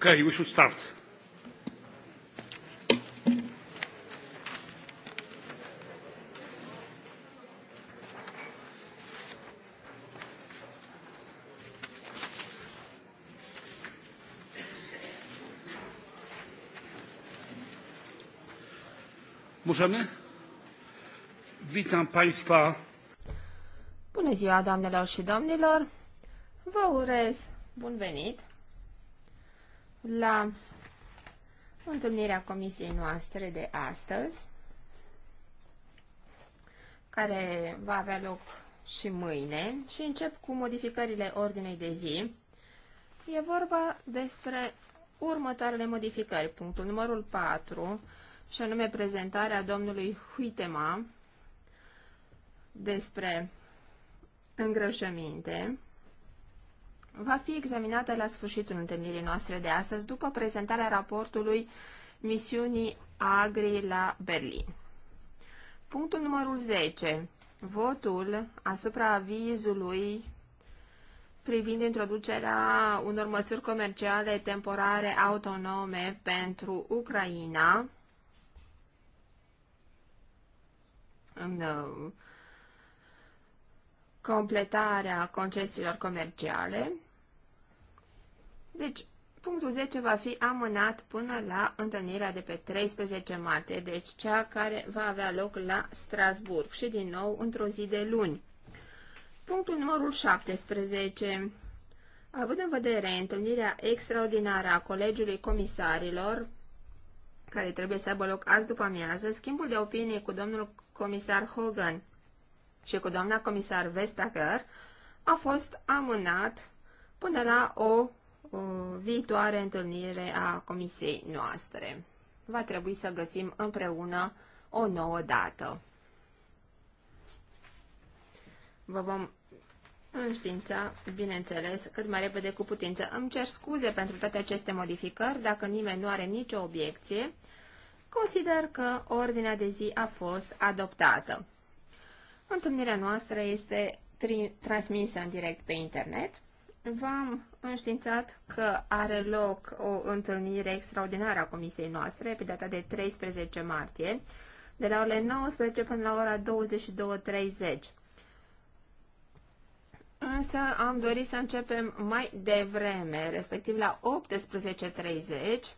Okay, we should start. Możemy? Witam Państwa. Bună ziua, doamnelor și domnilor! Vă urez bun venit la întâlnirea comisiei noastre de astăzi, care va avea loc și mâine și încep cu modificările ordinei de zi. E vorba despre următoarele modificări. Punctul numărul 4, și anume prezentarea domnului Huitema despre îngrășăminte va fi examinată la sfârșitul întâlnirii noastre de astăzi, după prezentarea raportului misiunii Agri la Berlin. Punctul numărul 10. Votul asupra avizului privind introducerea unor măsuri comerciale temporare autonome pentru Ucraina în uh, completarea concesiilor comerciale deci, punctul 10 va fi amânat până la întâlnirea de pe 13 martie, deci cea care va avea loc la Strasburg și din nou într-o zi de luni. Punctul numărul 17. Având în vedere întâlnirea extraordinară a Colegiului Comisarilor, care trebuie să aibă loc azi după amiază, schimbul de opinie cu domnul comisar Hogan și cu doamna comisar Vestager a fost amânat până la o Uh, viitoare întâlnire a comisiei noastre. Va trebui să găsim împreună o nouă dată. Vă vom înștiința, bineînțeles, cât mai repede cu putință. Îmi cer scuze pentru toate aceste modificări. Dacă nimeni nu are nicio obiecție, consider că ordinea de zi a fost adoptată. Întâlnirea noastră este transmisă în direct pe internet. V-am înștiințat că are loc o întâlnire extraordinară a comisiei noastre pe data de 13 martie, de la orele 19 până la ora 22.30. Însă am dorit să începem mai devreme, respectiv la 18.30.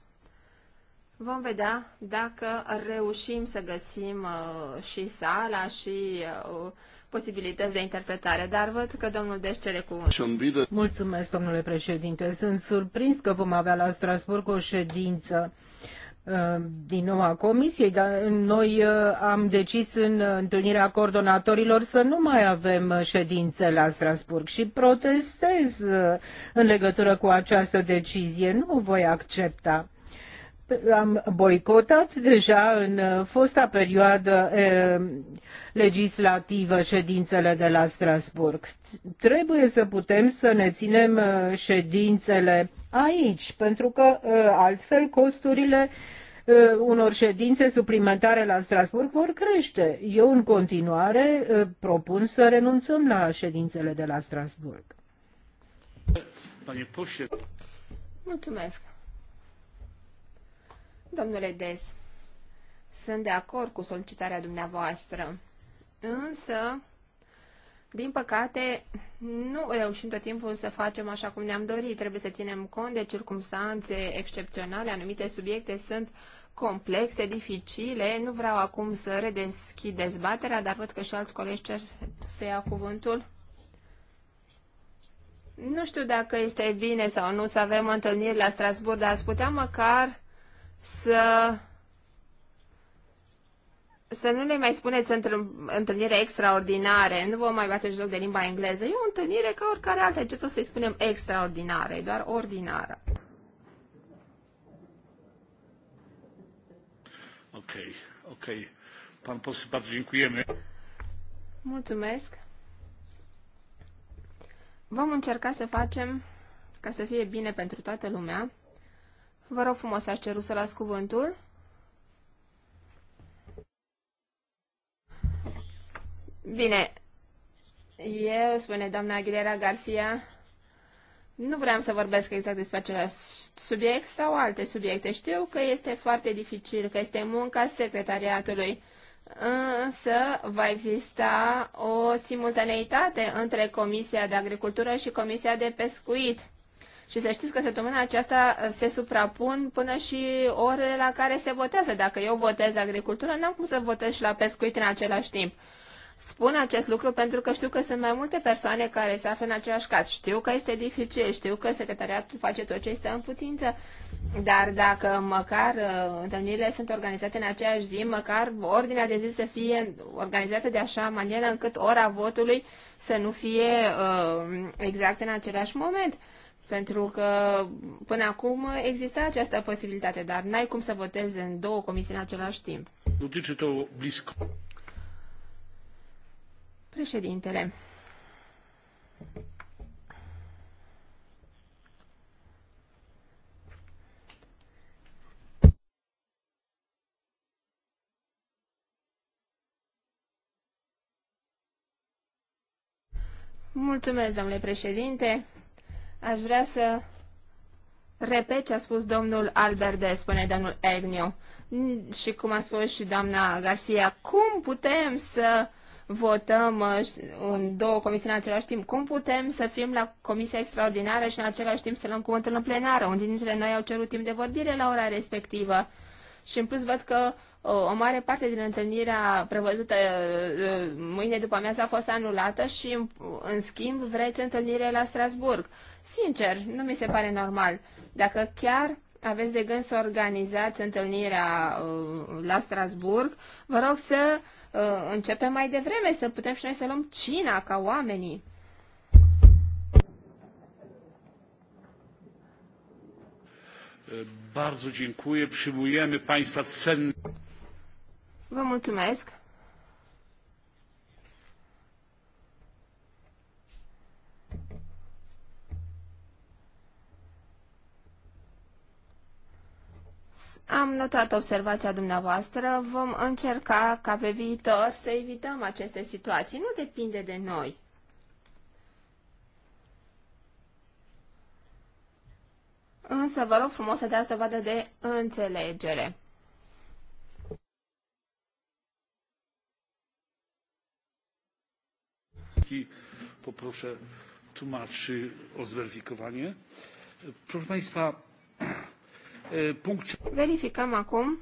Vom vedea dacă reușim să găsim uh, și sala și uh, posibilități de interpretare, dar văd că domnul Deș cere cuvânt. Mulțumesc, domnule președinte. Sunt surprins că vom avea la Strasburg o ședință uh, din nou a comisiei, dar noi uh, am decis în întâlnirea coordonatorilor să nu mai avem ședințe la Strasburg și protestez uh, în legătură cu această decizie. Nu o voi accepta am boicotat deja în uh, fosta perioadă e, uh, legislativă ședințele de la Strasburg. Trebuie să putem să ne ținem uh, ședințele aici, pentru că altfel costurile unor ședințe suplimentare la Strasburg vor crește. Eu în continuare propun să renunțăm la ședințele de la Strasburg. Mulțumesc. Domnule Des, sunt de acord cu solicitarea dumneavoastră, însă, din păcate, nu reușim tot timpul să facem așa cum ne-am dorit. Trebuie să ținem cont de circumstanțe excepționale, anumite subiecte sunt complexe, dificile. Nu vreau acum să redeschid dezbaterea, dar văd că și alți colegi cer să ia cuvântul. Nu știu dacă este bine sau nu să avem întâlniri la Strasburg, dar ați putea măcar să să nu le mai spuneți într- întâlnire extraordinare, nu vă mai bateți joc de limba engleză. E o întâlnire ca oricare alta, ce tot să-i spunem extraordinare, doar ordinară. Ok, ok. Pan să bardzo dziękujemy. Mulțumesc. Vom încerca să facem ca să fie bine pentru toată lumea. Vă rog frumos, aș ceru să las cuvântul. Bine, eu, spune doamna Aguilera Garcia, nu vreau să vorbesc exact despre același subiect sau alte subiecte. Știu că este foarte dificil, că este munca secretariatului, însă va exista o simultaneitate între Comisia de Agricultură și Comisia de Pescuit. Și să știți că săptămâna aceasta uh, se suprapun până și orele la care se votează. Dacă eu votez la agricultură, n-am cum să votez și la pescuit în același timp. Spun acest lucru pentru că știu că sunt mai multe persoane care se află în același caz. Știu că este dificil, știu că secretariatul face tot ce este în putință, dar dacă măcar uh, întâlnirile sunt organizate în aceeași zi, măcar ordinea de zi să fie organizată de așa manieră încât ora votului să nu fie uh, exact în același moment. Pentru că până acum exista această posibilitate, dar n-ai cum să votezi în două comisii în același timp. Președintele. Mulțumesc, domnule președinte. Aș vrea să repet ce a spus domnul Alberde, spune domnul Egniu. și cum a spus și doamna Garcia, cum putem să votăm uh, în două comisii în același timp? Cum putem să fim la comisia extraordinară și în același timp să luăm cuvântul în plenară? Unii dintre noi au cerut timp de vorbire la ora respectivă. Și în plus văd că o, uh, o mare parte din întâlnirea prevăzută uh, mâine după amiază a fost anulată și în schimb vreți întâlnire la Strasburg. Sincer, nu mi se pare normal. Dacă chiar aveți de gând să organizați întâlnirea uh, la Strasburg, vă rog să uh, începem mai devreme, să putem și noi să luăm cina ca oamenii. Bardzo dziękuję. Przyjmujemy Państwa Vă mulțumesc. Am notat observația dumneavoastră, vom încerca ca pe viitor să evităm aceste situații. Nu depinde de noi. Însă vă rog frumos să dați dovadă de înțelegere. Poproszę tłumaczy o zweryfikowanie. Proszę Państwa, Eh, punct... Verificăm acum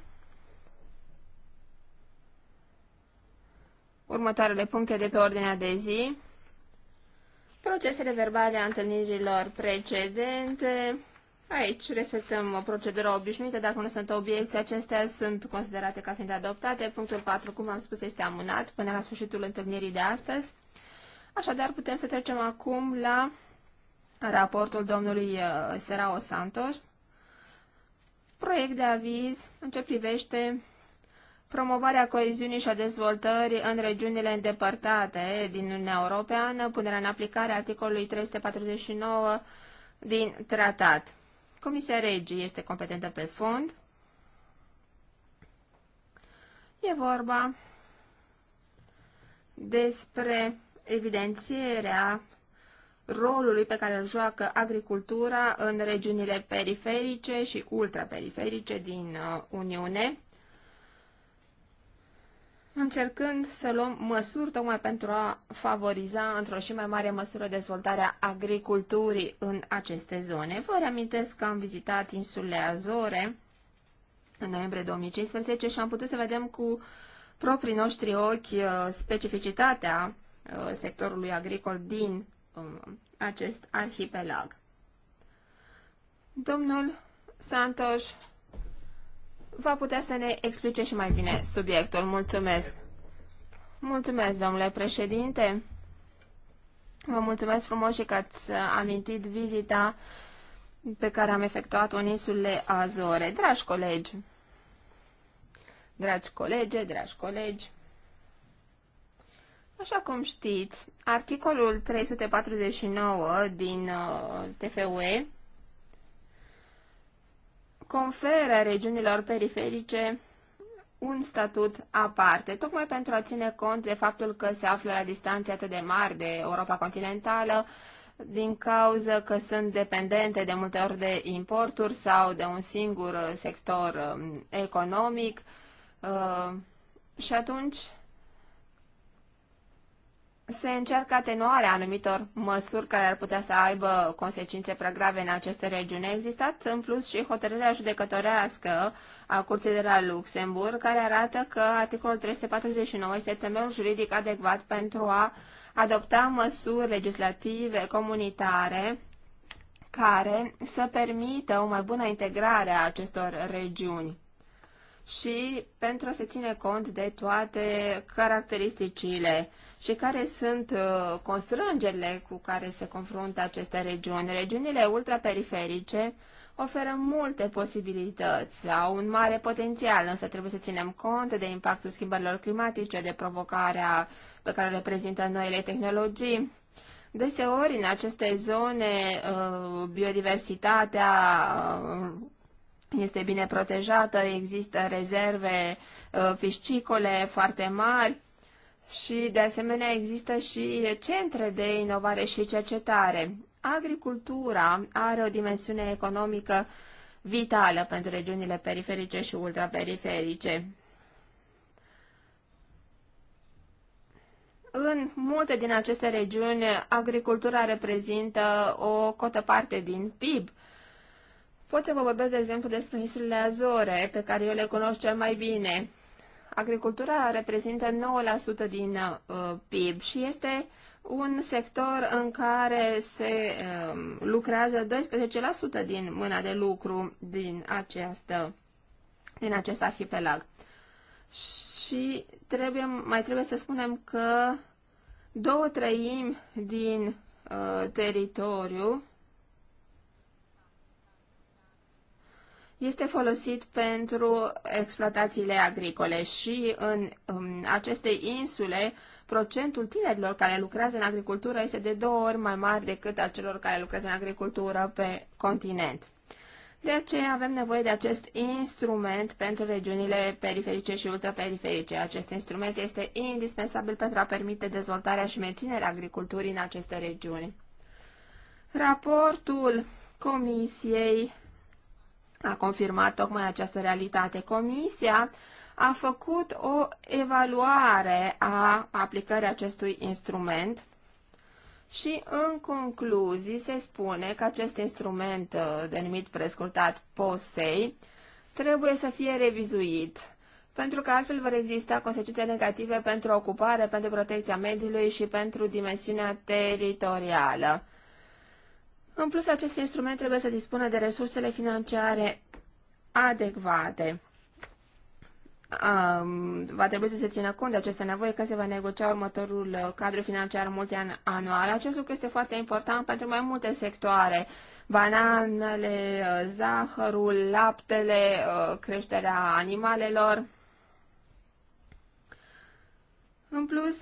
următoarele puncte de pe ordinea de zi. Procesele verbale a întâlnirilor precedente. Aici respectăm procedura obișnuită. Dacă nu sunt obiecții, acestea sunt considerate ca fiind adoptate. Punctul 4, cum am spus, este amânat până la sfârșitul întâlnirii de astăzi. Așadar, putem să trecem acum la raportul domnului eh, Serao Santos proiect de aviz în ce privește promovarea coeziunii și a dezvoltării în regiunile îndepărtate din Uniunea Europeană, punerea în aplicare articolului 349 din tratat. Comisia Regii este competentă pe fond. E vorba despre evidențierea rolului pe care îl joacă agricultura în regiunile periferice și ultraperiferice din uh, Uniune, încercând să luăm măsuri tocmai pentru a favoriza într-o și mai mare măsură dezvoltarea agriculturii în aceste zone. Vă reamintesc că am vizitat insulele Azore în noiembrie 2015 și am putut să vedem cu proprii noștri ochi uh, specificitatea uh, sectorului agricol din Um, acest arhipelag. Domnul Santos va putea să ne explice și mai bine subiectul. Mulțumesc! Mulțumesc, domnule președinte! Vă mulțumesc frumos și că ați amintit vizita pe care am efectuat-o în insulele Azore. Dragi colegi, dragi colege, dragi colegi, Așa cum știți, articolul 349 din uh, TFUE conferă regiunilor periferice un statut aparte, tocmai pentru a ține cont de faptul că se află la distanțe atât de mari de Europa continentală, din cauza că sunt dependente de multe ori de importuri sau de un singur sector um, economic. Uh, și atunci se încearcă atenuarea anumitor măsuri care ar putea să aibă consecințe prea grave în aceste regiuni. A existat în plus și hotărârea judecătorească a Curții de la Luxemburg, care arată că articolul 349 este temeiul juridic adecvat pentru a adopta măsuri legislative comunitare care să permită o mai bună integrare a acestor regiuni și pentru a se ține cont de toate caracteristicile și care sunt uh, constrângerile cu care se confruntă aceste regiuni. Regiunile ultraperiferice oferă multe posibilități, au un mare potențial, însă trebuie să ținem cont de impactul schimbărilor climatice, de provocarea pe care le prezintă noile tehnologii. Deseori, în aceste zone, uh, biodiversitatea uh, este bine protejată, există rezerve uh, piscicole foarte mari și, de asemenea, există și centre de inovare și cercetare. Agricultura are o dimensiune economică vitală pentru regiunile periferice și ultraperiferice. În multe din aceste regiuni, agricultura reprezintă o cotă parte din PIB Pot să vă vorbesc, de exemplu, despre insulele Azore, pe care eu le cunosc cel mai bine. Agricultura reprezintă 9% din uh, PIB și este un sector în care se uh, lucrează 12% din mâna de lucru din, această, din acest arhipelag. Și trebuie, mai trebuie să spunem că două treimi din uh, teritoriu este folosit pentru exploatațiile agricole și în, în aceste insule procentul tinerilor care lucrează în agricultură este de două ori mai mare decât a celor care lucrează în agricultură pe continent. De aceea avem nevoie de acest instrument pentru regiunile periferice și ultraperiferice. Acest instrument este indispensabil pentru a permite dezvoltarea și menținerea agriculturii în aceste regiuni. Raportul Comisiei a confirmat tocmai această realitate. Comisia a făcut o evaluare a aplicării acestui instrument și în concluzii se spune că acest instrument uh, denumit prescurtat POSEI trebuie să fie revizuit pentru că altfel vor exista consecințe negative pentru ocupare, pentru protecția mediului și pentru dimensiunea teritorială. În plus, acest instrument trebuie să dispună de resursele financiare adecvate. Um, va trebui să se țină cont de aceste nevoi când se va negocia următorul uh, cadru financiar multianual. Acest lucru este foarte important pentru mai multe sectoare. Bananele, uh, zahărul, laptele, uh, creșterea animalelor. În plus,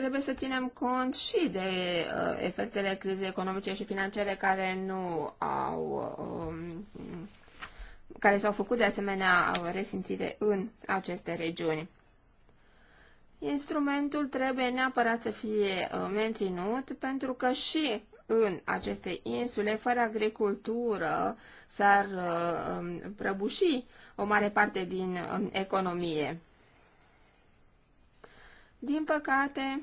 trebuie să ținem cont și de uh, efectele crizei economice și financiare care nu au um, care s-au făcut de asemenea resimțite în aceste regiuni. Instrumentul trebuie neapărat să fie uh, menținut pentru că și în aceste insule, fără agricultură, s-ar uh, um, prăbuși o mare parte din um, economie. Din păcate,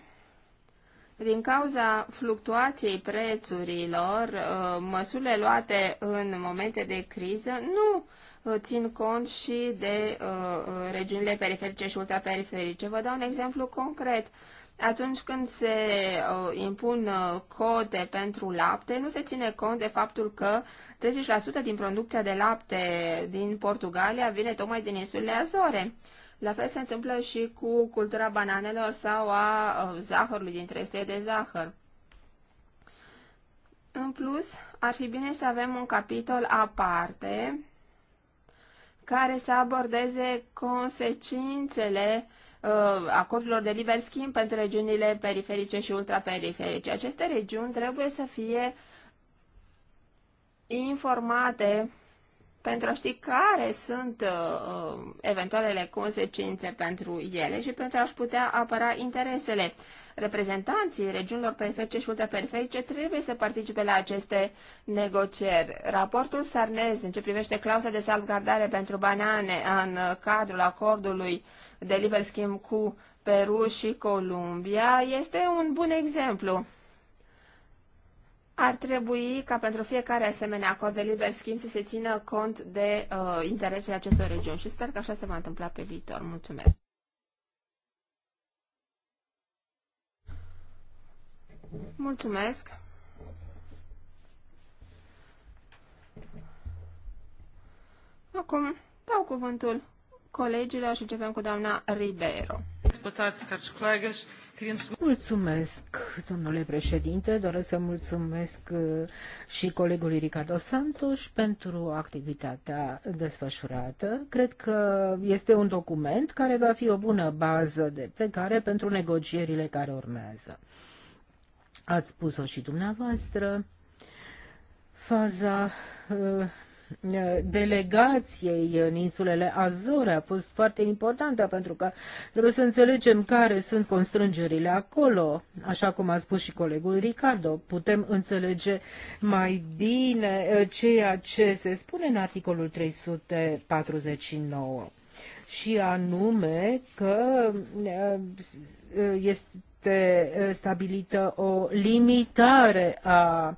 din cauza fluctuației prețurilor, uh, măsurile luate în momente de criză nu uh, țin cont și de uh, regiunile periferice și ultraperiferice. Vă dau un exemplu concret. Atunci când se impun cote pentru lapte, nu se ține cont de faptul că 30% din producția de lapte din Portugalia vine tocmai din insulele Azore. La fel se întâmplă și cu cultura bananelor sau a zahărului din trestie de zahăr. În plus, ar fi bine să avem un capitol aparte care să abordeze consecințele uh, acordurilor de liber schimb pentru regiunile periferice și ultraperiferice. Aceste regiuni trebuie să fie informate pentru a ști care sunt uh, uh, eventualele consecințe pentru ele și pentru a-și putea apăra interesele. Reprezentanții regiunilor periferice și ultraperiferice trebuie să participe la aceste negocieri. Raportul Sarnez, în ce privește clauza de salvgardare pentru banane în cadrul acordului de liber schimb cu Peru și Columbia, este un bun exemplu ar trebui ca pentru fiecare asemenea acord de liber schimb să se țină cont de uh, interesele acestor regiuni și sper că așa se va întâmpla pe viitor. Mulțumesc! Mulțumesc! Acum dau cuvântul colegilor și începem cu doamna Ribeiro. Mulțumesc, domnule președinte. Doresc să mulțumesc uh, și colegului Ricardo Santos pentru activitatea desfășurată. Cred că este un document care va fi o bună bază de plecare pentru negocierile care urmează. Ați spus-o și dumneavoastră. Faza uh, delegației în insulele Azore a fost foarte importantă pentru că trebuie să înțelegem care sunt constrângerile acolo. Așa cum a spus și colegul Ricardo, putem înțelege mai bine uh, ceea ce se spune în articolul 349 și anume că uh, este stabilită o limitare a uh,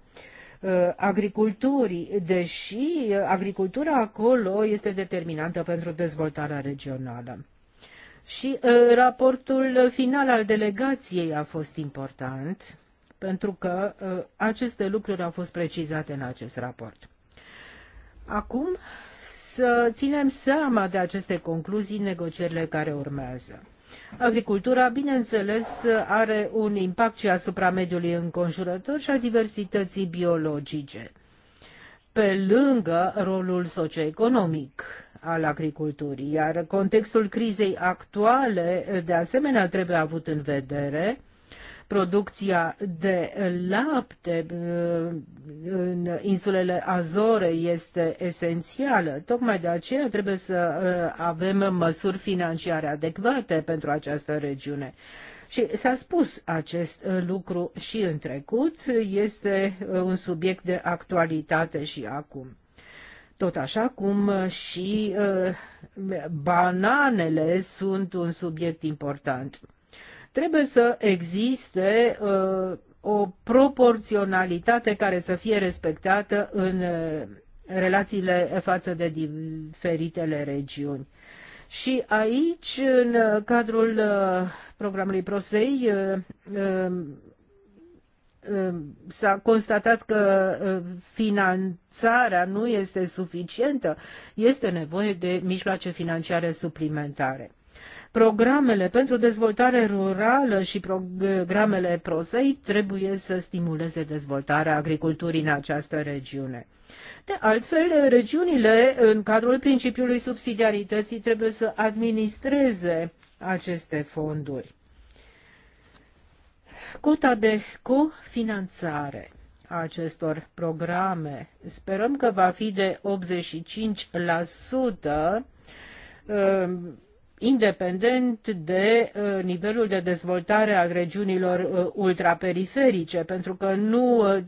Uh, agriculturii, deși uh, agricultura acolo este determinantă pentru dezvoltarea regională. Și uh, raportul final al delegației a fost important, pentru că aceste lucruri au fost precizate în acest raport. Acum să ținem seama de aceste concluzii în negocierile care urmează. Agricultura, bineînțeles, are un impact și asupra mediului înconjurător și a diversității biologice, pe lângă rolul socioeconomic al agriculturii, iar contextul crizei actuale, de asemenea, trebuie avut în vedere producția de lapte uh, în insulele Azore este esențială. Tocmai de aceea trebuie să uh, avem măsuri financiare adecvate pentru această regiune. Și s-a spus acest uh, lucru și în trecut, este un subiect de actualitate și acum. Tot așa cum și uh, bananele sunt un subiect important. Trebuie să existe uh, o proporționalitate care să fie respectată în uh, relațiile față de diferitele regiuni. Și aici, în cadrul uh, programului PROSEI, uh, um, um, s-a constatat că uh, finanțarea nu este suficientă, este nevoie de mijloace financiare suplimentare programele pentru dezvoltare rurală și programele PROSEI trebuie să stimuleze dezvoltarea agriculturii în această regiune. De altfel, regiunile, în cadrul principiului subsidiarității, trebuie să administreze aceste fonduri. Cota de cofinanțare a acestor programe sperăm că va fi de 85% independent de uh, nivelul de dezvoltare al regiunilor uh, ultraperiferice, pentru că nu uh,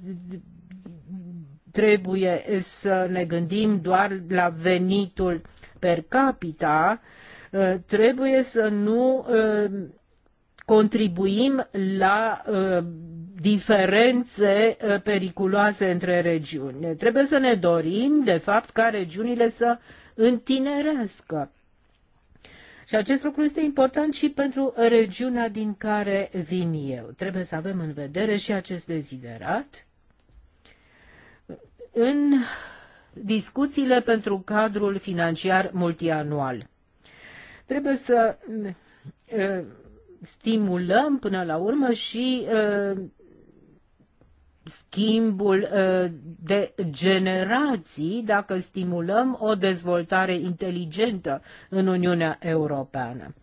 trebuie să ne gândim doar la venitul per capita, trebuie să nu contribuim la diferențe periculoase între regiuni. Trebuie să ne dorim, de fapt, ca regiunile să întinerească și acest lucru este important și pentru regiunea din care vin eu. Trebuie să avem în vedere și acest deziderat în discuțiile pentru cadrul financiar multianual. Trebuie să eh, stimulăm până la urmă și eh, schimbul ă, de generații dacă stimulăm o dezvoltare inteligentă în Uniunea Europeană.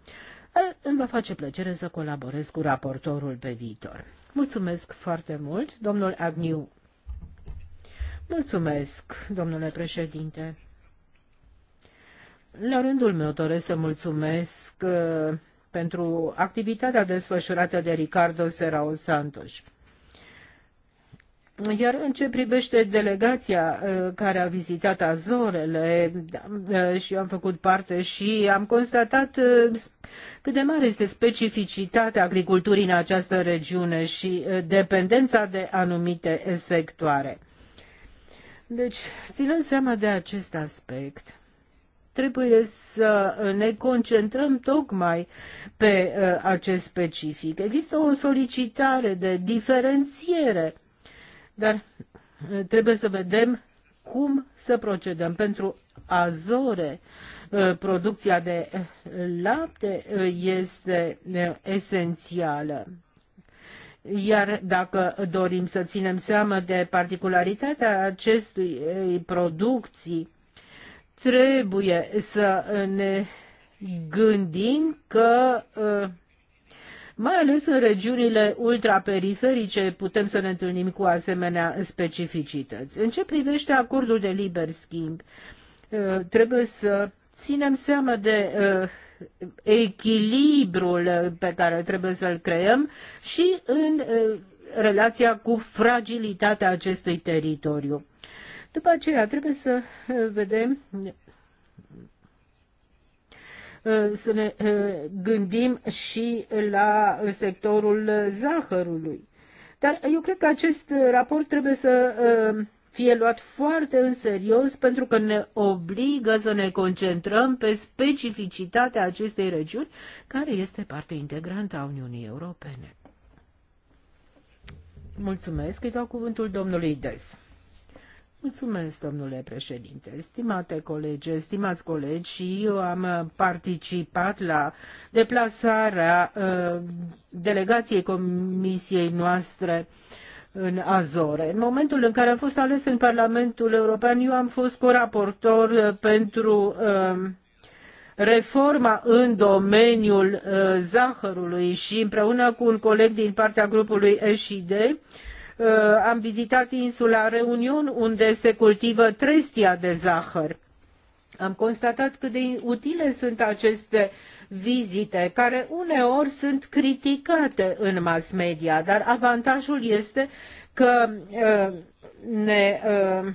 Ă, îmi va face plăcere să colaborez cu raportorul pe viitor. Mulțumesc foarte mult, domnul Agniu. Mulțumesc, domnule președinte. La rândul meu doresc să mulțumesc uh, pentru activitatea desfășurată de Ricardo Serao Santos. Iar în ce privește delegația uh, care a vizitat Azorele uh, și eu am făcut parte și am constatat uh, cât de mare este specificitatea agriculturii în această regiune și dependența de anumite sectoare. Deci, ținând seama de acest aspect, trebuie să ne concentrăm tocmai pe acest specific. Există o solicitare de diferențiere dar eh, trebuie să vedem cum să procedăm. Pentru Azore, eh, producția de eh, lapte este esențială. Iar dacă dorim să ținem seama de particularitatea acestui producții, trebuie să ne gândim că uh, mai ales în regiunile ultraperiferice putem să ne întâlnim cu asemenea specificități. În ce privește acordul de liber schimb, uh, trebuie să ținem seama de uh, echilibrul pe care trebuie să-l creăm și în uh, relația cu fragilitatea acestui teritoriu. După aceea trebuie să vedem Eh, să ne eh, gândim și la sectorul zahărului. Dar eu cred că acest raport trebuie să eh, fie luat foarte în serios pentru că ne obligă să ne concentrăm pe specificitatea acestei regiuni care este parte integrantă a Uniunii Europene. Mulțumesc, îi dau cuvântul domnului Des. Mulțumesc, domnule președinte. Stimate colegi, stimați colegi, și eu am participat la deplasarea uh, delegației comisiei noastre în Azore. În momentul în care am fost ales în Parlamentul European, eu am fost coraportor uh, pentru uh, reforma în domeniul uh, zahărului și împreună cu un coleg din partea grupului SID, Uh, am vizitat insula Reunion, unde se cultivă trestia de zahăr. Am constatat cât de utile sunt aceste vizite, care uneori sunt criticate în mass media, dar avantajul este că uh, ne uh,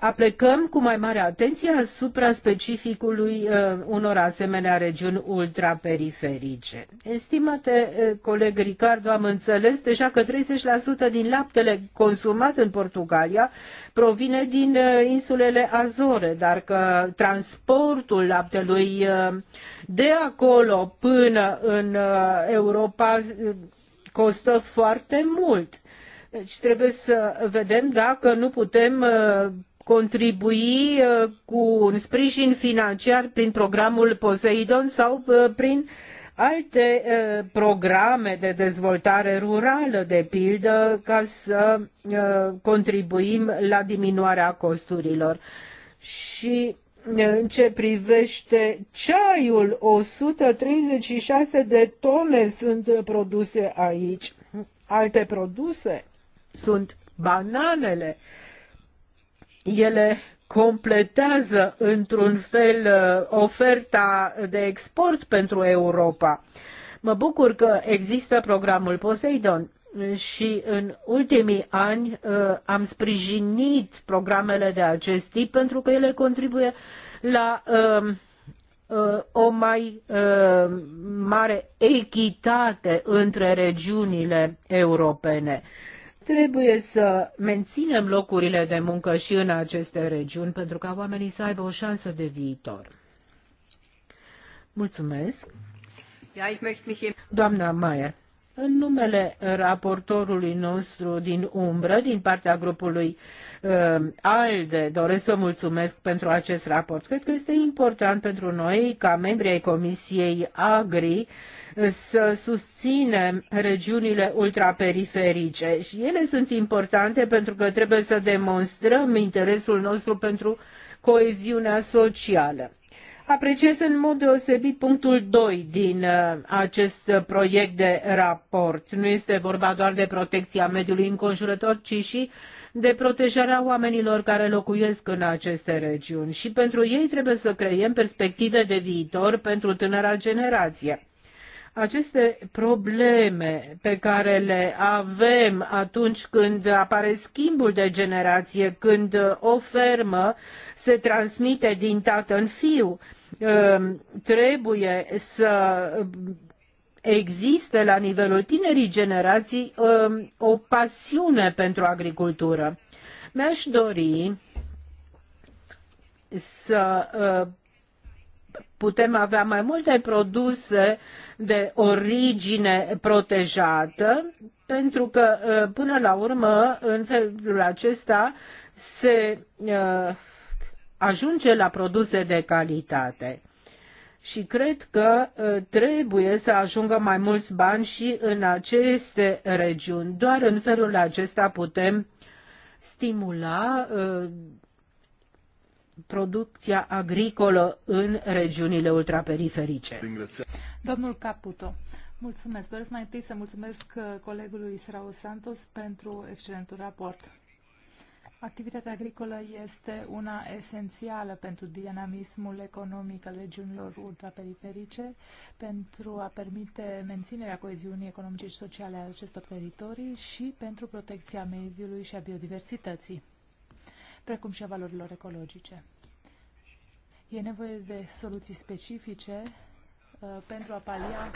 aplecăm cu mai mare atenție asupra specificului uh, unor asemenea regiuni ultraperiferice. Estimate uh, coleg Ricardo, am înțeles deja că 30% din laptele consumat în Portugalia provine din uh, insulele Azore, dar că transportul laptelui uh, de acolo până în uh, Europa uh, costă foarte mult. Deci trebuie să vedem dacă nu putem uh, contribui uh, cu un sprijin financiar prin programul Poseidon sau uh, prin alte uh, programe de dezvoltare rurală, de pildă, ca să contribuim la diminuarea costurilor. Și în ce privește ceaiul, 136 de tone sunt produse aici. Alte produse sunt bananele, ele completează într-un fel uh, oferta de export pentru Europa. Mă bucur că există programul Poseidon și în ultimii ani uh, am sprijinit programele de acest tip pentru că ele contribuie la um, uh, o mai mare echitate între regiunile europene. Trebuie să menținem locurile de muncă și în aceste regiuni pentru ca oamenii să aibă o șansă de viitor. Mulțumesc. Doamna Maier. În numele uh, raportorului nostru din umbră, din partea grupului uh, ALDE, doresc să mulțumesc pentru acest raport. Cred că este important pentru noi, ca membri ai Comisiei Agri, uh, să susținem regiunile ultraperiferice și ele sunt importante pentru că trebuie să demonstrăm interesul nostru pentru coeziunea socială. Apreciez în mod deosebit punctul 2 din uh, acest uh, proiect de raport. Nu este vorba doar de protecția mediului înconjurător, ci și de protejarea oamenilor care locuiesc în aceste regiuni. Și pentru ei trebuie să creiem perspective de viitor pentru tânăra generație aceste probleme pe care le avem atunci când apare schimbul de generație, când uh, o fermă se transmite din tată în fiu, Ehm, trebuie să existe la nivelul tinerii generații ehm, o pasiune pentru agricultură. Mi-aș dori să ehm, putem avea mai multe produse de origine protejată, pentru că, până la urmă, în felul acesta se ajunge la produse de calitate. Și cred că uh, trebuie să ajungă mai mulți bani și în aceste regiuni. Doar în felul acesta putem stimula uh, producția agricolă în regiunile ultraperiferice. Domnul Caputo, mulțumesc. Doresc mai întâi să mulțumesc uh, colegului Srau Santos pentru excelentul raport. Activitatea agricolă este una esențială pentru dinamismul economic al regiunilor ultraperiferice, pentru a permite menținerea coeziunii economice și sociale a acestor teritorii și pentru protecția mediului și a biodiversității, precum și a valorilor ecologice. E nevoie de soluții specifice uh, pentru a palia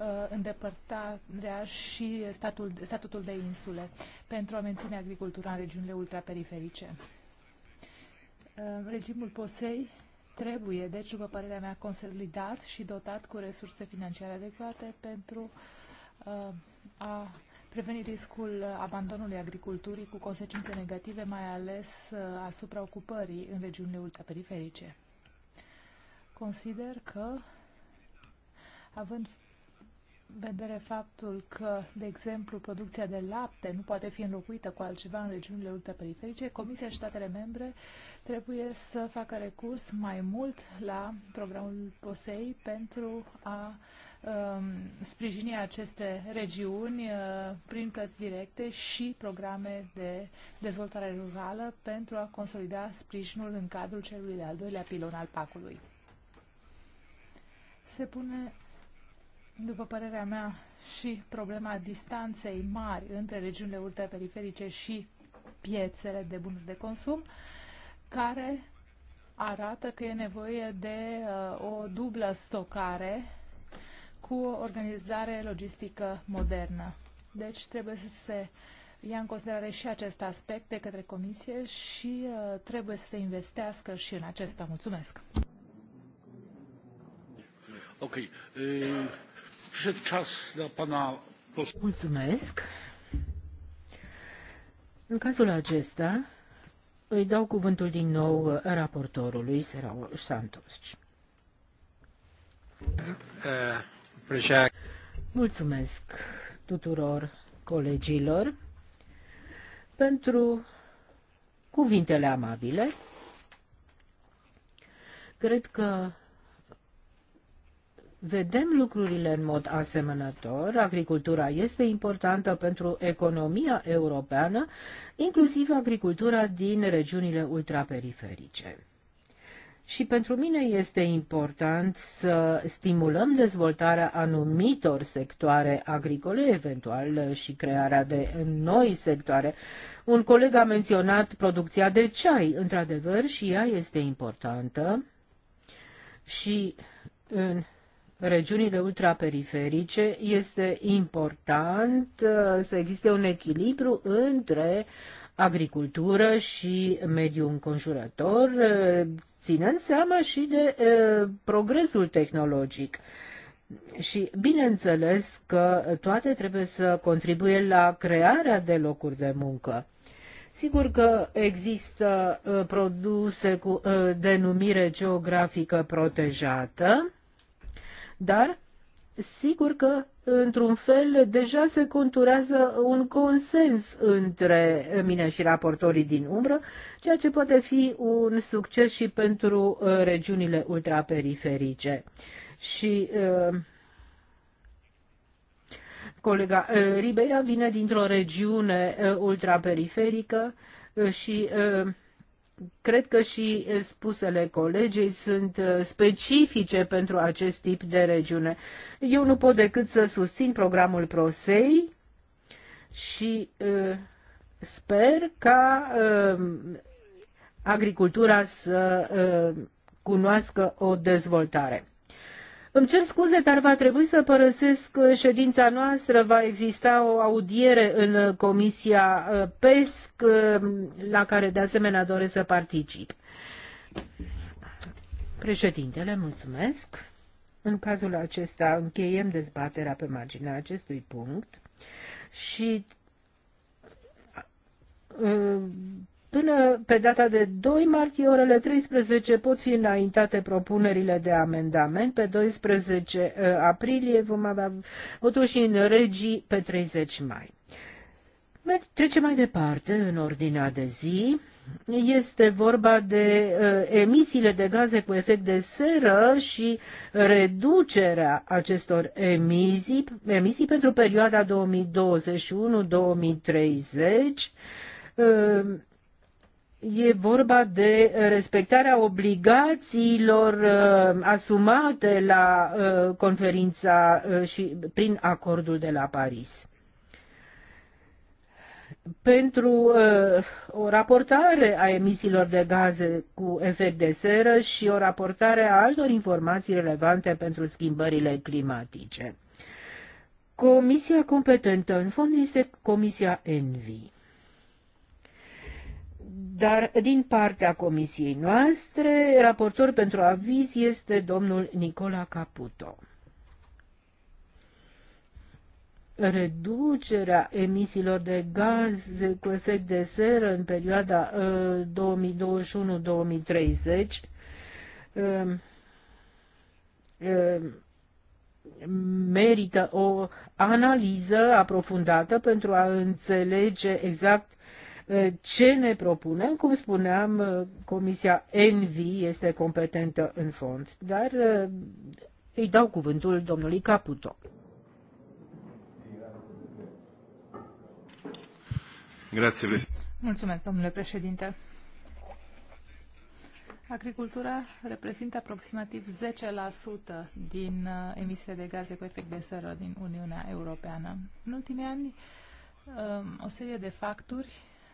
Uh, îndepărtarea și statul, statutul de insule pentru a menține agricultura în regiunile ultraperiferice. Uh, regimul POSEI trebuie, deci, după părerea mea, consolidat și dotat cu resurse financiare adecvate pentru uh, a preveni riscul abandonului agriculturii cu consecințe negative, mai ales asupra ocupării în regiunile ultraperiferice. Consider că, având vedere faptul că, de exemplu, producția de lapte nu poate fi înlocuită cu altceva în regiunile ultraperiferice, Comisia și statele membre trebuie să facă recurs mai mult la programul POSEI pentru a um, sprijini aceste regiuni uh, prin plăți directe și programe de dezvoltare rurală pentru a consolida sprijinul în cadrul celui de-al doilea pilon al PAC-ului. Se pune după părerea mea, și problema distanței mari între regiunile ultraperiferice și piețele de bunuri de consum, care arată că e nevoie de uh, o dublă stocare cu o organizare logistică modernă. Deci trebuie să se ia în considerare și acest aspect de către Comisie și uh, trebuie să se investească și în acesta. Mulțumesc! Ok. Uh... Mulțumesc. În cazul acesta, îi dau cuvântul din nou raportorului Serau Santos. Mulțumesc tuturor colegilor pentru cuvintele amabile. Cred că vedem lucrurile în mod asemănător. Agricultura este importantă pentru economia europeană, inclusiv agricultura din regiunile ultraperiferice. Și pentru mine este important să stimulăm dezvoltarea anumitor sectoare agricole, eventual și crearea de noi sectoare. Un coleg a menționat producția de ceai, într-adevăr, și ea este importantă. Și în regiunile ultraperiferice, este important uh, să existe un echilibru între agricultură și mediul înconjurător, uh, ținând seama și de uh, progresul tehnologic. Și bineînțeles că toate trebuie să contribuie la crearea de locuri de muncă. Sigur că există produse cu denumire geografică protejată, dar sigur că, într-un fel, deja se conturează un consens între mine și raportorii din umbră, ceea ce poate fi un succes și pentru uh, regiunile ultraperiferice. Și uh, colega uh, vine dintr-o regiune uh, ultraperiferică uh, și cred că și spusele colegii sunt specifice pentru acest tip de regiune. Eu nu pot decât să susțin programul PROSEI și sper ca agricultura să cunoască o dezvoltare. Îmi cer scuze, dar va trebui să părăsesc uh, ședința noastră. Va exista o audiere în uh, Comisia uh, PESC, la care de asemenea doresc să particip. Președintele, mulțumesc. În cazul acesta încheiem dezbaterea pe marginea acestui punct și Până pe data de 2 martie, orele 13, pot fi înaintate propunerile de amendament. Pe 12 uh, aprilie vom avea votul și în regii pe 30 mai. Trecem mai departe în ordinea de zi. Este vorba de uh, emisiile de gaze cu efect de seră și reducerea acestor emisii, emisii pentru perioada 2021-2030. Uh, e vorba de respectarea obligațiilor uh, asumate la uh, conferința uh, și prin acordul de la Paris. Pentru uh, o raportare a emisiilor de gaze cu efect de seră și o raportare a altor informații relevante pentru schimbările climatice. Comisia competentă în fond este Comisia ENVI. Dar din partea comisiei noastre, raportor pentru aviz este domnul Nicola Caputo. Reducerea emisiilor de gaze cu efect de seră în perioada uh, 2021-2030 uh, uh, merită o analiză aprofundată pentru a înțelege exact Eh, ce ne propunem. Cum spuneam, eh, Comisia ENVI este competentă în fond, dar eh, îi dau cuvântul domnului Caputo. Grazie, Mulțumesc, domnule președinte. Agricultura reprezintă aproximativ 10% din emisiile de gaze cu efect de seră din Uniunea Europeană. În ultimii ani, o serie de factori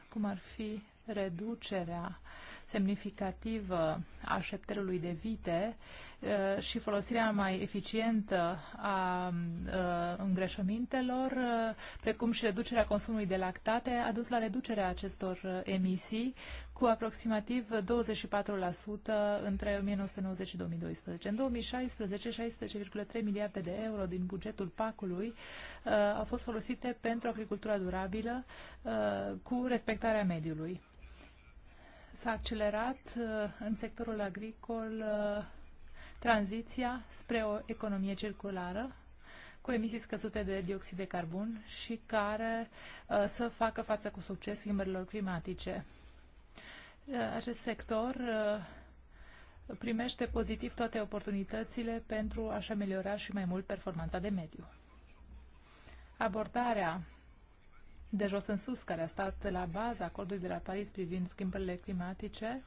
cum ar fi reducerea uh, semnificativă a șeptelului de vite uh, și folosirea mai eficientă a uh, îngreșămintelor, uh, precum și reducerea consumului de lactate, a dus la reducerea acestor emisii cu aproximativ 24% între 1990 și 2012. În 2016, 16,3 miliarde de euro din bugetul PAC-ului au fost folosite pentru agricultura durabilă cu respectarea mediului s-a accelerat uh, în sectorul agricol uh, tranziția spre o economie circulară cu emisii scăzute de dioxid de carbon și care uh, să facă față cu succes schimbărilor climatice. Acest sector primește pozitiv toate oportunitățile pentru a-și ameliora și mai mult performanța de mediu. Abordarea de jos în sus, care a stat la baza acordului de la Paris privind schimbările climatice,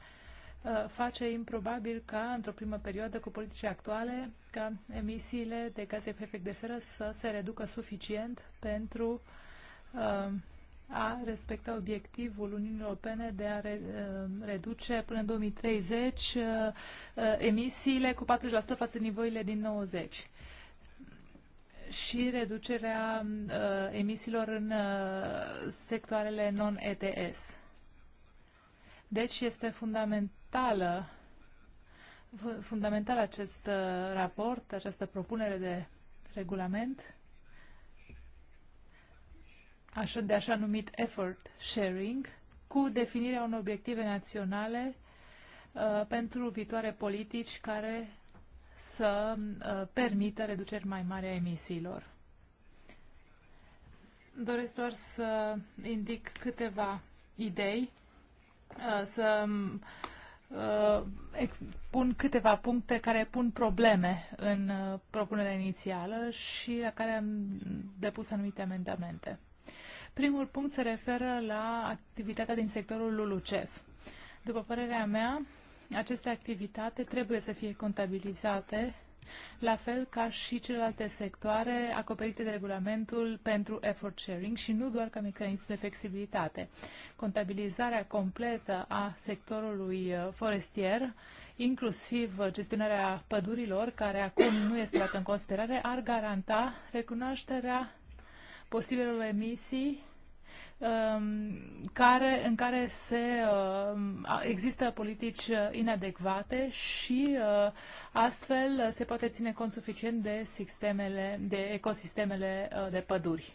uh, face improbabil ca, într-o primă perioadă cu politici actuale, ca emisiile de gaze cu efect de seră să se reducă suficient pentru uh, a respecta obiectivul Uniunii Europene de a re, uh, reduce până în 2030 emisiile cu 40% față de nivoile din 90 și reducerea uh, emisiilor în uh, sectoarele non-ETS. Deci este fundamentală fundamental acest uh, raport, această propunere de regulament așa de așa numit effort sharing cu definirea unor obiective naționale uh, pentru viitoare politici care să uh, permită reduceri mai mari a emisiilor. Doresc doar să indic câteva idei, uh, să uh, pun câteva puncte care pun probleme în propunerea inițială și la care am depus anumite amendamente. Primul punct se referă la activitatea din sectorul LULUCEF. După părerea mea, aceste activitate trebuie să fie contabilizate la fel ca și celelalte sectoare acoperite de regulamentul pentru effort sharing și nu doar ca mecanism de flexibilitate. Contabilizarea completă a sectorului uh, forestier, inclusiv uh, gestionarea pădurilor, care acum nu este luată în considerare, ar garanta recunoașterea posibilelor emisii Um, care, în care se, um, există politici inadecvate și uh, astfel se poate ține cont suficient de, sistemele, de ecosistemele uh, de păduri.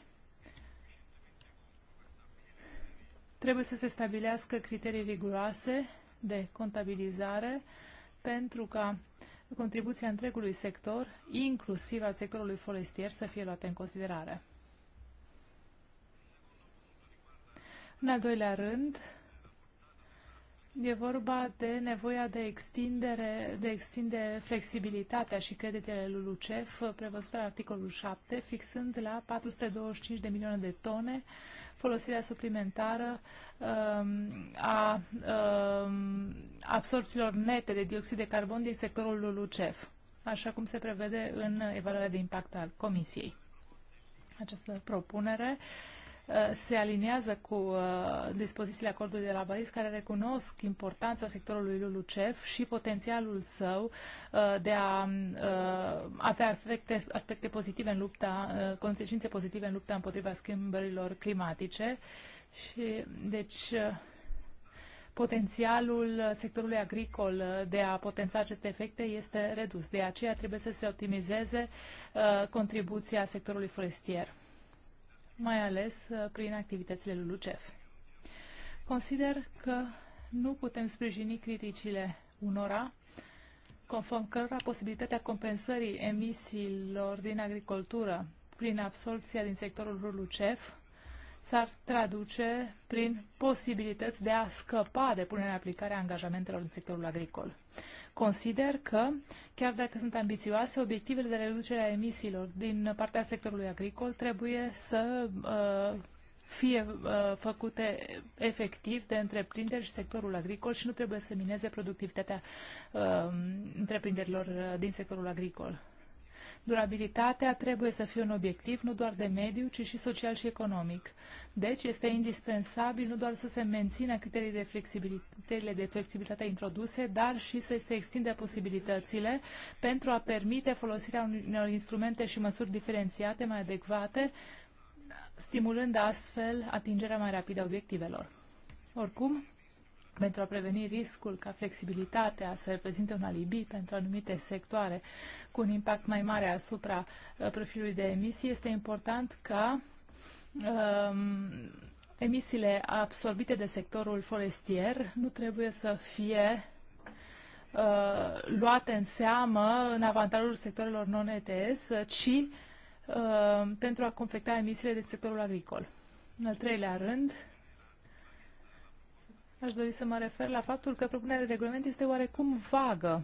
Trebuie să se stabilească criterii riguroase de contabilizare pentru ca contribuția întregului sector, inclusiv al sectorului forestier, să fie luată în considerare. În al doilea rând, e vorba de nevoia de extindere, de extinde flexibilitatea și creditele lui LUCEF prevăzută la articolul 7, fixând la 425 de milioane de tone folosirea suplimentară um, a um, absorpțiilor nete de dioxid de carbon din sectorul lui LUCEF, așa cum se prevede în evaluarea de impact al Comisiei. Această propunere uh, Uh, se aliniază cu uh, dispozițiile acordului de la Paris care recunosc importanța sectorului LULUCEF și potențialul său uh, de a avea efecte, aspecte pozitive în lupta, consecințe pozitive în lupta împotriva schimbărilor climatice și deci potențialul sectorului agricol de a potența aceste efecte este redus. De aceea trebuie să se optimizeze contribuția sectorului forestier mai ales uh, prin activitățile lui LUCEF. Consider că nu putem sprijini criticile unora, conform cărora posibilitatea compensării emisiilor din agricultură prin absorpția din sectorul LUCEF s-ar traduce prin posibilități de a scăpa de punerea în aplicare a angajamentelor în sectorul agricol. Consider că, chiar dacă sunt ambițioase, obiectivele de reducere a emisiilor din partea sectorului agricol trebuie să uh, fie uh, făcute efectiv de întreprinderi și sectorul agricol și nu trebuie să mineze productivitatea uh, întreprinderilor uh, din sectorul agricol. Durabilitatea trebuie să fie un obiectiv nu doar de mediu, ci și social și economic. Deci este indispensabil nu doar să se mențină criterii de flexibilitate, de flexibilitate introduse, dar și să se extindă posibilitățile pentru a permite folosirea unor instrumente și măsuri diferențiate mai adecvate, stimulând astfel atingerea mai rapidă a obiectivelor. Oricum, pentru a preveni riscul ca flexibilitatea să reprezinte un alibi pentru anumite sectoare cu un impact mai mare asupra uh, profilului de emisii, este important ca um, emisiile absorbite de sectorul forestier nu trebuie să fie uh, luate în seamă în avantajul sectorilor non-ETS, ci uh, pentru a confecta emisiile de sectorul agricol. În al treilea rând, Aș dori să mă refer la faptul că propunerea de regulament este oarecum vagă.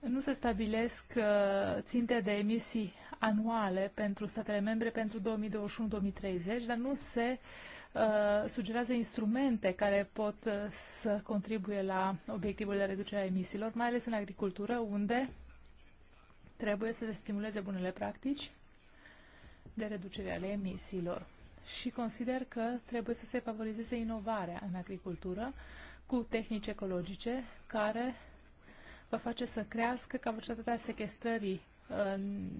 Nu se stabilesc uh, ținte de emisii anuale pentru statele membre pentru 2021-2030, dar nu se uh, sugerează instrumente care pot uh, să contribuie la obiectivul de reducere a emisiilor, mai ales în agricultură, unde trebuie să se stimuleze bunele practici de reducere ale emisiilor și consider că trebuie să se favorizeze inovarea în agricultură cu tehnici ecologice care va face să crească capacitatea sequestrării uh,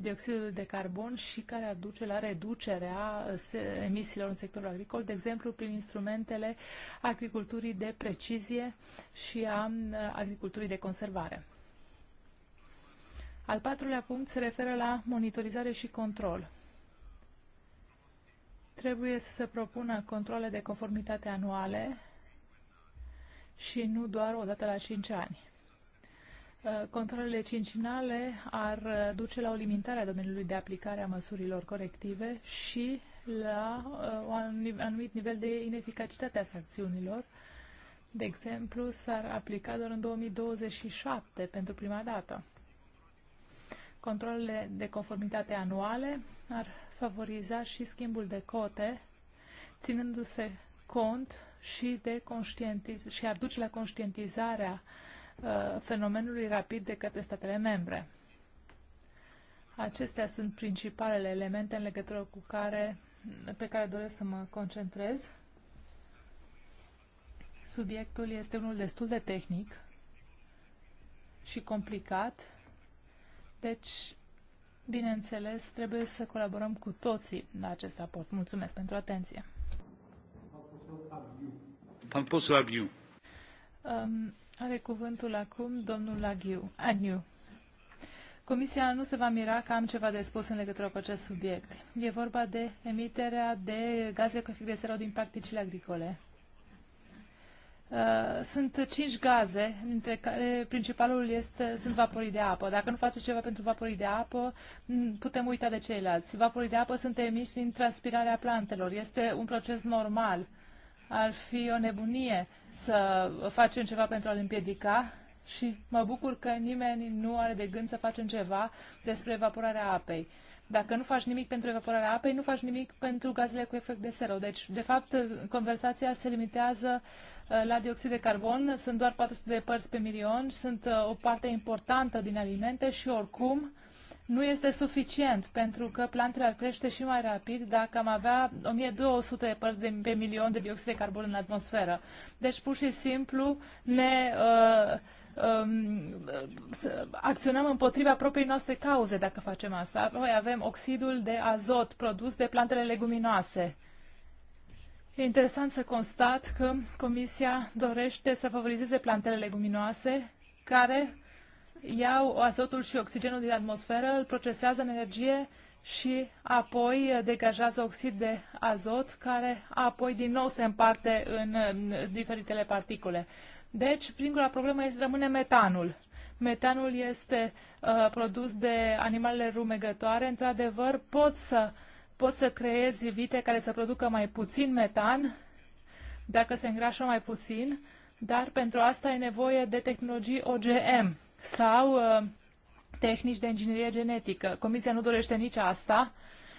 dioxidul de carbon și care ar duce la reducerea uh, emisiilor în sectorul agricol, de exemplu prin instrumentele agriculturii de precizie și a uh, agriculturii de conservare. Al patrulea punct se referă la monitorizare și control. Trebuie să se propună controle de conformitate anuale și nu doar o dată la 5 ani. Uh, controlele cincinale ar uh, duce la o limitare a domeniului de aplicare a măsurilor corective și la uh, un anumit nivel de ineficacitate a sancțiunilor. De exemplu, s-ar aplica doar în 2027 pentru prima dată. Controlele de conformitate anuale ar favoriza și schimbul de cote, ținându-se cont și de conștientiz și ar duce la conștientizarea uh, fenomenului rapid de către statele membre. Acestea sunt principalele elemente în legătură cu care, pe care doresc să mă concentrez. Subiectul este unul destul de tehnic și complicat, deci Bineînțeles, trebuie să colaborăm cu toții la acest raport. Mulțumesc pentru atenție. Pan um, are cuvântul acum domnul Laghiu. Agniu. Comisia nu se va mira că am ceva de spus în legătură cu acest subiect. E vorba de emiterea de gaze cu efect de seră din practicile agricole. Uh, sunt cinci gaze, dintre care principalul este, sunt vaporii de apă. Dacă nu faceți ceva pentru vaporii de apă, putem uita de ceilalți. Vaporii de apă sunt emisi din transpirarea plantelor. Este un proces normal. Ar fi o nebunie să facem ceva pentru a-l împiedica și mă bucur că nimeni nu are de gând să facem ceva despre evaporarea apei. Dacă nu faci nimic pentru evaporarea apei, nu faci nimic pentru gazele cu efect de seră. Deci, de fapt, conversația se limitează uh, Uh, la dioxid de carbon. Sunt doar 400 de părți pe milion, sunt uh, o parte importantă din alimente și oricum nu este suficient pentru că plantele ar crește și mai rapid dacă am avea 1200 de părți de, pe milion de dioxid de carbon în atmosferă. Deci pur și simplu ne uh, um, uh, acționăm împotriva propriei noastre cauze dacă facem asta. Noi avem oxidul de azot produs de plantele leguminoase. E interesant să constat că Comisia dorește să favorizeze plantele leguminoase care iau azotul și oxigenul din atmosferă, îl procesează în energie și apoi degajează oxid de azot, care apoi din nou se împarte în diferitele particule. Deci, singura problemă este, rămâne metanul. Metanul este uh, produs de animalele rumegătoare. Într-adevăr, pot să uh, poți să creezi vite care să producă mai puțin metan, dacă se îngrașă mai puțin, dar pentru asta e nevoie de tehnologii OGM sau uh, tehnici de inginerie genetică. Comisia nu dorește nici asta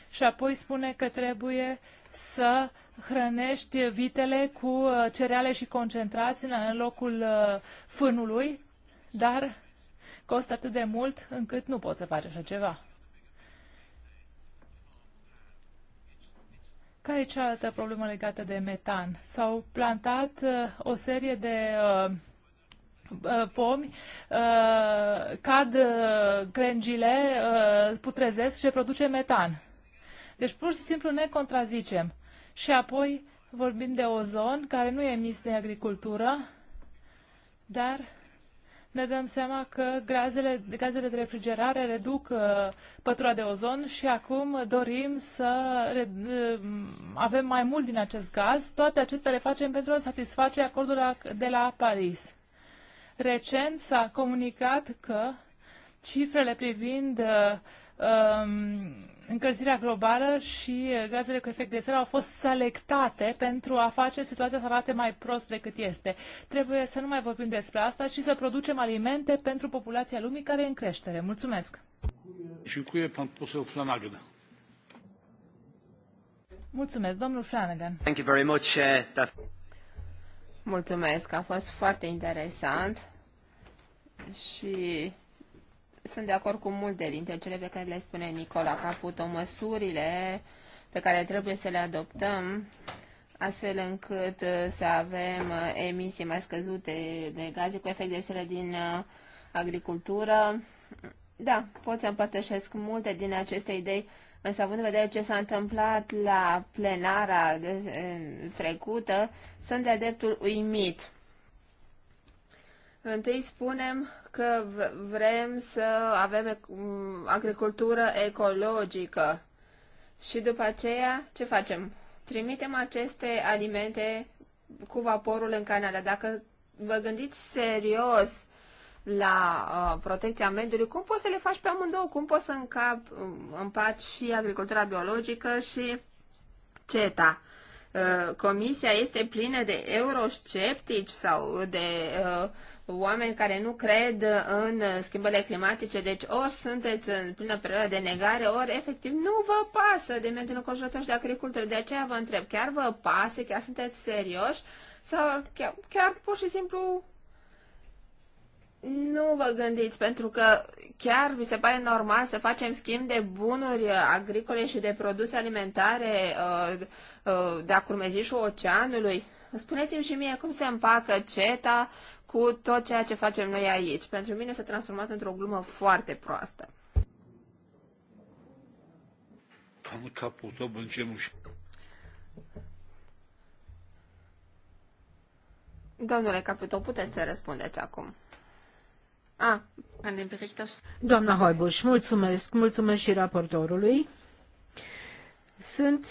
și apoi spune că trebuie să hrănești vitele cu uh, cereale și concentrați în locul uh, fânului, dar costă atât de mult încât nu poți să faci așa ceva. Care e cealaltă problemă legată de metan? S-au plantat uh, o serie de uh, uh pomi, uh, cad uh, crengile, uh, putrezesc și produce metan. Deci pur și simplu ne contrazicem. Și apoi vorbim de ozon, care nu e emis de agricultură, dar ne dăm seama că gazele, gazele de refrigerare reduc uh, pătura de ozon și acum dorim să uh, avem mai mult din acest gaz. Toate acestea le facem pentru a satisface acordul de la Paris. Recent s-a comunicat că cifrele privind uh, um, încălzirea globală și eh, gazele cu efect de seră au fost selectate pentru a face situația să arate mai prost decât este. Trebuie să nu mai vorbim despre asta și să producem alimente pentru populația lumii care e în creștere. Mulțumesc! Mulțumesc, domnul Flanagan. Thank you very much, eh, Mulțumesc, a fost foarte interesant și sunt de acord cu multe dintre cele pe care le spune Nicola Caputo. Măsurile pe care trebuie să le adoptăm astfel încât uh, să avem uh, emisii mai scăzute de gaze cu efect de seră din uh, agricultură. Da, pot să împărtășesc multe din aceste idei, însă având în vedere ce s-a întâmplat la plenara de, trecută, sunt de adeptul uimit Întâi spunem că vrem să avem agricultură ecologică și după aceea ce facem? Trimitem aceste alimente cu vaporul în Canada. Dacă vă gândiți serios la uh, protecția mediului, cum poți să le faci pe amândouă? Cum poți să încap, um, împaci și agricultura biologică și CETA? Uh, comisia este plină de eurosceptici sau de uh, oameni care nu cred în schimbările climatice, deci ori sunteți în plină perioadă de negare, ori efectiv nu vă pasă de mediul înconjurător și de agricultură. De aceea vă întreb, chiar vă pasă, chiar sunteți serioși sau chiar, chiar pur și simplu nu vă gândiți, pentru că chiar vi se pare normal să facem schimb de bunuri agricole și de produse alimentare uh, uh, de-a curmezișul oceanului? Spuneți-mi și mie cum se împacă CETA cu tot ceea ce facem noi aici. Pentru mine s-a transformat într-o glumă foarte proastă. Am Caputo będzie musiał... Domnule Caputo, puteți să răspundeți acum. A, Doamna Hoibuș, mulțumesc, mulțumesc și raportorului. Sunt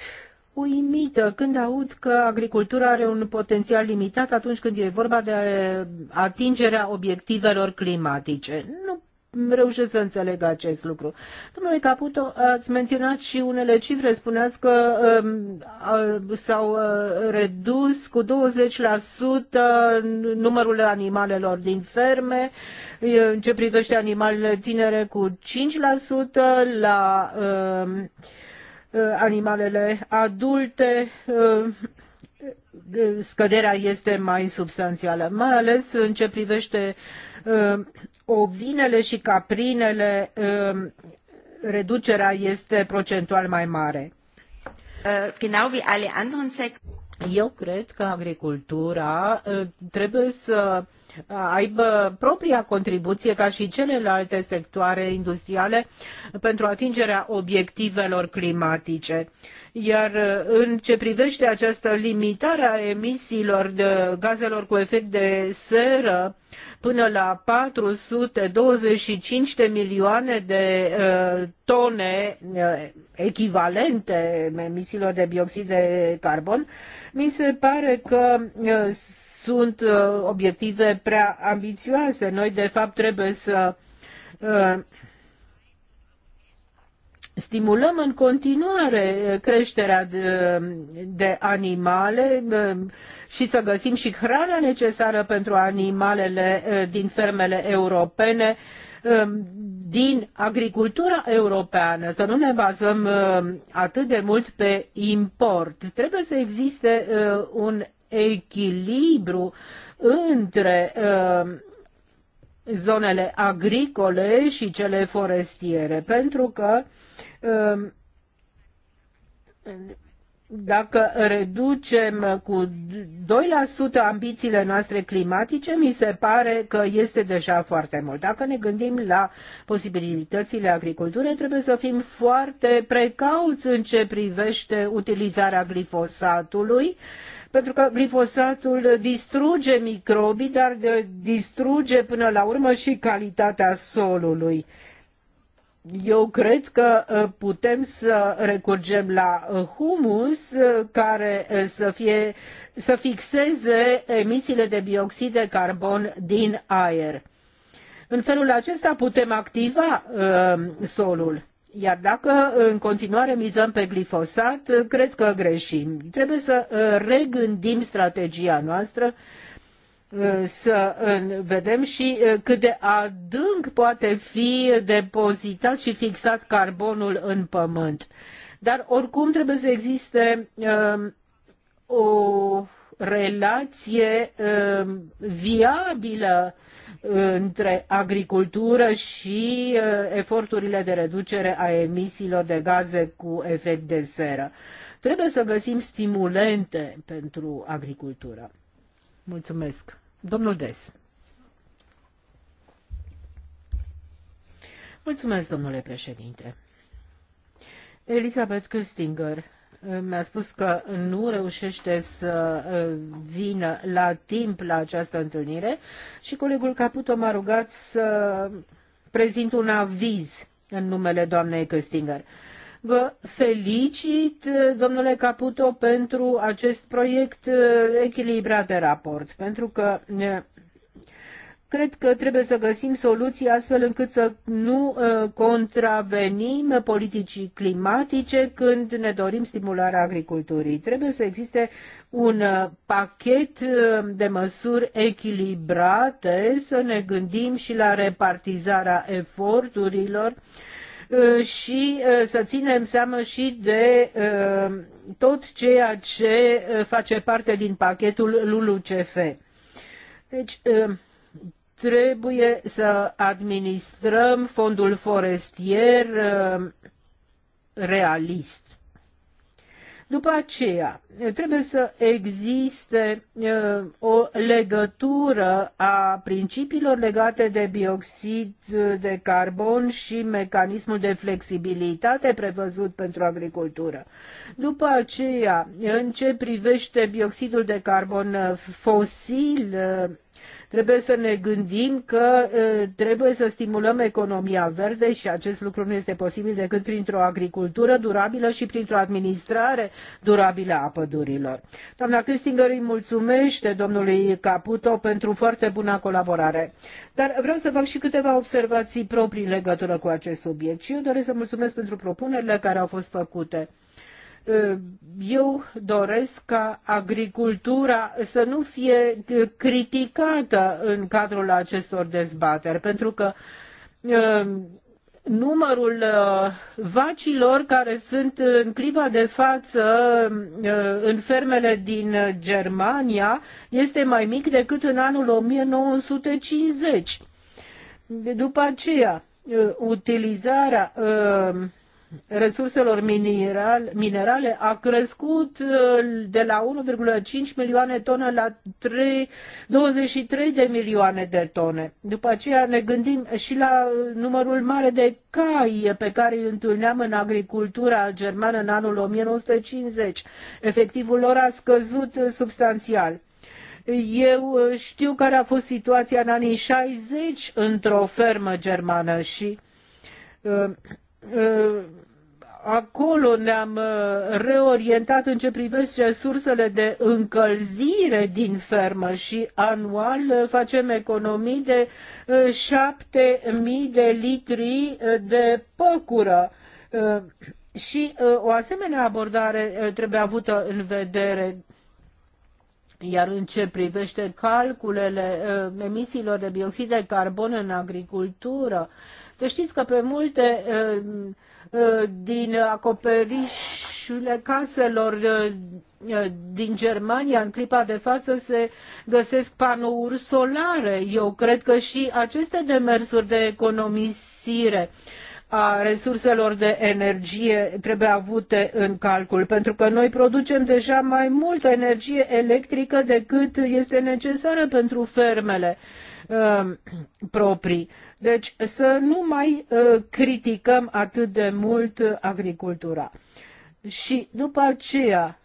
uimită când aud că agricultura are un potențial limitat atunci când e vorba de atingerea obiectivelor climatice. Nu reușesc să înțeleg acest lucru. Domnule Caputo, ați menționat și unele cifre, spuneați că um, s-au uh, redus cu 20% numărul animalelor din ferme, în ce privește animalele tinere cu 5% la uh, Uh, animalele adulte uh, uh, scăderea este mai substanțială, mai ales în ce privește ovinele și caprinele, reducerea este procentual mai mare. Genau wie alle anderen Eu cred că agricultura trebuie să aibă propria contribuție ca și celelalte sectoare industriale pentru atingerea obiectivelor climatice. Iar uh, în ce privește această limitare a emisiilor de gazelor cu efect de seră până la 425 de milioane de uh, tone uh, echivalente emisiilor de bioxid de carbon, mi se pare că sunt uh, obiective prea ambițioase. Noi, de fapt, trebuie să uh, stimulăm în continuare uh, creșterea de, de animale și să găsim și hrana necesară pentru animalele din fermele europene, din agricultura europeană, să nu ne bazăm atât de mult pe import. Trebuie să existe un echilibru între uh, zonele agricole și cele forestiere, pentru că uh, dacă reducem cu 2% ambițiile noastre climatice, mi se pare că este deja foarte mult. Dacă ne gândim la posibilitățile agriculturii, trebuie să fim foarte precauți în ce privește utilizarea glifosatului, pentru că glifosatul distruge microbii, dar distruge până la urmă și calitatea solului eu cred că uh, putem să recurgem la uh, humus uh, care să, fie, să fixeze emisiile de bioxid de carbon din aer. În felul acesta putem activa uh, solul. Iar dacă în continuare mizăm pe glifosat, cred că greșim. Trebuie să regândim strategia noastră uh, Uh, să vedem și uh, cât de adânc poate fi depozitat și fixat carbonul în pământ. Dar oricum trebuie să existe um, o relație um, viabilă uh, între agricultură și eforturile de reducere a emisiilor de gaze cu efect de seră. Trebuie să găsim stimulente pentru agricultură. Mulțumesc. Des. domnule președinte. Elisabeth Köstinger eh, mi-a spus că nu reușește să eh, vină la timp la această întâlnire și colegul Caputo m-a rugat să prezint un aviz în numele doamnei Köstinger. Vă felicit, domnule Caputo, pentru acest proiect uh, echilibrat de raport, pentru că uh, cred că trebuie să găsim soluții astfel încât să nu uh, contravenim politicii climatice când ne dorim stimularea agriculturii. Trebuie să existe un pachet de măsuri echilibrate, să ne gândim și la repartizarea eforturilor Uh, și uh, să ținem seama și de uh, tot ceea ce face parte din pachetul LULUCF. Deci, trebuie să administrăm fondul forestier realist. După aceea, trebuie să existe uh, o legătură a principiilor legate de bioxid de carbon și mecanismul de flexibilitate prevăzut pentru agricultură. După aceea, în ce privește bioxidul de carbon fosil, Trebuie să ne gândim că trebuie să stimulăm economia verde și acest lucru nu este posibil decât printr-o agricultură durabilă și printr-o administrare durabilă a pădurilor. Doamna Christinger îi mulțumește domnului Caputo pentru foarte bună colaborare. Dar vreau să fac și câteva observații proprii în legătură cu acest subiect și eu doresc să mulțumesc pentru propunerile care au fost făcute. Eh, eu doresc ca agricultura să nu fie eh, criticată în cadrul acestor dezbateri, pentru că eh, numărul vacilor care sunt în clipa de față în fermele din Germania este mai mic decât în anul 1950. După aceea, utilizarea resurselor mineral, minerale a crescut uh, de la 1,5 milioane tone la 3, 23 de milioane de tone. După aceea ne gândim și la numărul mare de cai pe care îi întâlneam în agricultura germană în anul 1950. Efectivul lor a scăzut uh, substanțial. Eu uh, știu care a fost situația în anii 60 într-o fermă germană și Uh, acolo ne-am uh, reorientat în ce privește sursele de încălzire din fermă și anual uh, facem economii de 7.000 de litri de păcură. Și o asemenea abordare trebuie avută în vedere. Iar în ce privește calculele emisiilor de dioxid de carbon în agricultură, să știți că pe multe uh, uh, din acoperișurile caselor uh, din Germania în clipa de față se găsesc panouri solare. Eu cred că și aceste demersuri de economisire a resurselor de energie trebuie avute în calcul, pentru că noi producem deja mai multă energie electrică decât este necesară pentru fermele uh, proprii. Deci să nu mai uh, criticăm atât de mult agricultura. Și după aceea,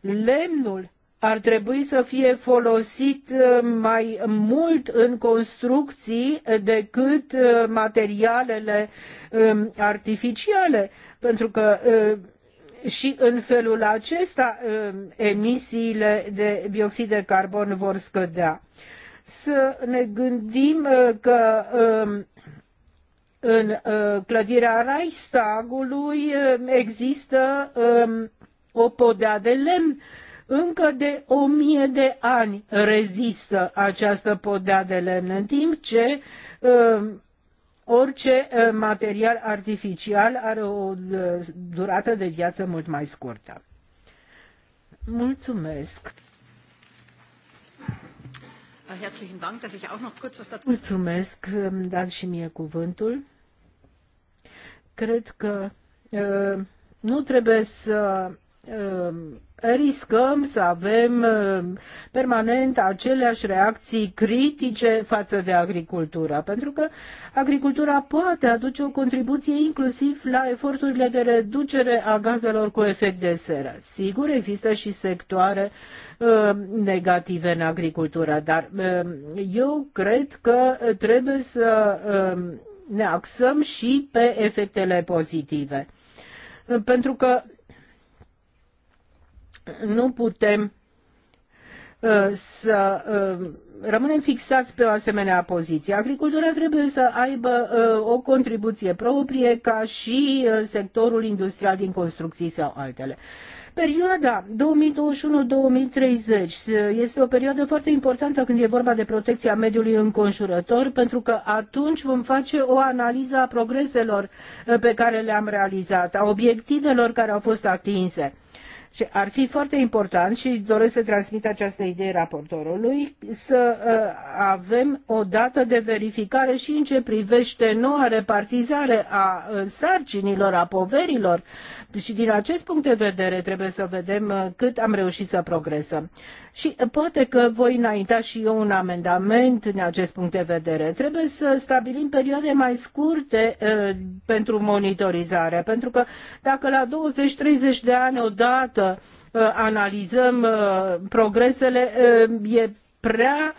lemnul ar trebui să fie folosit uh, mai mult în construcții decât uh, materialele um, artificiale, pentru că uh, și în felul acesta um, emisiile de dioxid de carbon vor scădea să ne gândim uh, că um, în uh, clădirea Reichstagului uh, există um, o podea de lemn. Încă de o mie de ani rezistă această podea de lemn, în timp ce um, orice material artificial are o durată de viață mult mai scurtă. Mulțumesc! Mulțumesc, îmi dați și mie cuvântul. Cred că uh, nu trebuie să Uh, riscăm să avem uh, permanent aceleași reacții critice față de agricultura, pentru că agricultura poate aduce o contribuție inclusiv la eforturile de reducere a gazelor cu efect de seră. Sigur, există și sectoare uh, negative în agricultură, dar eu cred că trebuie să ne axăm și pe efectele pozitive. Pentru că nu putem uh, să uh, rămânem fixați pe o asemenea poziție. Agricultura trebuie să aibă uh, o contribuție proprie ca și sectorul industrial din construcții sau altele. Perioada 2021-2030 este o perioadă foarte importantă când e vorba de protecția mediului înconjurător, pentru că atunci vom face o analiză a progreselor pe care le-am realizat, a obiectivelor care au fost atinse. Și ar fi foarte important și doresc să transmit această idee raportorului să uh, avem o dată de verificare și în ce privește noua repartizare a uh, sarcinilor, a poverilor și din acest punct de vedere trebuie să vedem uh, cât am reușit să progresăm. Și eh, poate că voi înainta și eu un amendament în acest punct de vedere. Trebuie să stabilim perioade mai scurte uh, pentru monitorizare, pentru că dacă la 20-30 de ani odată uh, analizăm uh, progresele, uh, e prea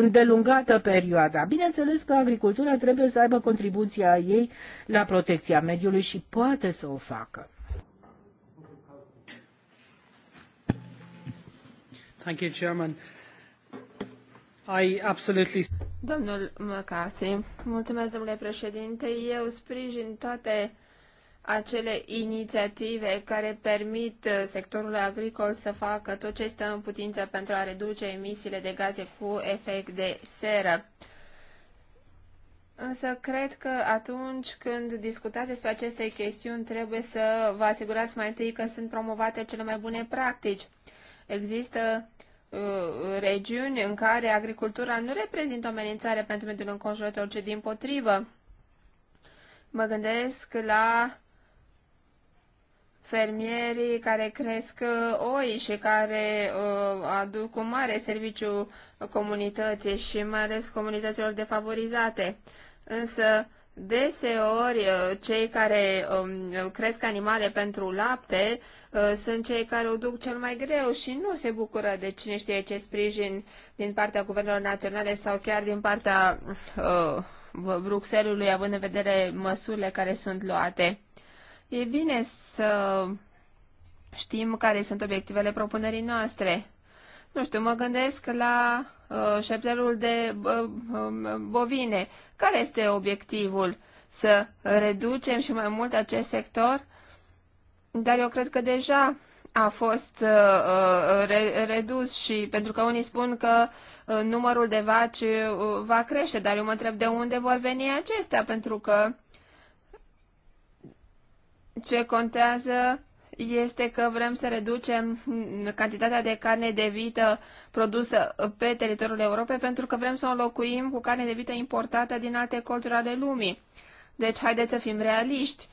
îndelungată perioada. Bineînțeles că agricultura trebuie să aibă contribuția ei la protecția mediului și poate să o facă. Domnul McCarthy, mulțumesc, domnule președinte. Eu sprijin toate acele inițiative care permit uh, sectorul agricol să facă tot ce stă în putință pentru a reduce emisiile de gaze cu efect de seră. Însă cred că atunci când discutați despre aceste chestiuni trebuie să vă asigurați mai întâi că sunt promovate cele mai bune practici Există uh, regiuni în care agricultura nu reprezintă o amenințare pentru mediul înconjurător, ci din potrivă. Mă gândesc la fermierii care cresc uh, oi și care uh, aduc un mare serviciu comunității și mai ales comunităților defavorizate. Însă Deseori, uh, cei care um, cresc animale pentru lapte uh, sunt cei care o duc cel mai greu și nu se bucură de cine știe ce sprijin din partea guvernelor naționale sau chiar din partea uh, Bruxellesului, având în vedere măsurile care sunt luate. E bine să știm care sunt obiectivele propunerii noastre. Nu știu, mă gândesc la Uh, șeptelul de uh, um, bovine. Care este obiectivul? Să reducem și mai mult acest sector? Dar eu cred că deja a fost uh, re redus și pentru că unii spun că numărul de vaci va crește, dar eu mă întreb de unde vor veni acestea, pentru că ce contează este că vrem să reducem cantitatea de carne de vită produsă pe teritoriul Europei pentru că vrem să o înlocuim cu carne de vită importată din alte colțuri ale lumii. Deci, haideți să fim realiști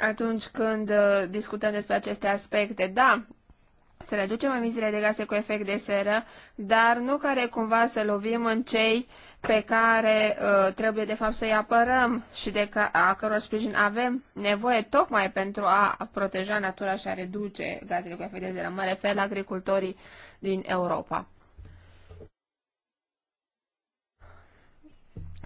atunci când uh, discutăm despre aceste aspecte. Da, să reducem emisiile de gaze cu efect de seră, dar nu care cumva să lovim în cei pe care uh, trebuie de fapt să-i apărăm și de ca, a căror sprijin avem nevoie tocmai pentru a proteja natura și a reduce gazele cu efect de seră. Mă refer la agricultorii din Europa.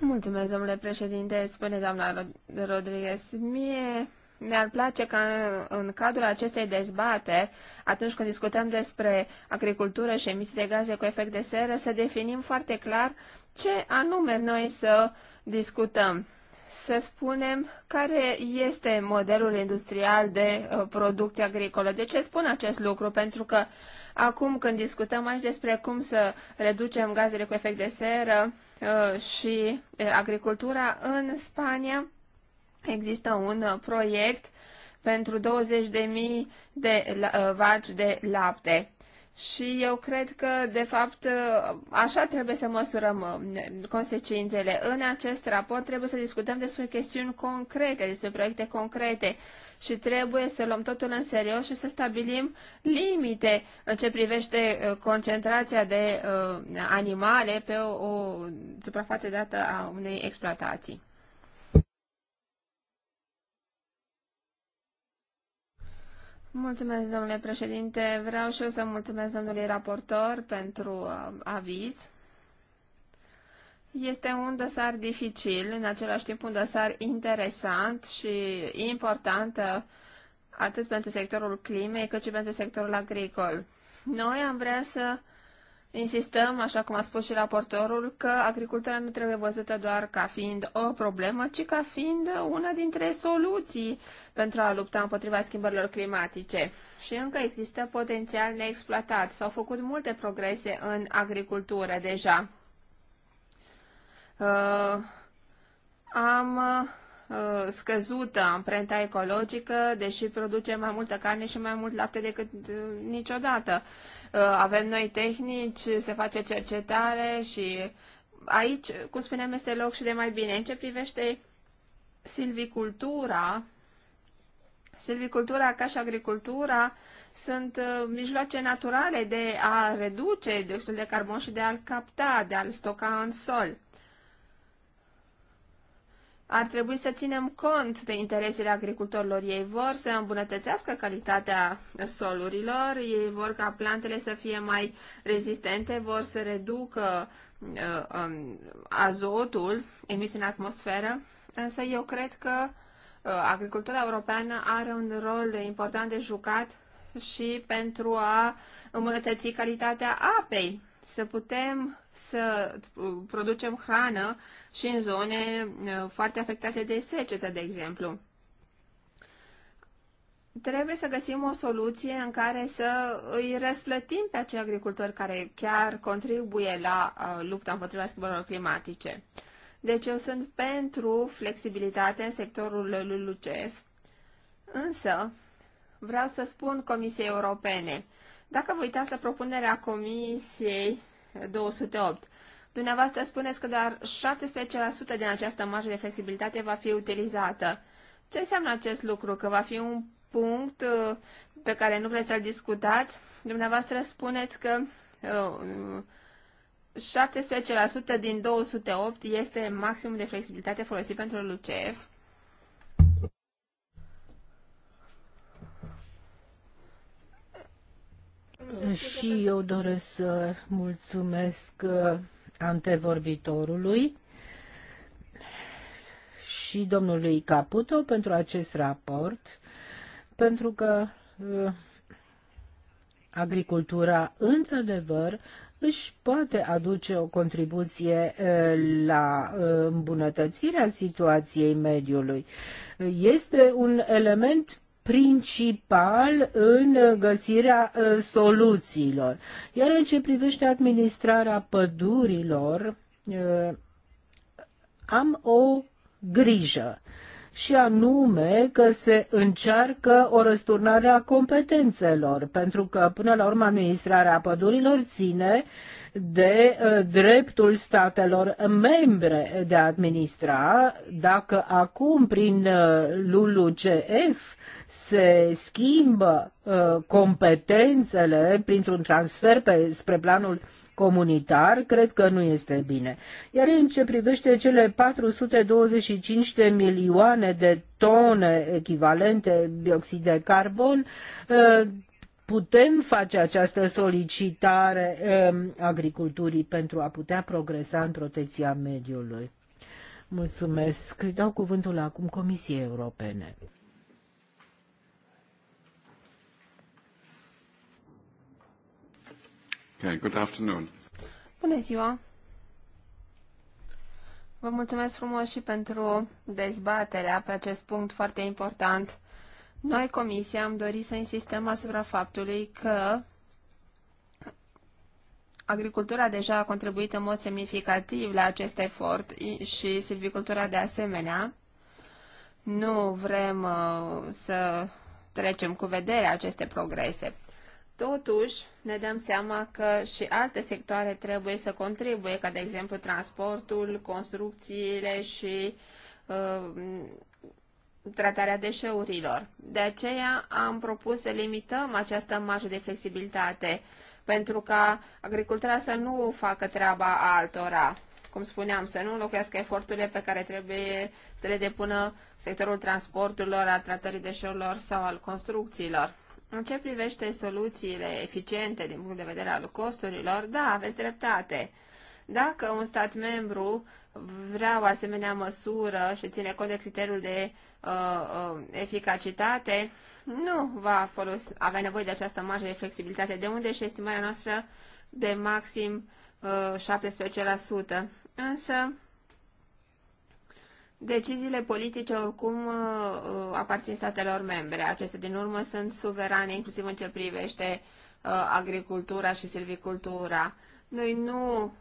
Mulțumesc, domnule președinte, spune doamna Rod Rodriguez. Mie mi-ar place ca în, în cadrul acestei dezbateri, atunci când discutăm despre agricultură și emisii de gaze cu efect de seră, să definim foarte clar ce anume noi să discutăm. Să spunem care este modelul industrial de uh, producție agricolă. De ce spun acest lucru? Pentru că acum când discutăm aici despre cum să reducem gazele cu efect de seră uh, și uh, agricultura în Spania, Există un uh, proiect pentru 20.000 de uh, vaci de lapte. Și eu cred că, de fapt, uh, așa trebuie să măsurăm consecințele. În acest raport trebuie să discutăm despre chestiuni concrete, despre proiecte concrete și trebuie să luăm totul în serios și să stabilim limite în ce privește concentrația de animale pe o, o suprafață dată a unei exploatații. Mulțumesc, domnule președinte. Vreau și eu să mulțumesc domnului raportor pentru um, aviz. Este un dosar dificil, în același timp un dosar interesant și important uh, atât pentru sectorul climei cât și pentru sectorul agricol. Noi am vrea să Insistăm, așa cum a spus și raportorul, că agricultura nu trebuie văzută doar ca fiind o problemă, ci ca fiind una dintre soluții pentru a lupta împotriva schimbărilor climatice. Și încă există potențial neexploatat. S-au făcut multe progrese în agricultură deja. Uh, am uh, scăzută amprenta ecologică, deși producem mai multă carne și mai mult lapte decât uh, niciodată. Uh, avem noi tehnici, se face cercetare și aici, cum spuneam, este loc și de mai bine. În ce privește silvicultura, silvicultura ca și agricultura sunt uh, mijloace naturale de a reduce dioxidul de carbon și de a-l capta, de a-l stoca în sol ar trebui să ținem cont de interesele agricultorilor. Ei vor să îmbunătățească calitatea solurilor, ei vor ca plantele să fie mai rezistente, vor să reducă uh, um, azotul emis în atmosferă, însă eu cred că uh, agricultura europeană are un rol important de jucat și pentru a îmbunătăți calitatea apei să putem să producem hrană și în zone uh, foarte afectate de secetă, de exemplu. Trebuie să găsim o soluție în care să îi răsplătim pe acei agricultori care chiar contribuie la uh, lupta împotriva schimbărilor climatice. Deci eu sunt pentru flexibilitate în sectorul LULUCEF, însă vreau să spun Comisiei Europene – dacă vă uitați la propunerea Comisiei 208, dumneavoastră spuneți că doar 17% din această marjă de flexibilitate va fi utilizată. Ce înseamnă acest lucru? Că va fi un punct uh, pe care nu vreți să-l discutați? Dumneavoastră spuneți că uh, 17% din 208 este maximul de flexibilitate folosit pentru LUCEF. Și eu doresc să mulțumesc uh, antevorbitorului și domnului Caputo pentru acest raport, pentru că uh, agricultura, într-adevăr, își poate aduce o contribuție uh, la îmbunătățirea situației mediului. Este un element principal în găsirea ă, soluțiilor. Iar în ce privește administrarea pădurilor, ă, am o grijă și anume că se încearcă o răsturnare a competențelor, pentru că până la urmă administrarea pădurilor ține de uh, dreptul statelor membre de a administra. Dacă acum prin uh, LULUCF se schimbă uh, competențele printr-un transfer pe, spre planul comunitar, cred că nu este bine. Iar în ce privește cele 425 de milioane de tone echivalente dioxid de carbon, ă, putem face această solicitare ă, agriculturii pentru a putea progresa în protecția mediului. Mulțumesc. Dau cuvântul acum Comisiei Europene. Okay, good afternoon. Bună ziua! Vă mulțumesc frumos și pentru dezbaterea pe acest punct foarte important. Noi, Comisia, am dorit să insistăm asupra faptului că agricultura deja a contribuit în mod semnificativ la acest efort și silvicultura de asemenea. Nu vrem uh, să trecem cu vedere aceste progrese. Totuși, ne dăm seama că și alte sectoare trebuie să contribuie, ca de exemplu transportul, construcțiile și uh, tratarea deșeurilor. De aceea am propus să limităm această marjă de flexibilitate pentru ca agricultura să nu facă treaba altora. Cum spuneam, să nu înlocuiască eforturile pe care trebuie să le depună sectorul transporturilor, al tratării deșeurilor sau al construcțiilor. În ce privește soluțiile eficiente din punct de vedere al costurilor, da, aveți dreptate. Dacă un stat membru vrea o asemenea măsură și ține cont de criteriul de uh, uh, eficacitate, nu va folos, avea nevoie de această marjă de flexibilitate, de unde și estimarea noastră de maxim uh, 17%. Însă, Deciziile politice oricum uh, uh, aparțin statelor membre. Acestea din urmă sunt suverane, inclusiv în ce privește uh, agricultura și silvicultura. Noi nu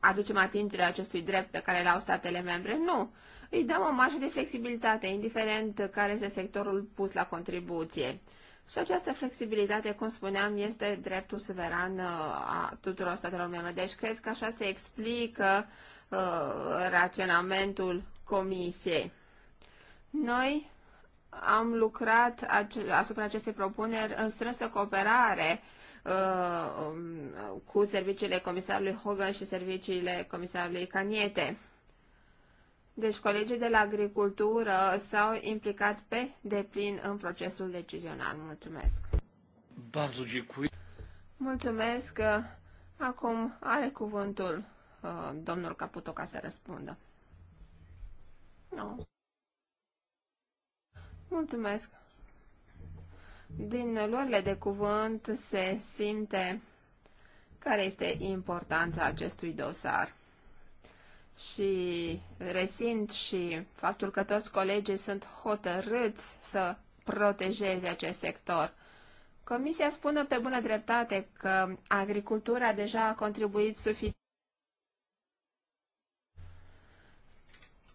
aducem atingerea acestui drept pe care l-au statele membre, nu. Îi dăm o marjă de flexibilitate, indiferent care este sectorul pus la contribuție. Și această flexibilitate, cum spuneam, este dreptul suveran a tuturor statelor membre. Deci cred că așa se explică uh, Uh, raționamentul comisiei. Noi am lucrat asupra acestei propuneri în strânsă cooperare uh, um, cu serviciile comisarului Hogan și serviciile comisarului Caniete. Deci colegii de la agricultură s-au implicat pe deplin în procesul decizional. Mulțumesc! Mulțumesc! Acum are cuvântul Uh, domnul Caputo ca să răspundă. Nu. Mulțumesc. Din luările de cuvânt se simte care este importanța acestui dosar. Și resimt și faptul că toți colegii sunt hotărâți să protejeze acest sector. Comisia spune pe bună dreptate că agricultura deja a contribuit suficient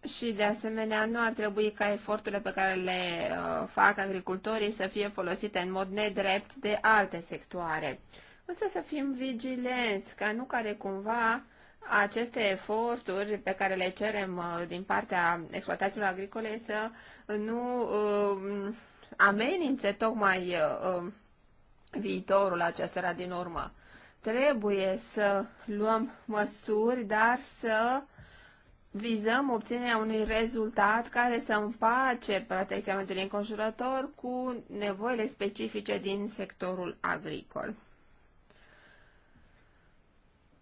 Și, de asemenea, nu ar trebui ca eforturile pe care le uh, fac agricultorii să fie folosite în mod nedrept de alte sectoare. Însă să fim vigilenți, ca nu care cumva aceste eforturi pe care le cerem uh, din partea exploatațiilor agricole să uh, nu uh, amenințe tocmai uh, um, viitorul acestora din urmă. Trebuie să luăm măsuri, dar să uh, vizăm obținerea unui rezultat care să împace protecția mediului înconjurător cu nevoile specifice din sectorul agricol.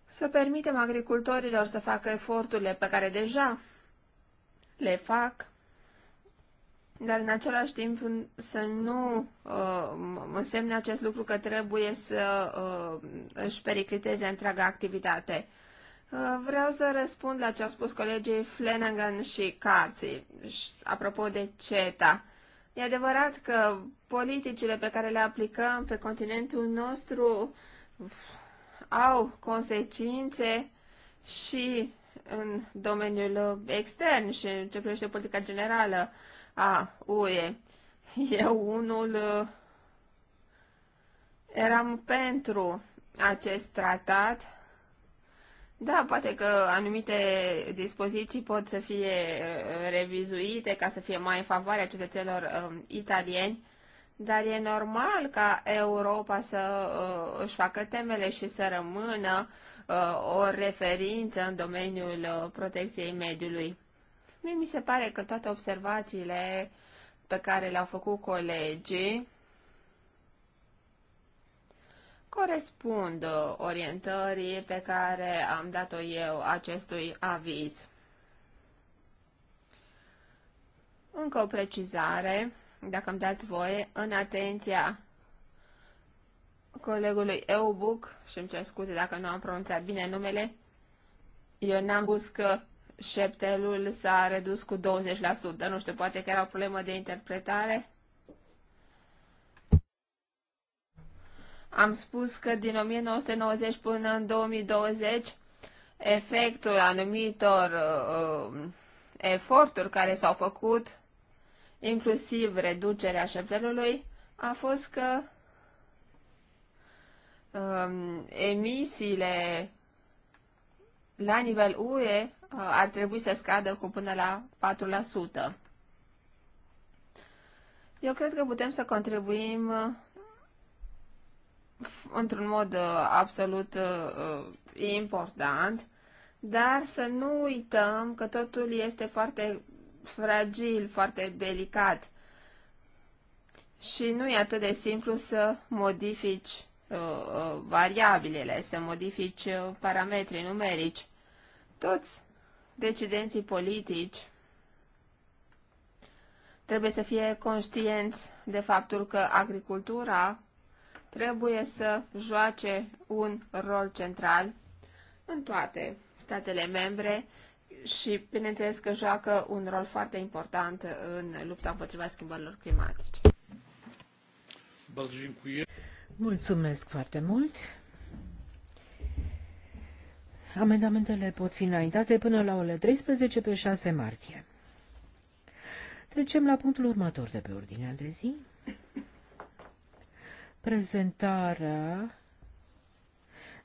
Să permitem agricultorilor să facă eforturile pe care deja le fac, dar în același timp să nu uh, însemne acest lucru că trebuie să uh, își pericliteze întreaga activitate Uh, vreau să răspund la ce au spus colegii Flanagan și Carthy, apropo de CETA. E adevărat că politicile pe care le aplicăm pe continentul nostru au consecințe și în domeniul extern și în ce privește politica generală a UE. Eu unul uh, eram pentru acest tratat da, poate că anumite dispoziții pot să fie uh, revizuite ca să fie mai în favoarea cetățenilor um, italieni, dar e normal ca Europa să uh, își facă temele și să rămână uh, o referință în domeniul uh, protecției mediului. Mie mi se pare că toate observațiile pe care le-au făcut colegii corespund orientării pe care am dat-o eu acestui aviz. Încă o precizare, dacă îmi dați voie, în atenția colegului Eubuc, și îmi cer scuze dacă nu am pronunțat bine numele, eu n-am spus că șeptelul s-a redus cu 20%, nu știu, poate că era o problemă de interpretare. Am spus că din 1990 până în 2020 efectul anumitor uh, eforturi care s-au făcut, inclusiv reducerea șeptelului, a fost că uh, emisiile la nivel UE uh, ar trebui să scadă cu până la 4%. Eu cred că putem să contribuim uh, într-un mod uh, absolut uh, uh, important, dar să nu uităm că totul este foarte fragil, foarte delicat și nu e atât de simplu să modifici uh, variabilele, să modifici uh, parametrii numerici. Toți decidenții politici trebuie să fie conștienți de faptul că agricultura trebuie să joace un rol central în toate statele membre și, bineînțeles, că joacă un rol foarte important în lupta împotriva schimbărilor climatice. Mulțumesc foarte mult! Amendamentele pot fi înaintate până la ore 13 pe 6 martie. Trecem la punctul următor de pe ordinea de zi prezentarea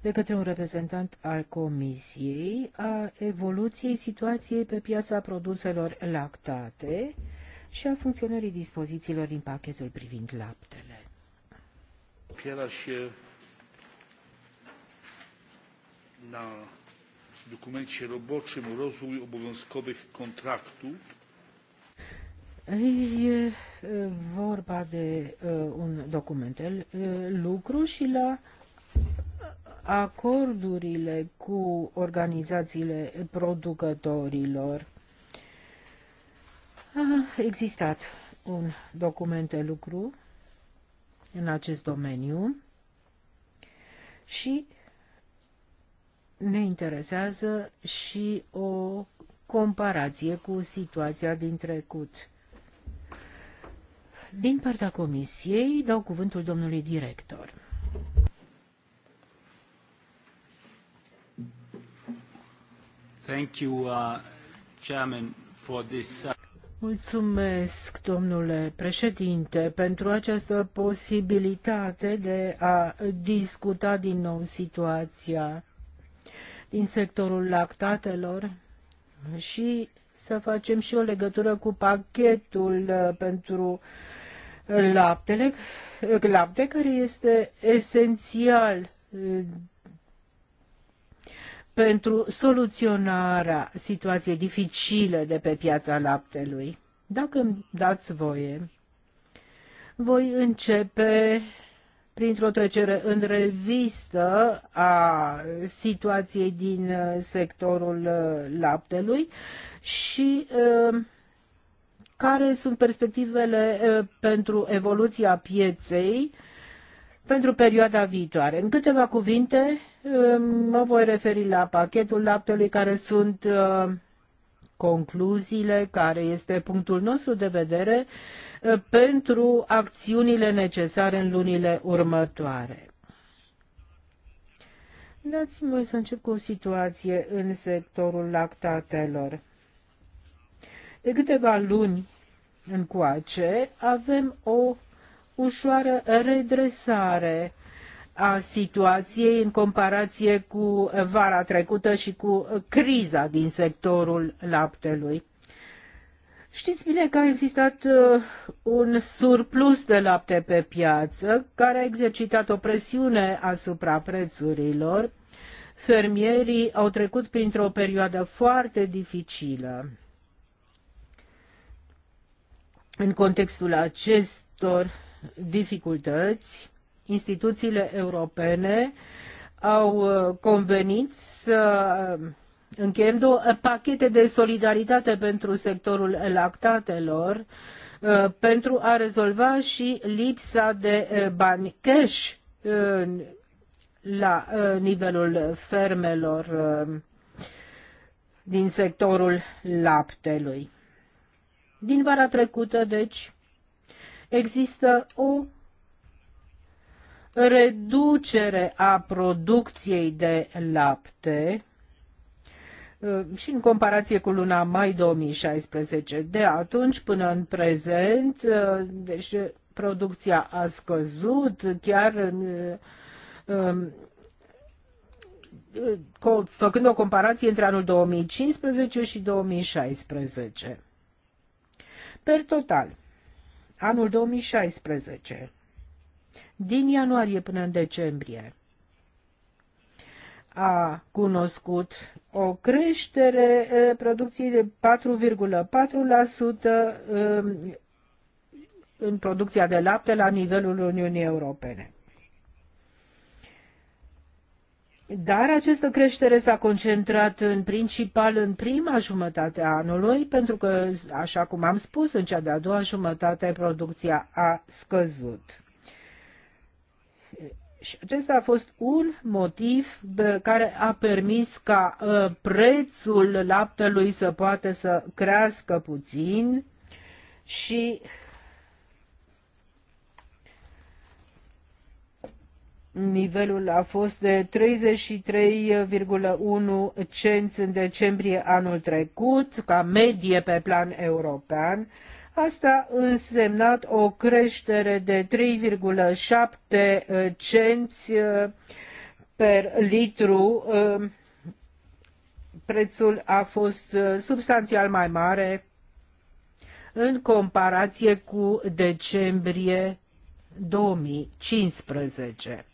de către un reprezentant al Comisiei a evoluției situației pe piața produselor lactate și a funcționării dispozițiilor din pachetul privind laptele. Opiera się na dokumencie roboczym rozwój obowiązkowych kontraktów E vorba de un document lucru și la acordurile cu organizațiile producătorilor. A existat un document de lucru în acest domeniu și ne interesează și o comparație cu situația din trecut. Din partea Comisiei dau cuvântul domnului director. Thank you, uh, Chairman, for this. Uh, Mulțumesc, domnule președinte, pentru această posibilitate de a discuta din nou situația din sectorul lactatelor și să facem și o legătură cu pachetul uh, pentru uh, laptele, lapte care este esențial uh, pentru soluționarea situației dificile de pe piața laptelui. Dacă îmi dați voie, voi începe printr-o trecere în revistă a situației din uh, sectorul uh, laptelui și care sunt perspectivele pentru evoluția pieței pentru perioada viitoare. În câteva cuvinte mă voi referi la pachetul laptelui care sunt concluziile, care este punctul nostru de vedere pentru acțiunile necesare în lunile următoare. Dați-mi voi să încep cu o situație în sectorul lactatelor. De câteva luni încoace, avem o ușoară redresare a situației în comparație cu vara trecută și cu criza din sectorul laptelui. Știți bine că a existat uh, un surplus de lapte pe piață care a exercitat o presiune asupra prețurilor. Fermierii au trecut printr-o perioadă foarte dificilă. În contextul acestor dificultăți, instituțiile europene au uh, convenit să uh, încheiem două uh, pachete de solidaritate pentru sectorul lactatelor pentru a rezolva și lipsa de bani cash la nivelul fermelor din sectorul laptelui. Din vara trecută, deci, există o reducere a producției de lapte uh, și în comparație cu luna mai 2016. De atunci până în prezent, uh, deci producția a scăzut, chiar uh, um, făcând o comparație între anul 2015 și 2016. Per total, anul 2016, din ianuarie până în decembrie, a cunoscut o creștere producției de 4,4% în producția de lapte la nivelul Uniunii Europene. Dar această creștere s-a concentrat în principal în prima jumătate a anului, pentru că, așa cum am spus, în cea de-a doua jumătate producția a scăzut. Și acesta a fost un motiv care a permis ca ă, prețul laptelui să poată să crească puțin și nivelul a fost de 33,1 cenți în decembrie anul trecut, ca medie pe plan european. Asta însemnat o creștere de 3,7 cenți uh, per litru. Uh, prețul a fost uh, substanțial mai mare în comparație cu decembrie 2015.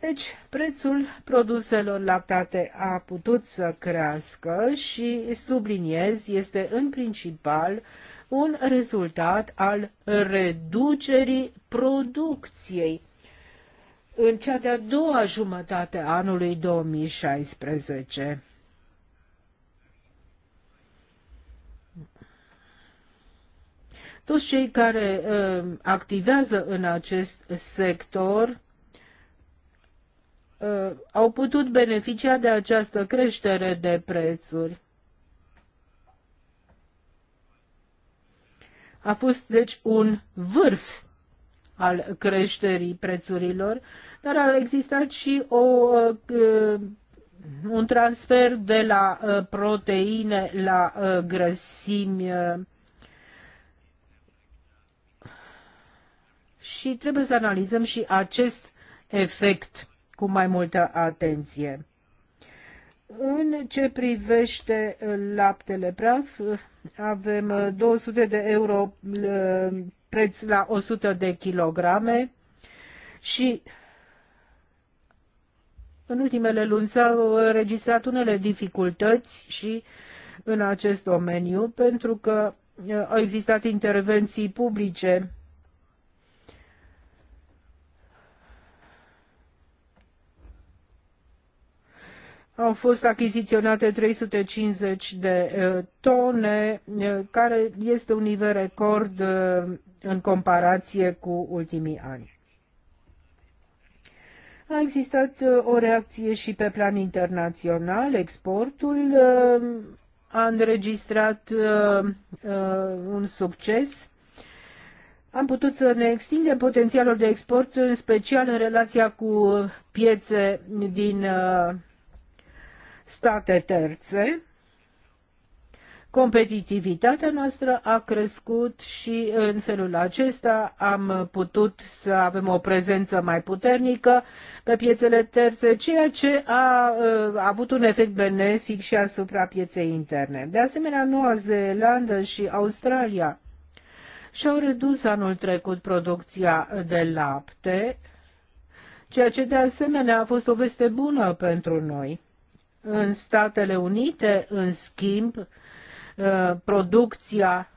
Deci, prețul produselor lactate a putut să crească și, subliniez, este în principal un rezultat al reducerii producției în cea de-a doua jumătate a anului 2016. Toți cei care uh, activează în acest sector Uh, au putut beneficia de această creștere de prețuri. A fost deci un vârf al creșterii prețurilor, dar a existat și o, uh, un transfer de la uh, proteine la grăsimi și trebuie să analizăm și acest efect cu mai multă atenție. În ce privește laptele praf, avem 200 de euro preț la 100 de kilograme și în ultimele luni s-au registrat unele dificultăți și în acest domeniu pentru că uh, au existat intervenții publice au fost achiziționate 350 de tone, care este un nivel record în comparație cu ultimii ani. A existat o reacție și pe plan internațional. Exportul a înregistrat un succes. Am putut să ne extindem potențialul de export, în special în relația cu piețe din state terțe. Competitivitatea noastră a crescut și în felul acesta am putut să avem o prezență mai puternică pe piețele terțe, ceea ce a, uh, a avut un efect benefic și asupra pieței interne. De asemenea, Noua Zeelandă și Australia și-au redus anul trecut producția de lapte, ceea ce de asemenea a fost o veste bună pentru noi. În Statele Unite, în schimb, uh, producția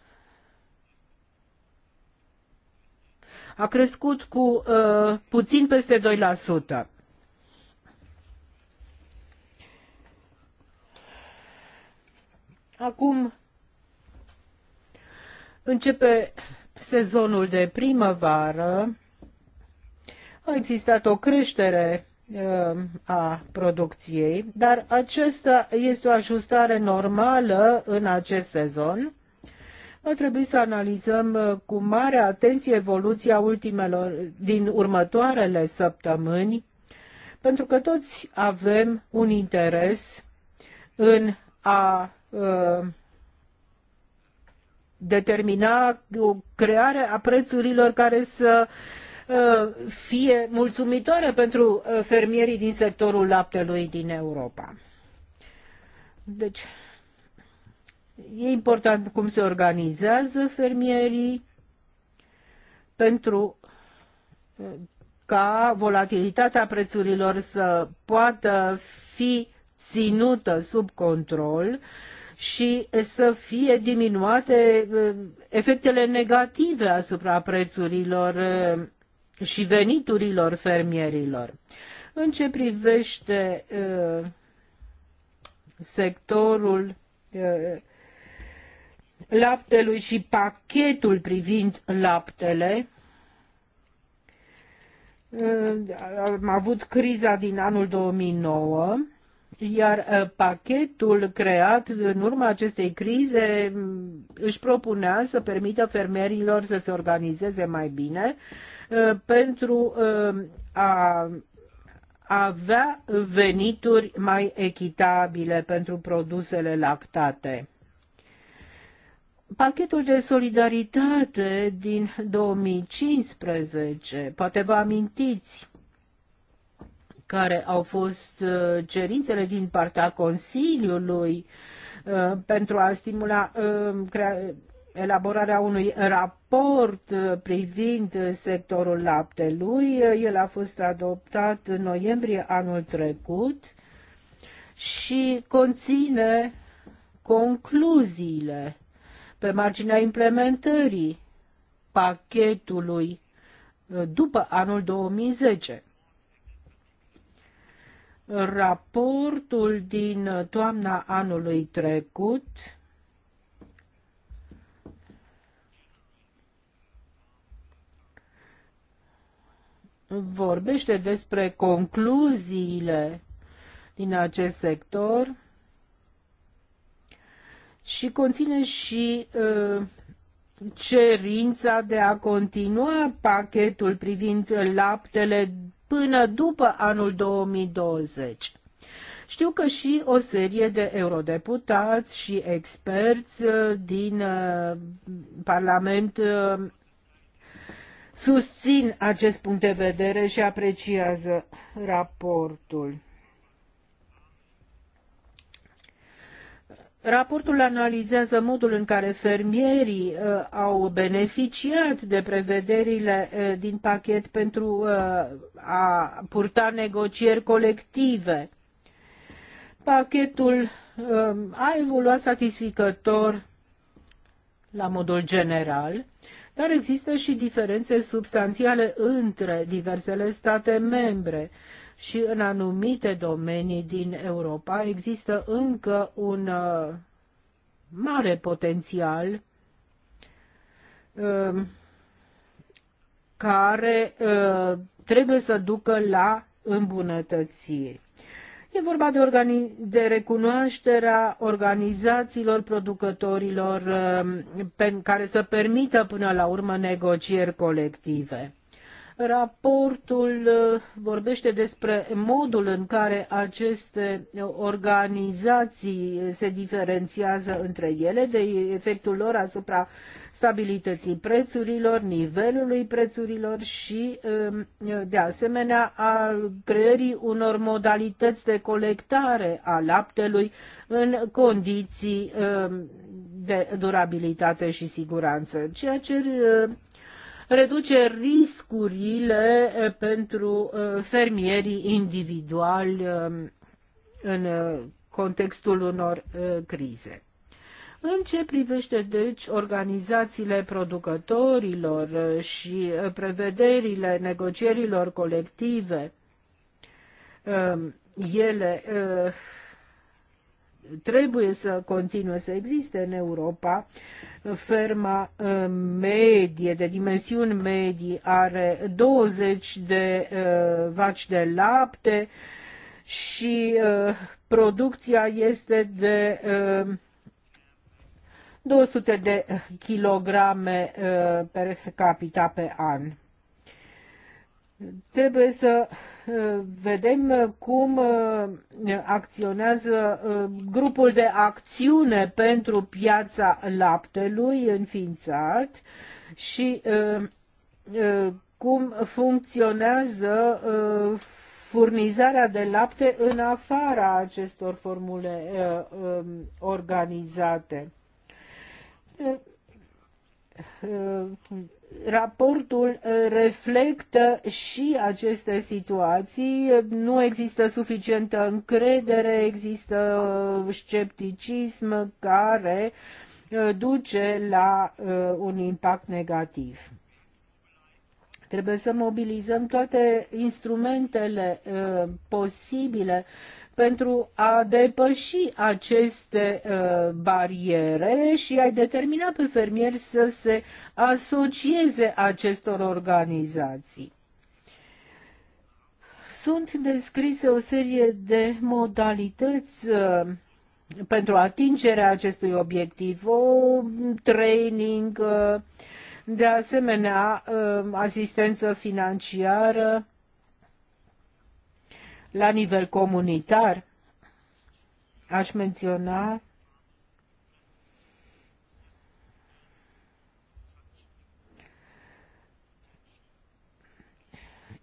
a crescut cu uh, puțin peste 2%. Acum începe sezonul de primăvară. A existat o creștere Um, a producției, dar acesta este o ajustare normală în acest sezon. Va trebui să analizăm uh, cu mare atenție evoluția ultimelor, din următoarele săptămâni, pentru că toți avem un interes în a uh, determina o creare a prețurilor care să uh, Uh, fie mulțumitoare pentru uh, fermierii din sectorul laptelui din Europa. Deci, e important cum se organizează fermierii pentru uh, ca volatilitatea prețurilor să poată fi ținută sub control și să fie diminuate efectele negative asupra prețurilor și veniturilor fermierilor. În ce privește sectorul laptelui și pachetul privind laptele, am avut criza din anul 2009 iar uh, pachetul creat în urma acestei crize mm, își propunea să permită fermierilor să se organizeze mai bine uh, pentru uh, a avea venituri mai echitabile pentru produsele lactate. Pachetul de solidaritate din 2015, poate vă amintiți, care au fost uh, cerințele din partea Consiliului uh, pentru a stimula uh, elaborarea unui raport privind sectorul laptelui. El a fost adoptat în noiembrie anul trecut și conține concluziile pe marginea implementării pachetului după anul 2010 raportul din toamna anului trecut vorbește despre concluziile din acest sector și conține și uh, cerința de a continua pachetul privind laptele până după anul 2020. Știu că și o serie de eurodeputați și experți uh, din uh, Parlament uh, susțin acest punct de vedere și apreciază raportul. Raportul analizează modul în care fermierii uh, au beneficiat de prevederile uh, din pachet pentru uh, a purta negocieri colective. Pachetul uh, a evoluat satisficător la modul general, dar există și diferențe substanțiale între diversele state membre. Uh, și în anumite domenii din Europa există încă un uh, mare potențial um, care uh, trebuie să ducă la îmbunătățiri. E vorba de, organi- de recunoașterea organizațiilor producătorilor um, pe care să permită până la urmă negocieri colective. Raportul uh, vorbește despre modul în care aceste organizații se diferențiază între ele, de efectul lor asupra stabilității prețurilor, nivelului prețurilor și, um, de asemenea, a creării unor modalități de colectare a laptelui în condiții um, de durabilitate și siguranță, ceea ce uh, reduce riscurile eh, pentru eh, fermierii individuali eh, în contextul unor crize. În ce privește, deci, organizațiile producătorilor și prevederile negocierilor colective, ele trebuie să continue să existe în Europa. Ferma uh, medie, de dimensiuni medii, are 20 de uh, vaci de lapte și uh, producția este de 200 de kilograme per capita pe an. Trebuie să vedem uh, cum uh, acționează uh, grupul de acțiune pentru piața laptelui înființat și cum funcționează furnizarea de lapte în afara acestor formule um, organizate raportul uh, reflectă și aceste situații. Nu există suficientă încredere, există uh, scepticism care uh, duce la un impact negativ. Trebuie să mobilizăm toate instrumentele posibile pentru a depăși aceste uh, bariere și ai determina pe fermieri să se asocieze acestor organizații. Sunt descrise o serie de modalități uh, pentru atingerea acestui obiectiv, o training, uh, de asemenea uh, asistență financiară, la nivel comunitar, aș menționa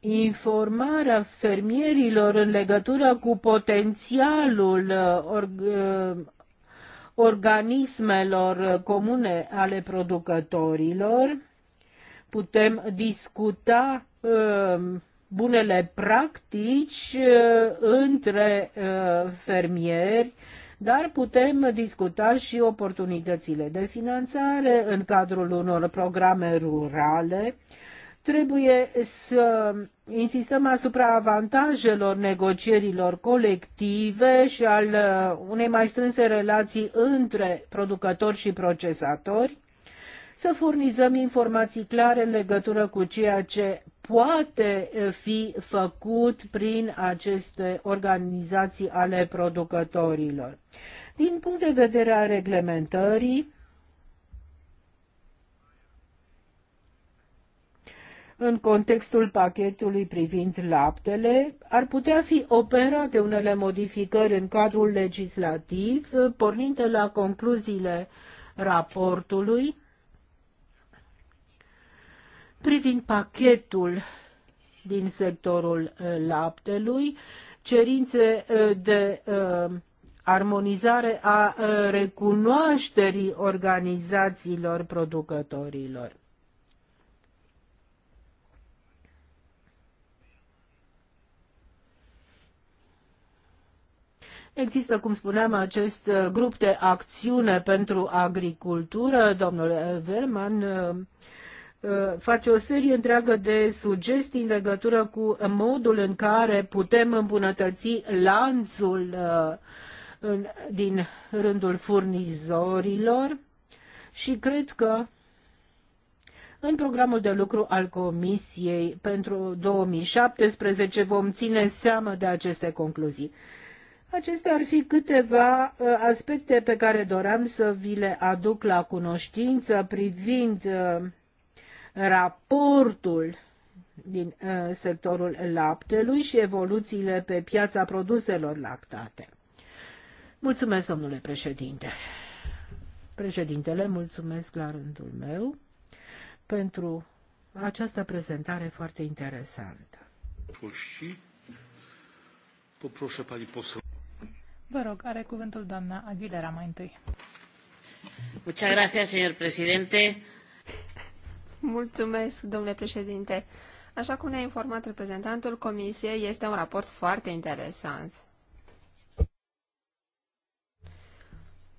informarea fermierilor în legătură cu potențialul uh, uh, organismelor comune ale producătorilor. Putem discuta uh, bunele practici uh, între uh, fermieri, dar putem discuta și oportunitățile de finanțare în cadrul unor programe rurale. Trebuie să insistăm asupra avantajelor negocierilor colective și al uh, unei mai strânse relații între producători și procesatori, să furnizăm informații clare în legătură cu ceea ce poate eh, fi făcut prin aceste organizații ale producătorilor. Din punct de vedere al reglementării, în contextul pachetului privind laptele, ar putea fi operate unele modificări în cadrul legislativ, eh, pornind de la concluziile raportului, privind pachetul din sectorul uh, laptelui, cerințe uh, de uh, armonizare a recunoașterii organizațiilor producătorilor. Există, cum spuneam, acest grup de acțiune pentru agricultură. Domnul Verman Uh, face o serie întreagă de sugestii în legătură cu modul în care putem îmbunătăți lanțul uh, din rândul furnizorilor și cred că în programul de lucru al Comisiei pentru 2017 vom ține seama de aceste concluzii. Acestea ar fi câteva uh, aspecte pe care doream să vi le aduc la cunoștință privind raportul din uh, sectorul laptelui și evoluțiile pe piața produselor lactate. Mulțumesc, domnule președinte. Președintele, mulțumesc la rândul meu pentru această prezentare foarte interesantă. Vă rog, are cuvântul doamna Aguilera mai întâi. Muchas gracias, señor presidente. Mulțumesc, domnule președinte. Așa cum ne-a informat reprezentantul comisiei, este un raport foarte interesant.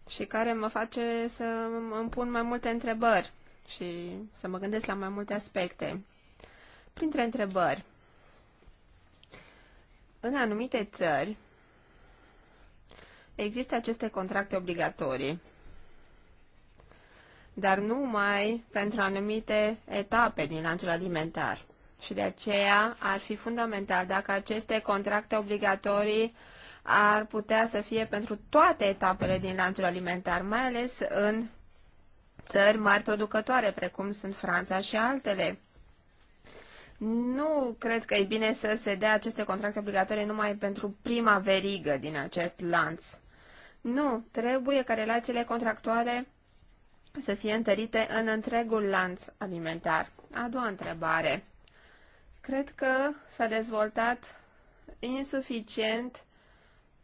Și care mă face să îmi pun mai multe întrebări și să mă gândesc la mai multe aspecte. Printre întrebări, în anumite țări există aceste contracte obligatorii dar numai pentru anumite etape din lanțul alimentar. Și de aceea ar fi fundamental dacă aceste contracte obligatorii ar putea să fie pentru toate etapele din lanțul alimentar, mai ales în țări mari producătoare, precum sunt Franța și altele. Nu cred că e bine să se dea aceste contracte obligatorii numai pentru prima verigă din acest lanț. Nu, trebuie ca relațiile contractuale să fie întărite în întregul lanț alimentar. A doua întrebare. Cred că s-a dezvoltat insuficient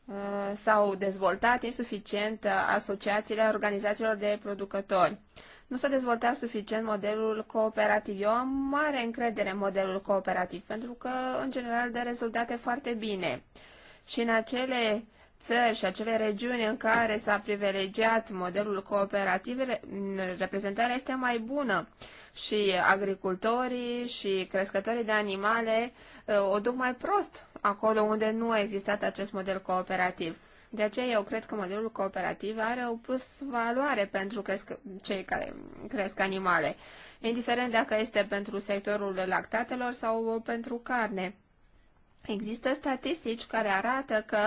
uh, s-au dezvoltat insuficient uh, asociațiile organizațiilor de producători. Nu s-a dezvoltat suficient modelul cooperativ. Eu am mare încredere în modelul cooperativ, pentru că, în general, dă rezultate foarte bine. Și în acele țări și acele regiuni în care s-a privilegiat modelul cooperativ, reprezentarea este mai bună și agricultorii și crescătorii de animale uh, o duc mai prost acolo unde nu a existat acest model cooperativ. De aceea eu cred că modelul cooperativ are o plus valoare pentru cresc- cei care cresc animale, indiferent dacă este pentru sectorul lactatelor sau pentru carne. Există statistici care arată că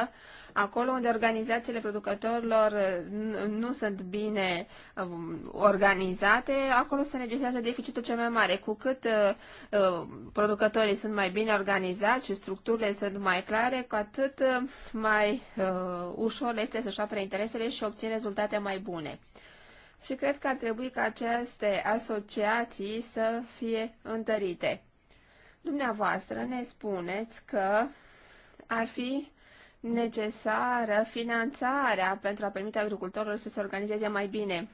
acolo unde organizațiile producătorilor uh, nu sunt bine uh, organizate, acolo se înregistrează deficitul cel mai mare. Cu cât uh, producătorii sunt mai bine organizați și structurile sunt mai clare, cu atât mai ușor este să-și apere interesele și obține rezultate mai bune. Și cred că ar trebui ca aceste asociații să fie întărite. Dumneavoastră ne spuneți că ar fi necesară finanțarea pentru a permite agricultorilor să se organizeze mai bine.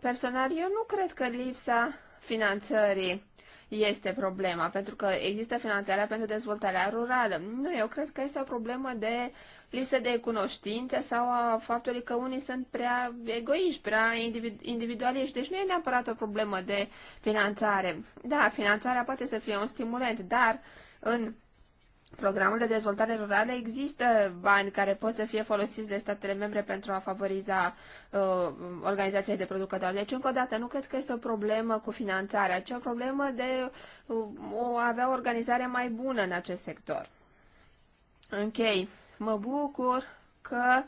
Personal, eu nu cred că lipsa finanțării este problema, pentru că există finanțarea pentru dezvoltarea rurală. Nu, eu cred că este o problemă de lipsă de cunoștințe sau a faptului că unii sunt prea egoiști, prea individualiști. Deci nu e neapărat o problemă de finanțare. Da, finanțarea poate să fie un stimulant, dar în programul de dezvoltare rurală există bani care pot să fie folosiți de statele membre pentru a favoriza uh, organizația de producători. Deci, încă o dată, nu cred că este o problemă cu finanțarea, ci o problemă de uh, o avea o organizare mai bună în acest sector. Ok, Mă bucur că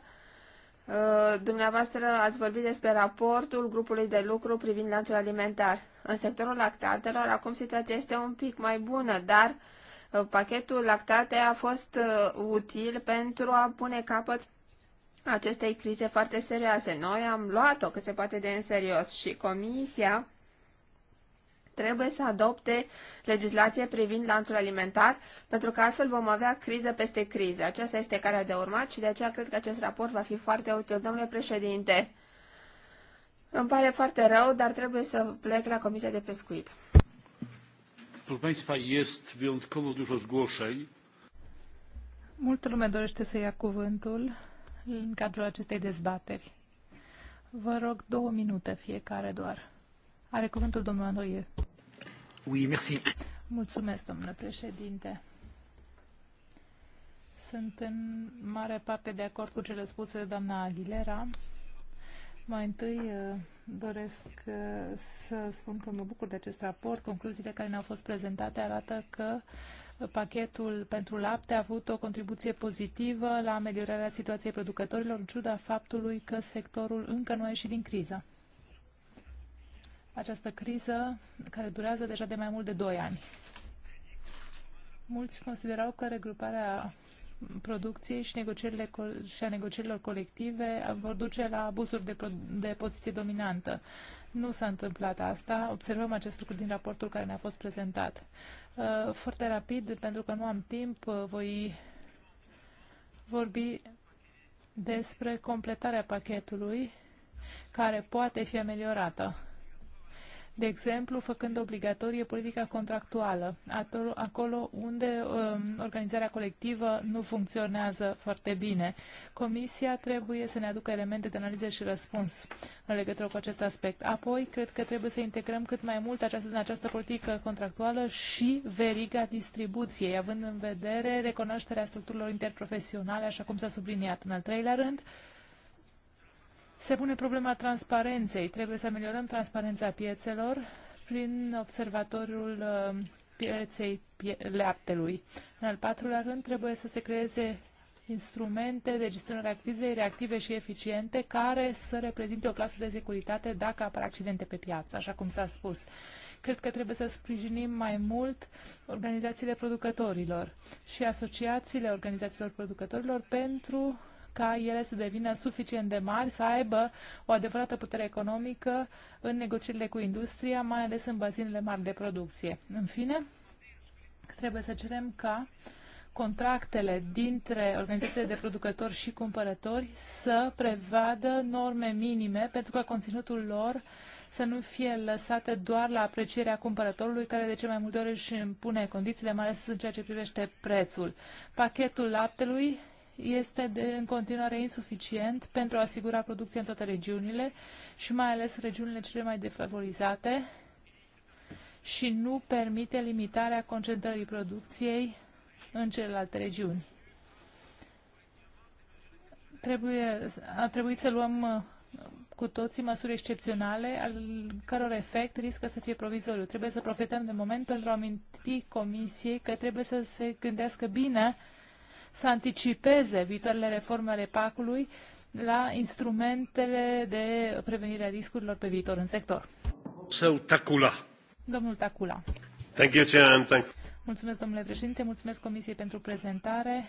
uh, dumneavoastră ați vorbit despre raportul grupului de lucru privind lanțul alimentar. În sectorul lactatelor, acum situația este un pic mai bună, dar uh, Uh, pachetul lactate a fost uh, util pentru a pune capăt acestei crize foarte serioase. Noi am luat-o cât se poate de în serios și Comisia trebuie să adopte legislație privind lanțul alimentar, pentru că altfel vom avea criză peste criză. Aceasta este calea de urmat și de aceea cred că acest raport va fi foarte util. Domnule președinte, îmi pare foarte rău, dar trebuie să plec la Comisia de Pescuit. Proszę Państwa, jest wyjątkowo dużo zgłoszeń. Multă lume dorește să ia cuvântul în cadrul acestei dezbateri. Vă rog două minute fiecare doar. Are cuvântul domnul Andoie. Oui, merci. Mulțumesc, domnule președinte. Sunt în mare parte de acord cu cele spuse de doamna Aguilera. Mai întâi uh, doresc uh, să spun că mă bucur de acest raport. Concluziile care ne-au fost prezentate arată că uh, pachetul pentru lapte a avut o contribuție pozitivă la ameliorarea situației producătorilor, în ciuda faptului că sectorul încă nu a ieșit din criză. Această criză care durează deja de mai mult de 2 ani. Mulți considerau că regruparea producției și, negocierile și a negocierilor colective vor duce la abuzuri de, de poziție dominantă. Nu s-a întâmplat asta. Observăm acest lucru din raportul care ne-a fost prezentat. Uh, foarte rapid, pentru că nu am timp, uh, voi vorbi despre completarea pachetului care poate fi ameliorată de exemplu, făcând obligatorie politica contractuală, acolo unde um, organizarea colectivă nu funcționează foarte bine. Comisia trebuie să ne aducă elemente de analiză și răspuns în legătură cu acest aspect. Apoi, cred că trebuie să integrăm cât mai mult această, în această politică contractuală și veriga distribuției, având în vedere recunoașterea structurilor interprofesionale, așa cum s-a subliniat în al treilea rând, se pune problema transparenței. Trebuie să ameliorăm transparența piețelor prin observatorul uh, pieței pie laptelui. În al patrulea rând, trebuie să se creeze instrumente de gestionare a crizei reactive și eficiente care să reprezinte o clasă de securitate dacă apar accidente pe piață, așa cum s-a spus. Cred că trebuie să sprijinim mai mult organizațiile producătorilor și asociațiile organizațiilor producătorilor pentru ca ele să devină suficient de mari, să aibă o adevărată putere economică în negocierile cu industria, mai ales în bazinele mari de producție. În fine, trebuie să cerem ca contractele dintre organizațiile de producători și cumpărători să prevadă norme minime pentru ca conținutul lor să nu fie lăsate doar la aprecierea cumpărătorului, care de ce mai multe ori își impune condițiile, mai ales în ceea ce privește prețul. Pachetul laptelui este de, în continuare insuficient pentru a asigura producția în toate regiunile și mai ales regiunile cele mai defavorizate și nu permite limitarea concentrării producției în celelalte regiuni. Trebuie, a trebuit să luăm uh, cu toții măsuri excepționale, al căror efect riscă să fie provizoriu. Trebuie să profităm de moment pentru a aminti Comisiei că trebuie să se gândească bine uh, să anticipeze viitoarele reforme ale PAC-ului la instrumentele de prevenire a riscurilor pe viitor în sector. Tacula. Domnul Tacula. Thank you, Chairman. thank Mulțumesc, domnule președinte, mulțumesc Comisiei pentru prezentare.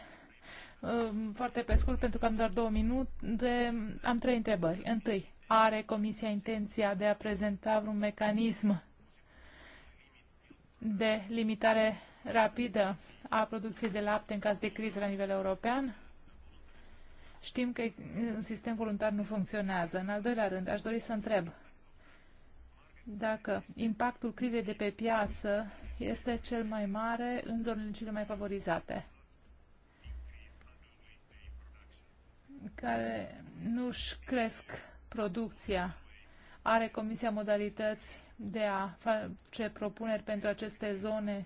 Foarte pe scurt, pentru că am doar două minute, am trei întrebări. Întâi, are Comisia intenția de a prezenta vreun mecanism de limitare rapidă a producției de lapte în caz de criză la nivel european. Știm că un sistem voluntar nu funcționează. În al doilea rând, aș dori să întreb dacă impactul crizei de pe piață este cel mai mare în zonele cele mai favorizate, care nu-și cresc producția. Are Comisia modalități de a face propuneri pentru aceste zone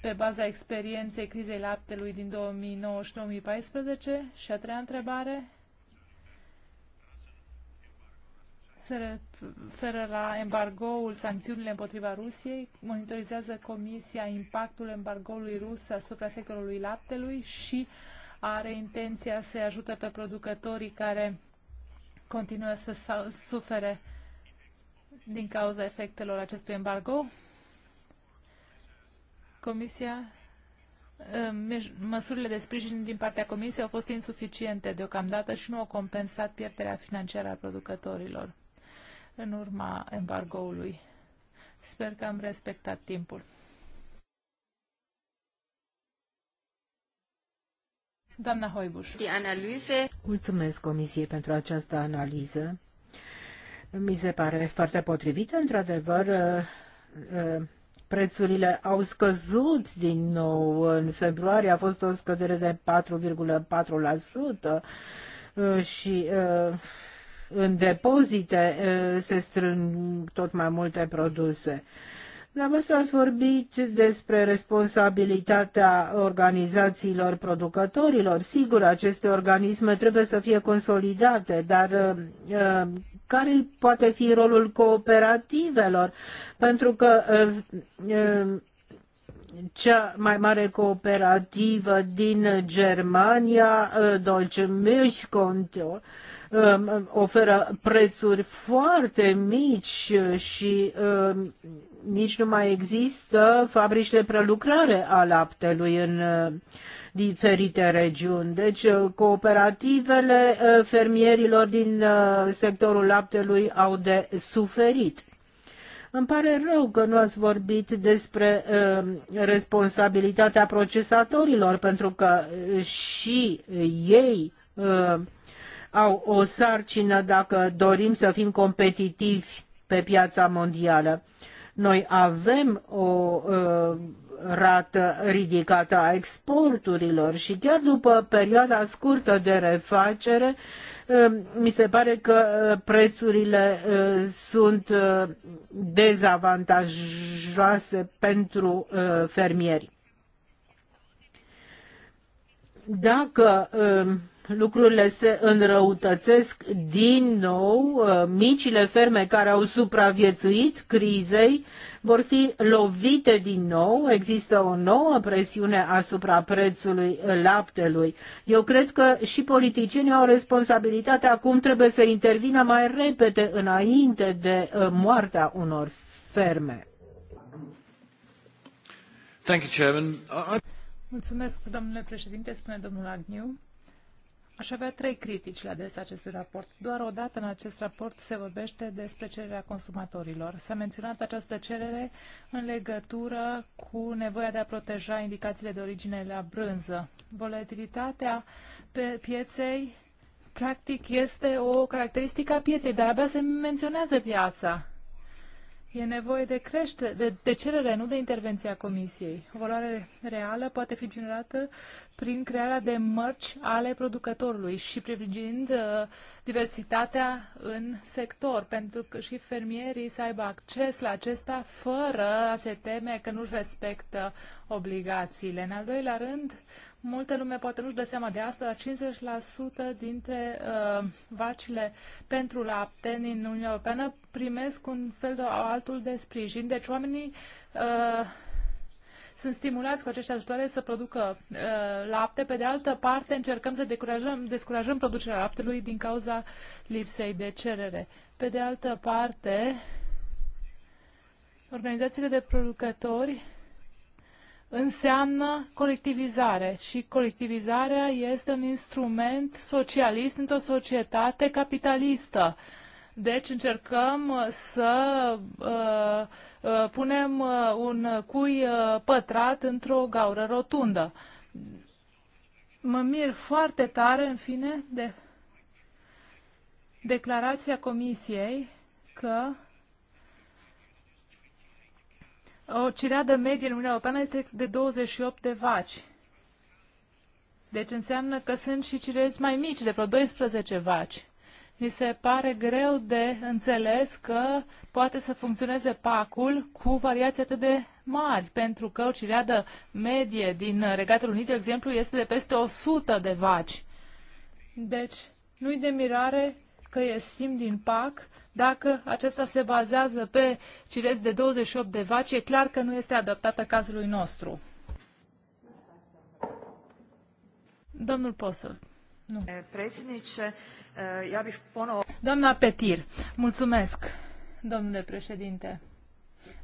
pe baza experienței crizei laptelui din 2009 2014? Și a treia întrebare se referă la embargoul, sancțiunile împotriva Rusiei. Monitorizează Comisia impactul embargoului rus asupra sectorului laptelui și are intenția să ajute pe producătorii care continuă să sufere din cauza efectelor acestui embargo? Comisia uh, Măsurile de sprijin din partea Comisiei au fost insuficiente deocamdată și nu au compensat pierderea financiară a producătorilor în urma embargoului. Sper că am respectat timpul. Doamna Hoibuș. Analize. Mulțumesc Comisiei pentru această analiză. Mi se pare foarte potrivită, într-adevăr, uh, uh, prețurile au scăzut din nou. În februarie a fost o scădere de 4,4% uh, și uh, în depozite uh, se strâng tot mai multe produse. Dumneavoastră ați vorbit despre responsabilitatea organizațiilor producătorilor. Sigur, aceste organisme trebuie să fie consolidate, dar uh, uh care poate fi rolul cooperativelor? Pentru că uh, uh cea mai mare cooperativă din Germania, uh, Deutsche Milchkonto, oferă prețuri foarte mici și nici nu mai există fabrici de prelucrare a laptelui în uh, diferite regiuni. Deci uh, cooperativele uh, fermierilor din sectorul laptelui au de suferit. Îmi pare rău că nu ați vorbit despre responsabilitatea procesatorilor, pentru că și ei au o sarcină dacă dorim să fim competitivi pe piața mondială. Noi avem o uh, rată ridicată a exporturilor și chiar după perioada scurtă de refacere, uh, mi se pare că uh, prețurile sunt dezavantajoase pentru fermieri. Dacă lucrurile se înrăutățesc din nou, uh, micile ferme care au supraviețuit crizei vor fi lovite din nou, există o nouă presiune asupra prețului laptelui. Eu cred că și politicienii au responsabilitatea acum trebuie să intervină mai repede înainte de uh, moartea unor ferme. Thank you, Chairman. I... Mulțumesc, domnule președinte, spune domnul Agnew. Aș avea trei critici la adresa acestui raport. Doar o dată în acest raport se vorbește despre cererea consumatorilor. S-a menționat această cerere în legătură cu nevoia de a proteja indicațiile de origine la brânză. Volatilitatea pe pieței practic este o caracteristică a pieței, dar abia se menționează piața. E nevoie de creștere, de, de cerere, nu de intervenția Comisiei. O valoare reală poate fi generată prin crearea de mărci ale producătorului și privilegiind uh, diversitatea în sector, pentru că și fermierii să aibă acces la acesta fără a se teme că nu respectă obligațiile. În al doilea rând, Multă lume poate nu-și dă seama de asta, dar 50% dintre uh, vacile pentru lapte din Uniunea Europeană primesc un fel de altul de sprijin. Deci oamenii uh, sunt stimulați cu acești ajutoare să producă uh, lapte. Pe de altă parte, încercăm să decurajăm descurajăm producerea laptelui din cauza lipsei de cerere. Pe de altă parte, organizațiile de producători înseamnă colectivizare și colectivizarea este un instrument socialist într-o societate capitalistă. Deci încercăm să uh, uh, punem uh, un cui uh, pătrat într-o gaură rotundă. Mă mir foarte tare, în fine, de declarația Comisiei că o cireadă medie în Uniunea Europeană este de 28 de vaci. Deci înseamnă că sunt și cirezi mai mici, de vreo 12 vaci. Mi se pare greu de înțeles că poate să funcționeze pacul cu variații atât de mari, pentru că o cireadă medie din Regatul Unit, de exemplu, este de peste 100 de vaci. Deci, nu-i de mirare că ieșim din pac dacă acesta se bazează pe cirez de 28 de vaci, e clar că nu este adaptată cazului nostru. Domnul Posel. Nu. Eh, președinte, ja eh, bih ponov... Doamna Petir, mulțumesc, domnule președinte.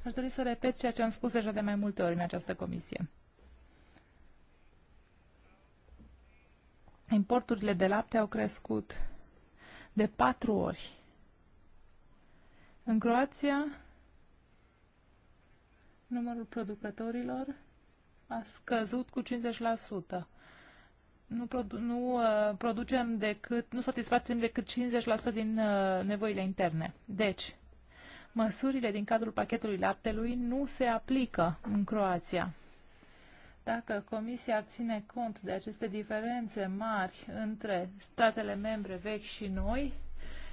Aș dori să repet ceea ce am spus deja de mai multe ori în această comisie. Importurile de lapte au crescut de patru ori în Croația, numărul producătorilor a scăzut cu 50%. Nu, produ- nu uh, producem decât, nu satisfacem decât 50% din uh, nevoile interne. Deci, măsurile din cadrul pachetului laptelui nu se aplică în Croația. Dacă Comisia ar ține cont de aceste diferențe mari între statele membre vechi și noi,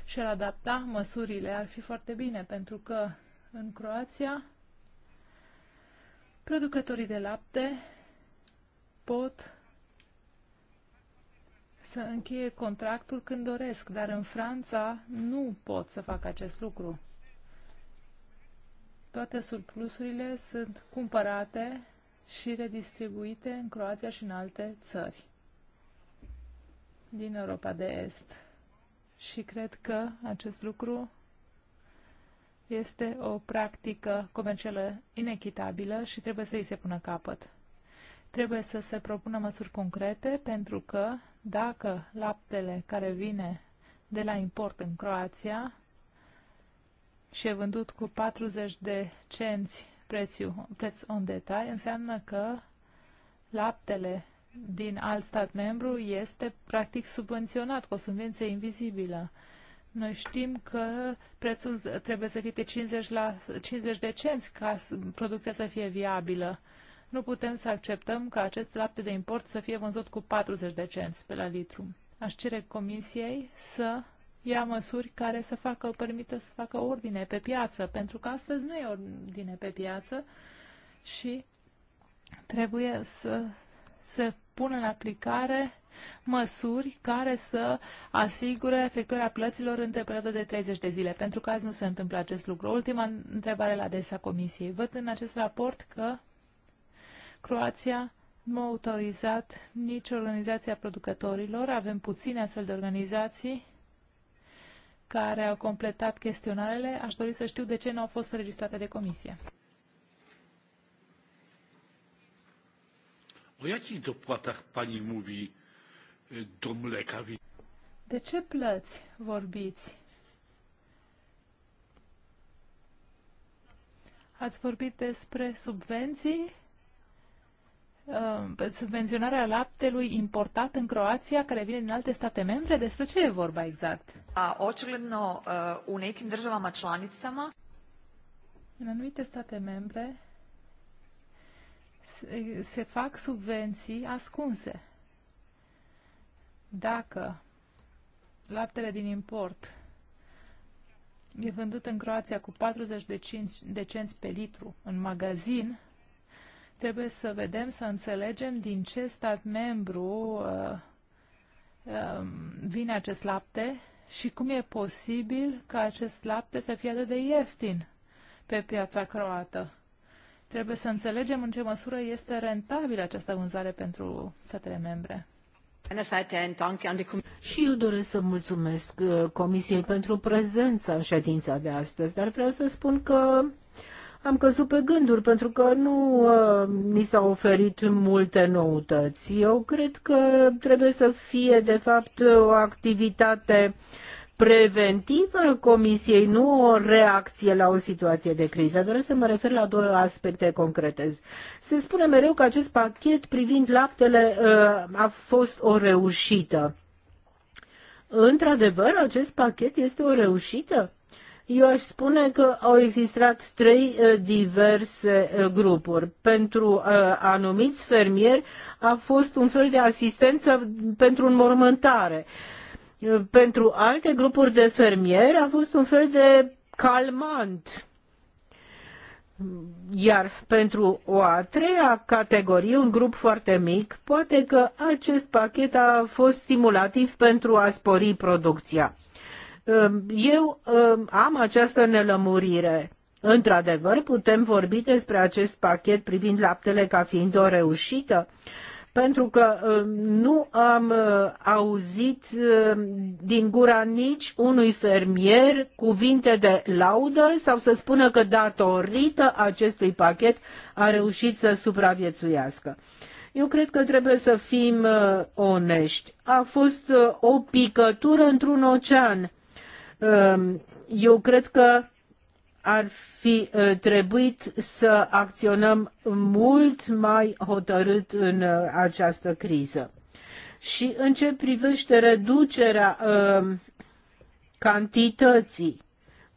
și ar adapta măsurile, ar fi foarte bine, pentru că în Croația producătorii de lapte pot să încheie contractul când doresc, dar în Franța nu pot să fac acest lucru. Toate surplusurile sunt cumpărate și redistribuite în Croația și în alte țări din Europa de Est și cred că acest lucru este o practică comercială inechitabilă și trebuie să îi se pună capăt. Trebuie să se propună măsuri concrete pentru că dacă laptele care vine de la import în Croația și e vândut cu 40 de cenți preț on detail, înseamnă că laptele din alt stat membru este practic subvenționat cu o subvenție invizibilă. Noi știm că prețul trebuie să fie 50, la, 50 de cenți ca producția să fie viabilă. Nu putem să acceptăm ca acest lapte de import să fie vândut cu 40 de cenți pe la litru. Aș cere comisiei să ia măsuri care să facă, permită să facă ordine pe piață, pentru că astăzi nu e ordine pe piață și trebuie să să pună în aplicare măsuri care să asigure efectuarea plăților între perioada de 30 de zile, pentru că azi nu se întâmplă acest lucru. Ultima întrebare la adresa Comisiei. Văd în acest raport că Croația nu a autorizat nici organizația producătorilor. Avem puține astfel de organizații care au completat chestionarele. Aș dori să știu de ce nu au fost înregistrate de comisie. O jakich dopłatach pani mówi do mleka? De ce plăți vorbiți? Ați vorbit despre subvenții, ă, subvenționarea laptelui importat în Croația, care vine din alte state membre. Despre ce e vorba exact? A, očigledno, u nekim državama članicama. În anumite state membre, se, fac subvenții ascunse. Dacă laptele din import e vândut în Croația cu 40 de, cinci, de cenți pe litru în magazin, trebuie să vedem, să înțelegem din ce stat membru uh, uh, vine acest lapte și cum e posibil ca acest lapte să fie atât de ieftin pe piața croată. Trebuie să înțelegem în ce măsură este rentabilă această vânzare pentru statele membre. Și eu doresc să mulțumesc uh, Comisiei pentru prezența în ședința de astăzi, dar vreau să spun că am căzut pe gânduri pentru că nu uh, ni s-au oferit multe noutăți. Eu cred că trebuie să fie, de fapt, o activitate preventivă Comisiei, nu o reacție la o situație de criză. Doresc să mă refer la două aspecte concrete. Se spune mereu că acest pachet privind laptele uh, a fost o reușită. Într-adevăr, acest pachet este o reușită? Eu aș spune că au existat trei uh, diverse uh, grupuri. Pentru anumiți fermieri a fost un fel de asistență pentru înmormântare pentru alte grupuri de fermieri a fost un fel de calmant. Iar pentru o a treia categorie, un grup foarte mic, poate că acest pachet a fost stimulativ pentru a spori producția. Ehm, eu ehm, am această nelămurire. Într-adevăr, putem vorbi despre acest pachet privind laptele ca fiind o reușită, pentru că ă, nu am ă, auzit ă, din gura nici unui fermier cuvinte de laudă sau să spună că datorită acestui pachet a reușit să supraviețuiască. Eu cred că trebuie să fim onești. A fost o picătură într-un ocean. Eu cred că ar fi uh, trebuit să acționăm mult mai hotărât în uh, această criză. Și în ce privește reducerea uh, cantității,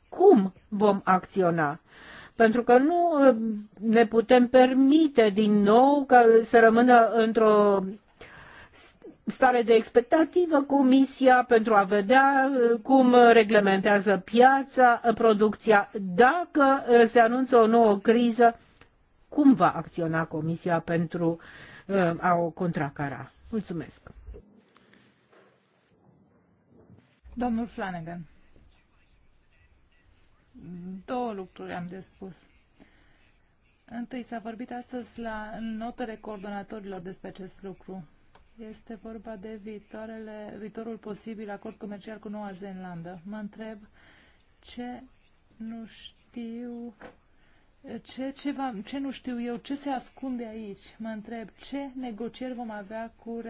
cum vom acționa? Pentru că nu ne putem permite din nou ca să rămână într-o stare de expectativă Comisia pentru a vedea uh, cum reglementează piața, uh, producția. Dacă uh, se anunță o nouă criză, cum va acționa Comisia pentru a o contracara? Mulțumesc. Domnul Flanagan, două lucruri am de spus. Întâi s-a vorbit astăzi la notele coordonatorilor despre acest lucru este vorba de viitoarele, viitorul posibil acord comercial cu Noua Zeelandă. Mă întreb ce nu știu ce, ce, va, ce nu știu eu, ce se ascunde aici? Mă întreb, ce negocieri vom avea cu,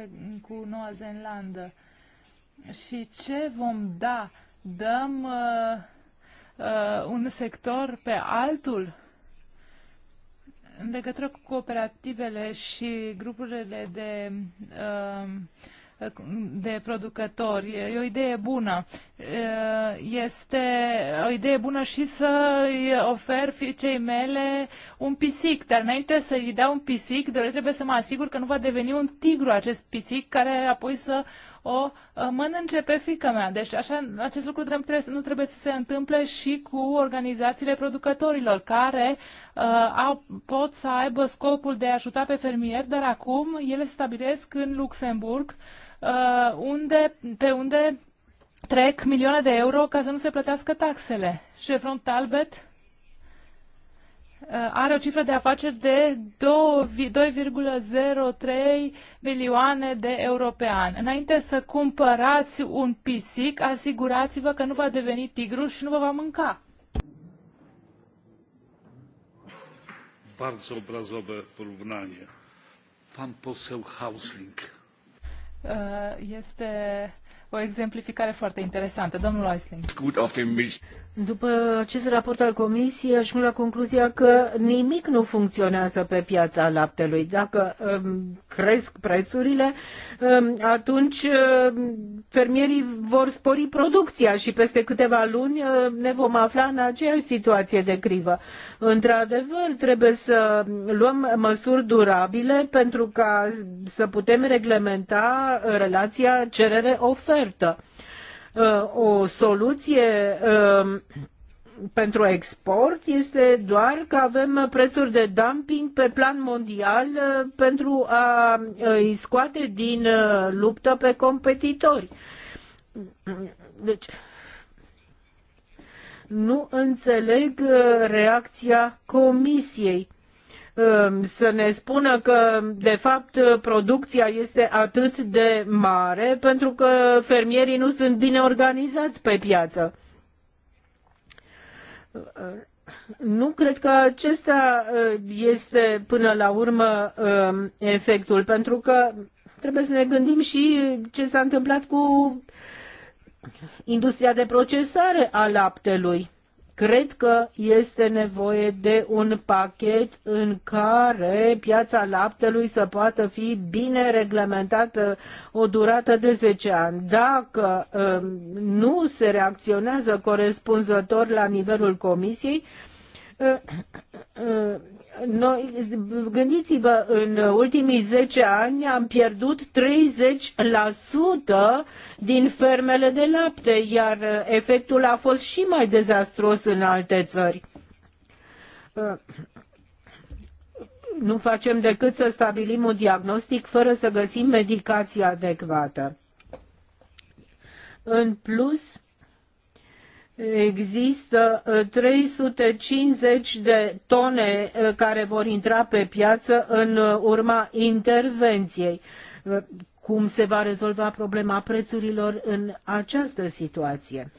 cu Noua Zeelandă? Și ce vom da? Dăm uh, uh, un sector pe altul? În legătură cu cooperativele și grupurile de um, de producători. E o idee bună. Uh, este o idee bună și să-i ofer fiicei mele un pisic, dar înainte să-i dea un pisic, trebuie să mă asigur că nu va deveni un tigru acest pisic care apoi să o uh, mănânce pe fică mea. Deci așa, acest lucru trebuie, nu trebuie să se întâmple și cu organizațiile producătorilor care Uh, au, pot să aibă scopul de a ajuta pe fermieri, dar acum ele se stabilesc în Luxemburg, uh, unde, pe unde trec milioane de euro ca să nu se plătească taxele. Chevron Talbot uh, are o cifră de afaceri de 2,03 milioane de euro pe an. Înainte să cumpărați un pisic, asigurați-vă că nu va deveni tigru și nu vă va mânca. bardzo obrazowe porównanie. Pan poseł Hausling. Este o exemplificare foarte interesantă. Domnul Hausling. După acest raport al Comisiei, ajung la concluzia că nimic nu funcționează pe piața laptelui. Dacă um, cresc prețurile, um, atunci um, fermierii vor spori producția și peste câteva luni um, ne vom afla în aceeași situație de crivă. Într-adevăr, trebuie să luăm măsuri durabile pentru ca să putem reglementa relația cerere-ofertă. Uh, o soluție um, pentru export este doar că avem prețuri de dumping pe plan mondial uh, pentru a uh, îi scoate din luptă pe competitori. Deci, nu înțeleg reacția Comisiei Um, să ne spună că, de fapt, producția este atât de mare pentru că fermierii nu sunt bine organizați pe piață. Nu cred că acesta uh, este până la urmă um, efectul, pentru că trebuie să ne gândim și ce s-a întâmplat cu industria de procesare a laptelui. Cred că este nevoie de un pachet în care piața laptelui să poată fi bine reglementată o durată de 10 ani. Dacă um, nu se reacționează corespunzător la nivelul comisiei, uh, uh, uh, noi, gândiți-vă, în ultimii 10 ani am pierdut 30% din fermele de lapte, iar efectul a fost și mai dezastros în alte țări. Nu facem decât să stabilim un diagnostic fără să găsim medicația adecvată. În plus, există 350 ă, de tone ă, care vor intra pe piață în ă, urma intervenției. Cum se va rezolva problema prețurilor în această situație?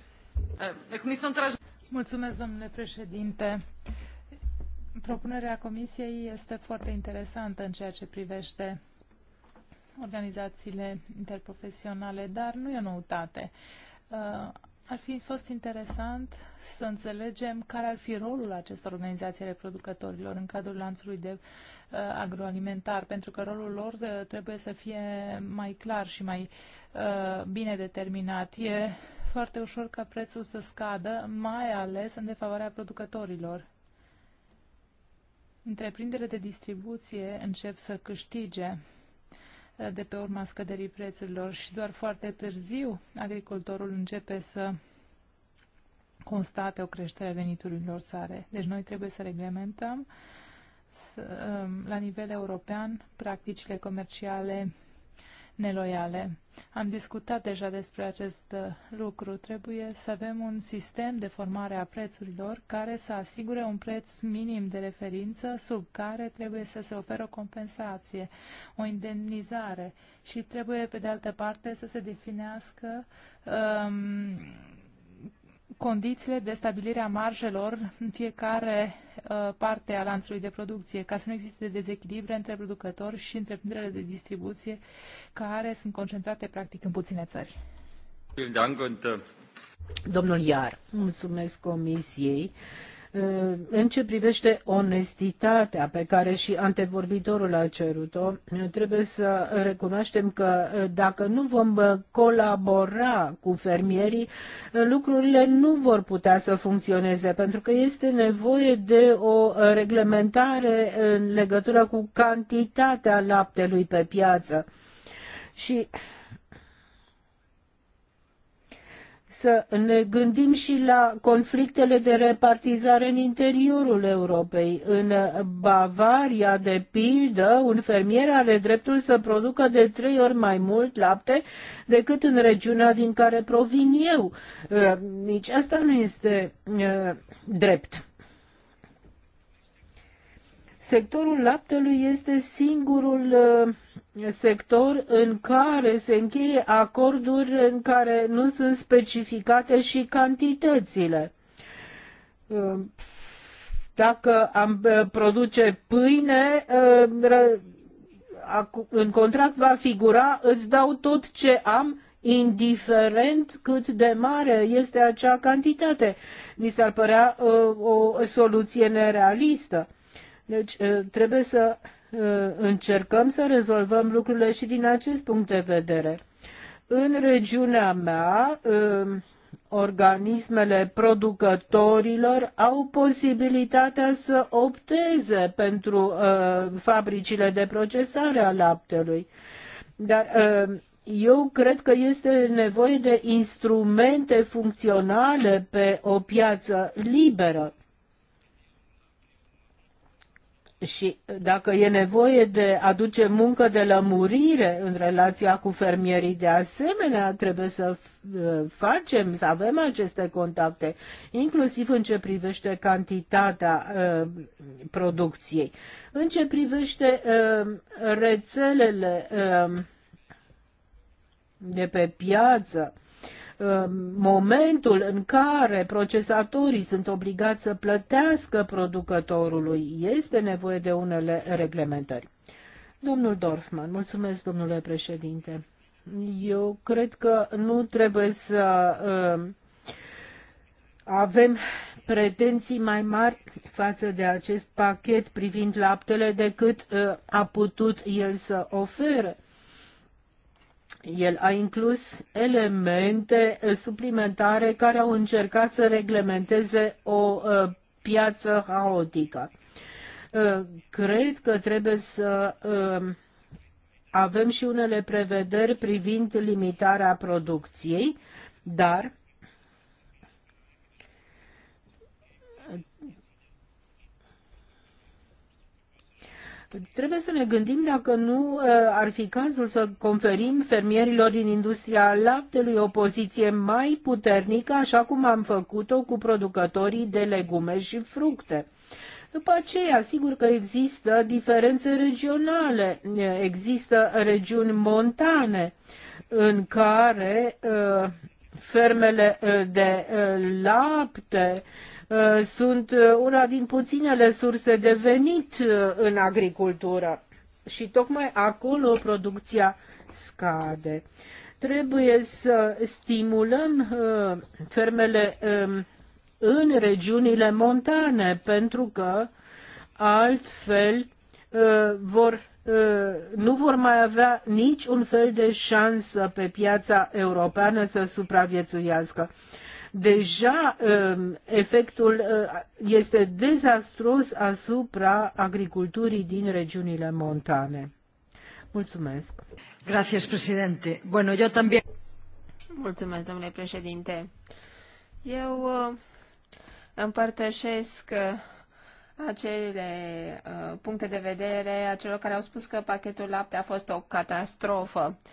Mulțumesc, domnule președinte. Propunerea Comisiei este foarte interesantă în ceea ce privește organizațiile interprofesionale, dar nu e o noutate ar fi fost interesant să înțelegem care ar fi rolul acestor organizații ale producătorilor în cadrul lanțului de uh, agroalimentar, pentru că rolul lor de, uh, trebuie să fie mai clar și mai uh, bine determinat. E foarte ușor ca prețul să scadă, mai ales în defavoarea producătorilor. Întreprinderile de distribuție încep să câștige de pe urma scăderii prețurilor și doar foarte târziu agricultorul începe să constate o creștere a veniturilor sale. Deci noi trebuie să reglementăm um, la nivel european practicile comerciale neloiale. Am discutat deja despre acest uh, lucru. Trebuie să avem un sistem de formare a prețurilor care să asigure un preț minim de referință sub care trebuie să se oferă o compensație, o indemnizare și trebuie, pe de altă parte, să se definească um, condițiile de stabilire a marjelor în fiecare uh, parte a lanțului de producție, ca să nu existe dezechilibre între producători și întreprinderile de distribuție, care sunt concentrate practic în puține țări. Uh, Domnul Iar, mulțumesc Comisiei în ce privește onestitatea pe care și antevorbitorul a cerut-o, trebuie să recunoaștem că uh, dacă nu vom uh, colabora cu fermierii, uh, lucrurile nu vor putea să funcționeze, pentru că este nevoie de o reglementare în legătură cu cantitatea laptelui pe piață. Și să ne gândim și la conflictele de repartizare în interiorul Europei. În Bavaria, de pildă, un fermier are dreptul să producă de trei ori mai mult lapte decât în regiunea din care provin eu. Uh, nici asta nu este uh, drept. Sectorul laptelui este singurul uh, sector în care se încheie acorduri în care nu sunt specificate și cantitățile. Uh, dacă am uh, produce pâine, uh, în contract va figura îți dau tot ce am, indiferent cât de mare este acea cantitate. Mi s-ar părea o soluție nerealistă. Deci trebuie să Uh, încercăm să rezolvăm lucrurile și din acest punct de vedere. În regiunea mea, um, organismele producătorilor au posibilitatea să opteze pentru uh, fabricile de procesare a laptelui. Dar um, eu cred că este nevoie de instrumente funcționale pe o piață liberă și dacă e nevoie de aduce muncă de lămurire în relația cu fermierii, de asemenea trebuie să uh, facem, să avem aceste contacte, inclusiv în ce privește cantitatea uh, producției. În ce privește uh, rețelele de pe piață, Um, momentul în care procesatorii sunt obligați să plătească producătorului. Este nevoie de unele reglementări. Domnul Dorfman, mulțumesc, domnule președinte. Eu cred că nu trebuie să uh, avem pretenții mai mari față de acest pachet privind laptele decât uh, a putut el să ofere el a inclus elemente eh, suplimentare care au încercat să reglementeze o eh, piață haotică. Eh, cred că trebuie să avem și unele prevederi privind limitarea producției, dar Trebuie să ne gândim dacă nu uh, ar fi cazul să conferim fermierilor din industria laptelui o poziție mai puternică, așa cum am făcut-o cu producătorii de legume și fructe. După aceea, sigur că există diferențe regionale, există regiuni montane în care uh, fermele uh, de lapte uh, Uh, sunt uh, una din puținele surse de venit uh, în agricultură. Și tocmai acolo producția scade. Trebuie să stimulăm fermele um, în regiunile montane, pentru că altfel vor, nu vor mai avea nici un fel de șansă pe piața europeană să supraviețuiască deja um, efectul uh, este dezastros asupra agriculturii din regiunile montane. Mulțumesc. Gracias, presidente. Bueno, yo también... Mulțumesc, domnule președinte. Eu uh, împărtășesc uh, acele puncte de vedere a celor care au spus că pachetul lapte a fost o catastrofă. Uh,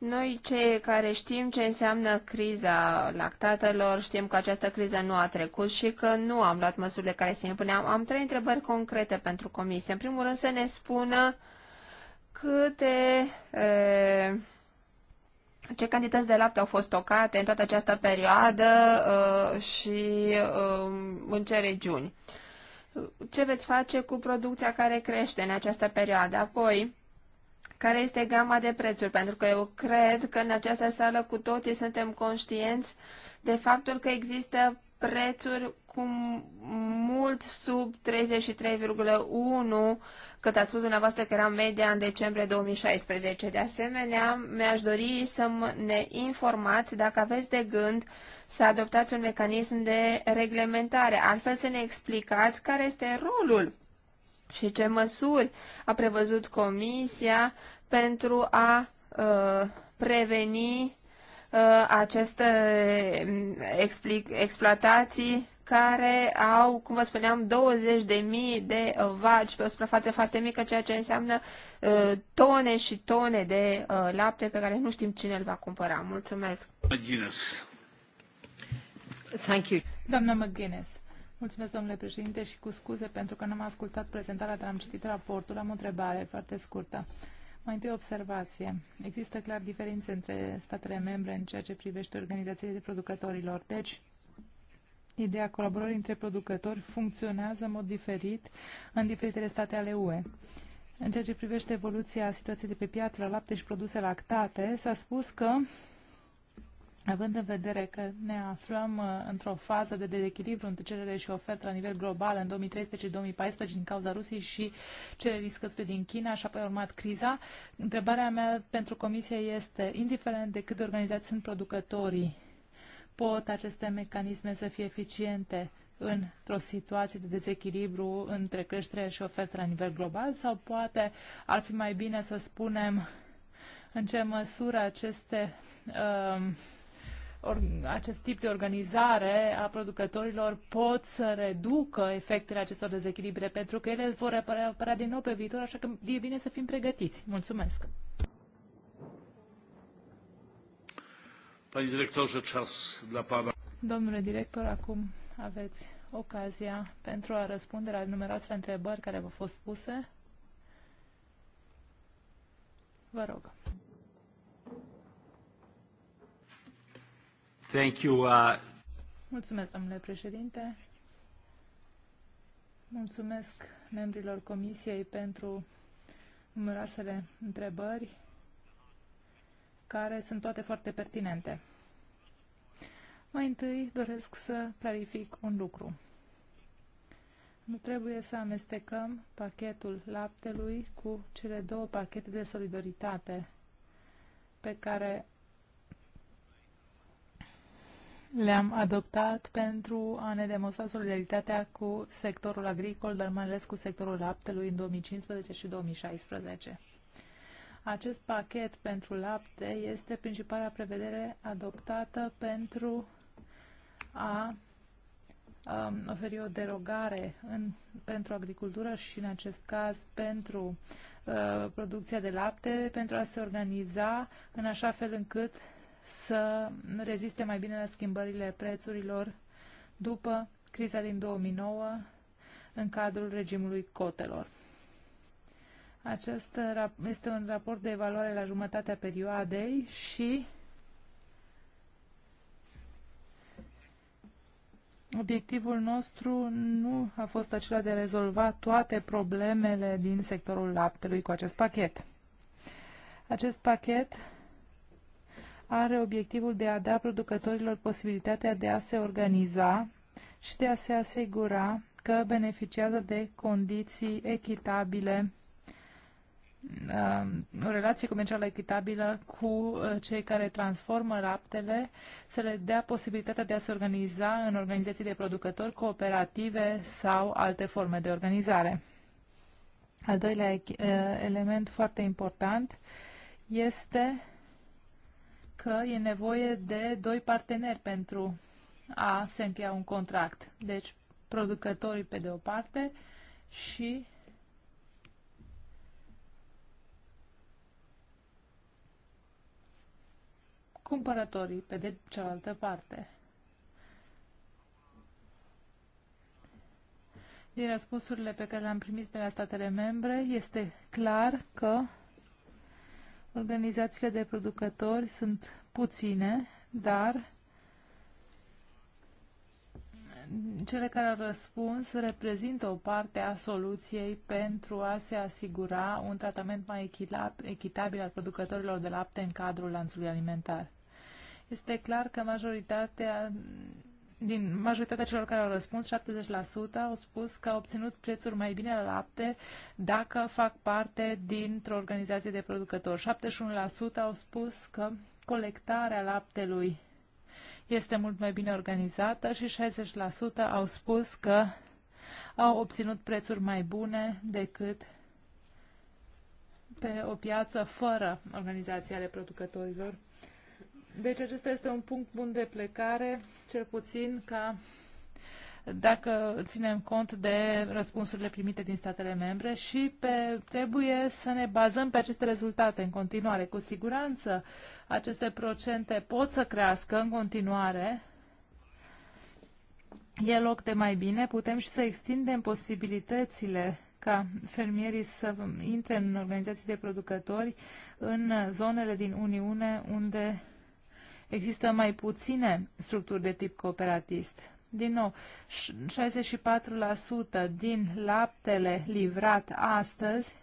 noi cei care știm ce înseamnă criza lactatelor, știm că această criză nu a trecut și că nu am luat măsurile care se impuneau. Am trei întrebări concrete pentru comisie. În primul rând să ne spună câte, e, ce cantități de lapte au fost stocate în toată această perioadă e, și e, în ce regiuni. Ce veți face cu producția care crește în această perioadă? Apoi, care este gama de prețuri, pentru că eu cred că în această sală cu toții suntem conștienți de faptul că există prețuri cu mult sub 33,1, cât a spus dumneavoastră că era media în decembrie 2016. De asemenea, mi-aș dori să ne informați dacă aveți de gând să adoptați un mecanism de reglementare, altfel să ne explicați care este rolul și ce măsuri a prevăzut Comisia pentru a uh, preveni uh, aceste mm, exploatații care au, cum vă spuneam, 20.000 de mii de vaci pe o suprafață foarte mică, ceea ce înseamnă uh, tone și tone de uh, lapte pe care nu știm cine îl va cumpăra. Mulțumesc! Thank you. Doamna McGuinness. Mulțumesc, domnule președinte, și cu scuze pentru că n-am ascultat prezentarea, dar am citit raportul. Am o întrebare foarte scurtă. Mai întâi observație. Există clar diferențe între statele membre în ceea ce privește organizațiile de producătorilor. Deci, ideea colaborării între producători funcționează în mod diferit în diferitele state ale UE. În ceea ce privește evoluția situației de pe piață la lapte și produse lactate, s-a spus că Având în vedere că ne aflăm uh, într-o fază de dezechilibru între cerere și ofertă la nivel global în 2013 și 2014 din cauza Rusiei și cererii scăzute din China și apoi a urmat criza, întrebarea mea pentru Comisie este, indiferent de cât de organizați sunt producătorii, pot aceste mecanisme să fie eficiente într-o situație de dezechilibru între creștere și ofertă la nivel global sau poate ar fi mai bine să spunem în ce măsură aceste uh, or, acest tip de organizare a producătorilor pot să reducă efectele acestor dezechilibre, pentru că ele vor apărea, din nou pe viitor, așa că e bine să fim pregătiți. Mulțumesc! Panie director, czas dla pana. Domnule director, acum aveți ocazia pentru a răspunde la numeroasele întrebări care v-au fost puse. Vă rog. Uh, Mulțumesc, domnule președinte. Mulțumesc membrilor comisiei pentru numeroasele întrebări, care sunt toate foarte pertinente. Mai întâi doresc să clarific un lucru. Nu trebuie să amestecăm pachetul laptelui cu cele două pachete de solidaritate pe care le-am adoptat pentru a ne demonstra solidaritatea cu sectorul agricol, dar mai ales cu sectorul laptelui în 2015 și 2016. Acest pachet pentru lapte este principala prevedere adoptată pentru a um, oferi o derogare în, pentru agricultură și, în acest caz, pentru uh, producția de lapte, pentru a se organiza în așa fel încât să reziste mai bine la schimbările prețurilor după criza din 2009 în cadrul regimului cotelor. Acest este un raport de evaluare la jumătatea perioadei și obiectivul nostru nu a fost acela de a rezolva toate problemele din sectorul laptelui cu acest pachet. Acest pachet are obiectivul de a da producătorilor posibilitatea de a se organiza și de a se asigura că beneficiază de condiții echitabile, um, o relație comercială echitabilă cu uh, cei care transformă laptele, să le dea posibilitatea de a se organiza în organizații de producători, cooperative sau alte forme de organizare. Al doilea uh, element foarte important este că e nevoie de doi parteneri pentru a se încheia un contract. Deci, producătorii pe de o parte și cumpărătorii pe de cealaltă parte. Din răspunsurile pe care le-am primit de la statele membre, este clar că Organizațiile de producători sunt puține, dar cele care au răspuns reprezintă o parte a soluției pentru a se asigura un tratament mai echitabil al producătorilor de lapte în cadrul lanțului alimentar. Este clar că majoritatea din majoritatea celor care au răspuns, 70% au spus că au obținut prețuri mai bine la lapte dacă fac parte dintr-o organizație de producători. 71% au spus că colectarea laptelui este mult mai bine organizată și 60% au spus că au obținut prețuri mai bune decât pe o piață fără organizația ale producătorilor. Deci acesta este un punct bun de plecare, cel puțin ca dacă ținem cont de răspunsurile primite din statele membre și pe, trebuie să ne bazăm pe aceste rezultate în continuare. Cu siguranță aceste procente pot să crească în continuare. E loc de mai bine, putem și să extindem posibilitățile ca fermierii să intre în organizații de producători în zonele din Uniune unde Există mai puține structuri de tip cooperatist. Din nou, 64% din laptele livrat astăzi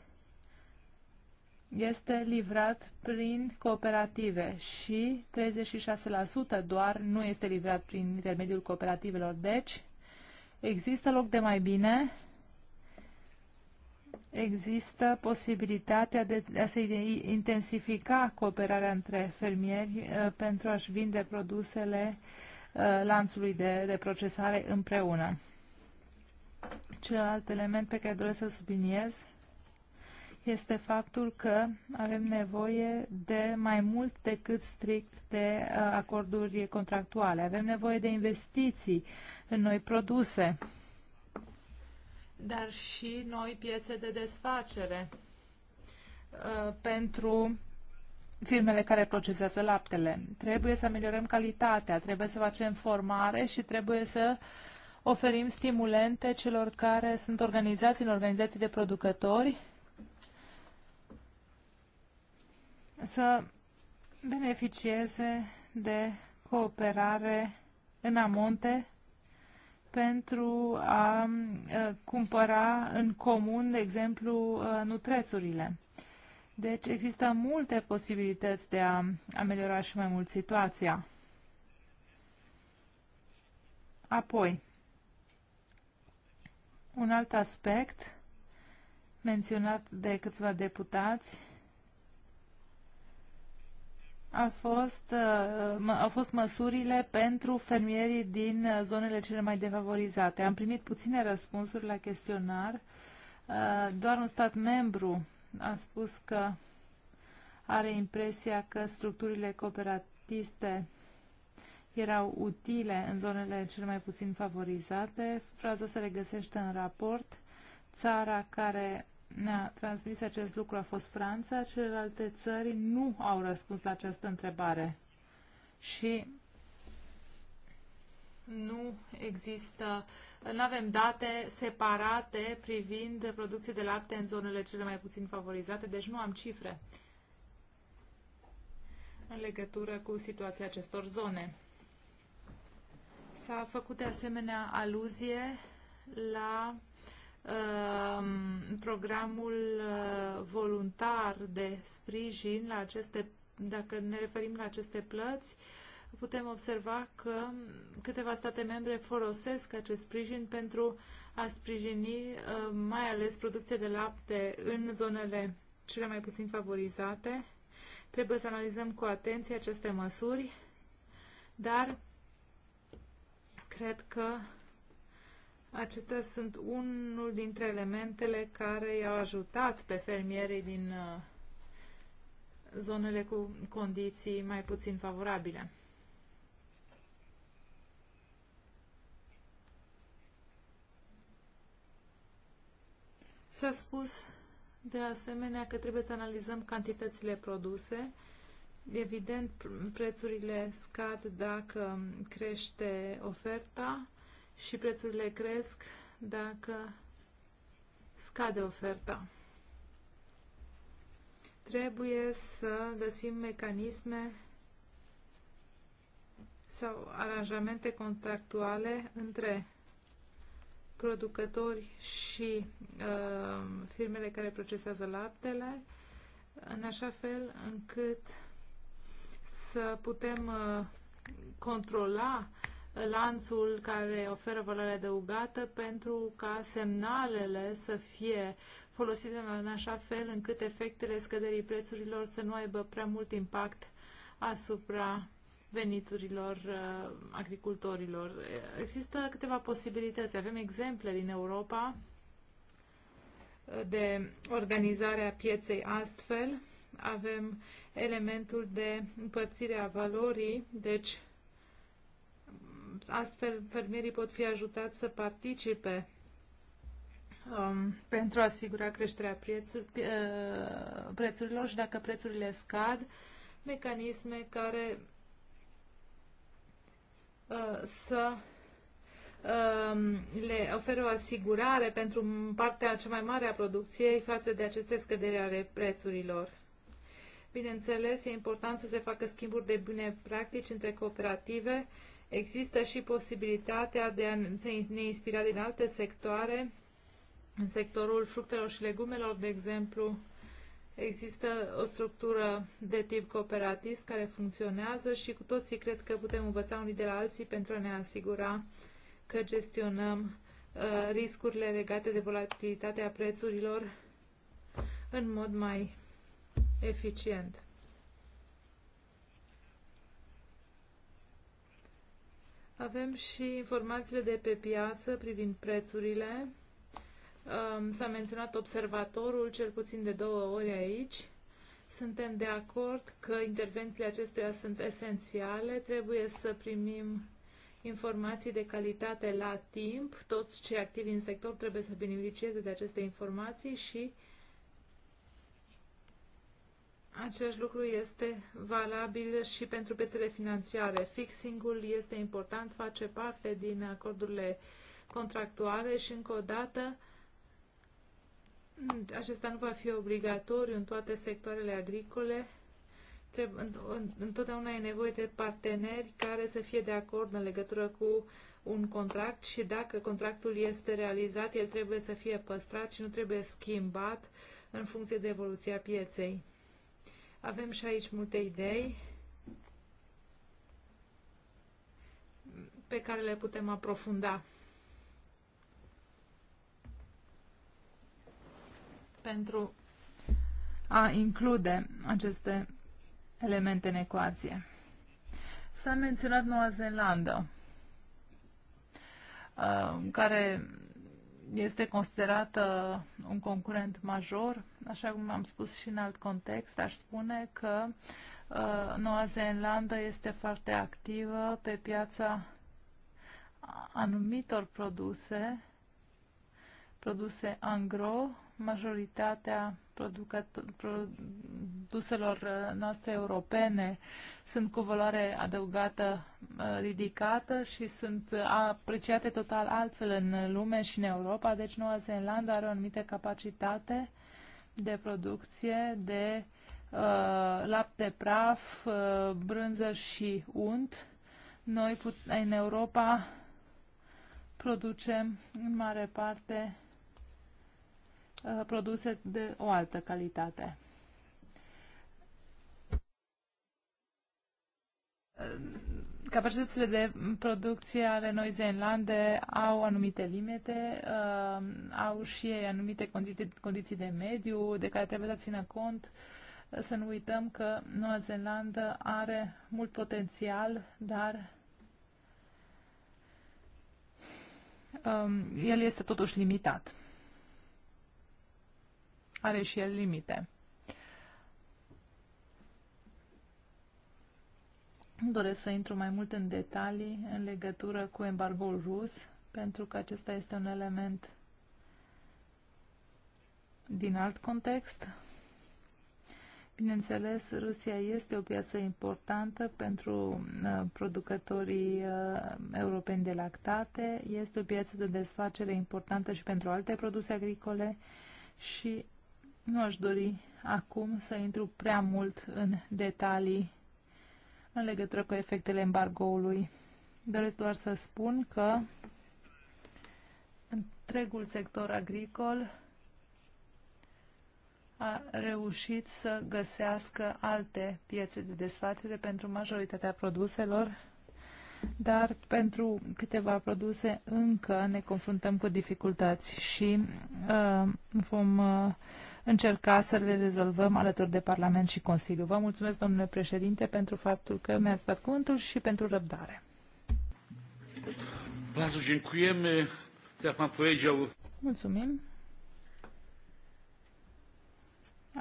este livrat prin cooperative și 36% doar nu este livrat prin intermediul cooperativelor. Deci, există loc de mai bine există posibilitatea de a se intensifica cooperarea între fermieri uh, pentru a-și vinde produsele uh, lanțului de, de procesare împreună. Celălalt element pe care doresc să subliniez este faptul că avem nevoie de mai mult decât strict de uh, acorduri contractuale. Avem nevoie de investiții în noi produse dar și noi piețe de desfacere uh, pentru firmele care procesează laptele. Trebuie să ameliorăm calitatea, trebuie să facem formare și trebuie să oferim stimulente celor care sunt organizați în organizații de producători să beneficieze de cooperare în amonte pentru a cumpăra în comun, de exemplu, nutrețurile. Deci există multe posibilități de a ameliora și mai mult situația. Apoi, un alt aspect menționat de câțiva deputați a fost, uh, au fost măsurile pentru fermierii din uh, zonele cele mai defavorizate. Am primit puține răspunsuri la chestionar. Uh, doar un stat membru a spus că are impresia că structurile cooperatiste erau utile în zonele cele mai puțin favorizate. Fraza se regăsește în raport. Țara care ne-a transmis acest lucru a fost Franța, celelalte țări nu au răspuns la această întrebare și nu există, nu avem date separate privind producție de lapte în zonele cele mai puțin favorizate, deci nu am cifre în legătură cu situația acestor zone. S-a făcut de asemenea aluzie la Um, programul uh, voluntar de sprijin la aceste, dacă ne referim la aceste plăți, putem observa că câteva state membre folosesc acest sprijin pentru a sprijini uh, mai ales producția de lapte în zonele cele mai puțin favorizate. Trebuie să analizăm cu atenție aceste măsuri, dar cred că Acestea sunt unul dintre elementele care i-au ajutat pe fermierii din uh, zonele cu condiții mai puțin favorabile. S-a spus de asemenea că trebuie să analizăm cantitățile produse. Evident, prețurile scad dacă crește oferta și prețurile cresc dacă scade oferta. Trebuie să găsim mecanisme sau aranjamente contractuale între producători și uh, firmele care procesează laptele, în așa fel încât să putem uh, controla uh, lanțul care oferă valoare adăugată pentru ca semnalele să fie folosite în așa fel încât efectele scăderii prețurilor să nu aibă prea mult impact asupra veniturilor uh, agricultorilor. Există câteva posibilități. Avem exemple din Europa uh, de organizarea pieței astfel. Avem elementul de împărțire a valorii, deci Astfel, fermierii pot fi ajutați să participe um, pentru a asigura creșterea prețuri, uh, prețurilor și dacă prețurile scad, mecanisme care uh, să um, le oferă o asigurare pentru partea cea mai mare a producției față de aceste scăderi ale prețurilor. Bineînțeles, e important să se facă schimburi de bune practici între cooperative uh, Există și posibilitatea de a ne inspira din alte sectoare, în sectorul fructelor și legumelor, de exemplu, Există o structură de tip cooperativ care funcționează și cu toții cred că putem învăța unii de la alții pentru a ne asigura că gestionăm uh, riscurile legate de volatilitatea prețurilor în mod mai eficient. Avem și informațiile de pe piață privind prețurile. Um, s-a menționat observatorul cel puțin de două ori aici. Suntem de acord că intervențiile acestea sunt esențiale. Trebuie să primim informații de calitate la timp. Toți cei activi în sector trebuie să beneficieze de aceste informații și acest lucru este valabil și pentru piețele financiare. Fixing-ul este important, face parte din acordurile contractuale și încă o dată acesta nu va fi obligatoriu în toate sectoarele agricole. Trebuie, întotdeauna e nevoie de parteneri care să fie de acord în legătură cu un contract și dacă contractul este realizat, el trebuie să fie păstrat și nu trebuie schimbat în funcție de evoluția pieței. Avem și aici multe idei pe care le putem aprofunda. pentru a include aceste elemente în ecuație. S-a menționat Noua Zeelandă, uh, care este considerată un concurent major, așa cum am spus și în alt context, aș spune că uh, Noua Zeelandă este foarte activă pe piața anumitor produse, produse angro, majoritatea produselor uh, noastre europene sunt cu valoare adăugată uh, ridicată și sunt uh, apreciate total altfel în lume și în Europa. Deci Noua Zeelandă are o anumită capacitate de producție de uh, lapte praf, uh, brânză și unt. Noi în Europa producem în mare parte Uh, produse de o altă calitate. Uh, capacitățile de producție ale Noi Zeelande au anumite limite, uh, au și ei anumite condiții, condiții de mediu de care trebuie să țină cont. Să nu uităm că Noua Zeelandă are mult potențial, dar um, el este totuși limitat are și el limite. Doresc să intru mai mult în detalii în legătură cu embargoul rus, pentru că acesta este un element din alt context. Bineînțeles, Rusia este o piață importantă pentru uh, producătorii uh, europeni de lactate, este o piață de desfacere importantă și pentru alte produse agricole și nu aș dori acum să intru prea mult în detalii în legătură cu efectele embargoului. Doresc doar să spun că întregul sector agricol a reușit să găsească alte piețe de desfacere pentru majoritatea produselor, dar pentru câteva produse încă ne confruntăm cu dificultăți și uh, vom uh, încerca să le rezolvăm alături de Parlament și Consiliu. Vă mulțumesc, domnule președinte, pentru faptul că mi-ați dat cuvântul și pentru răbdare. Mulțumim.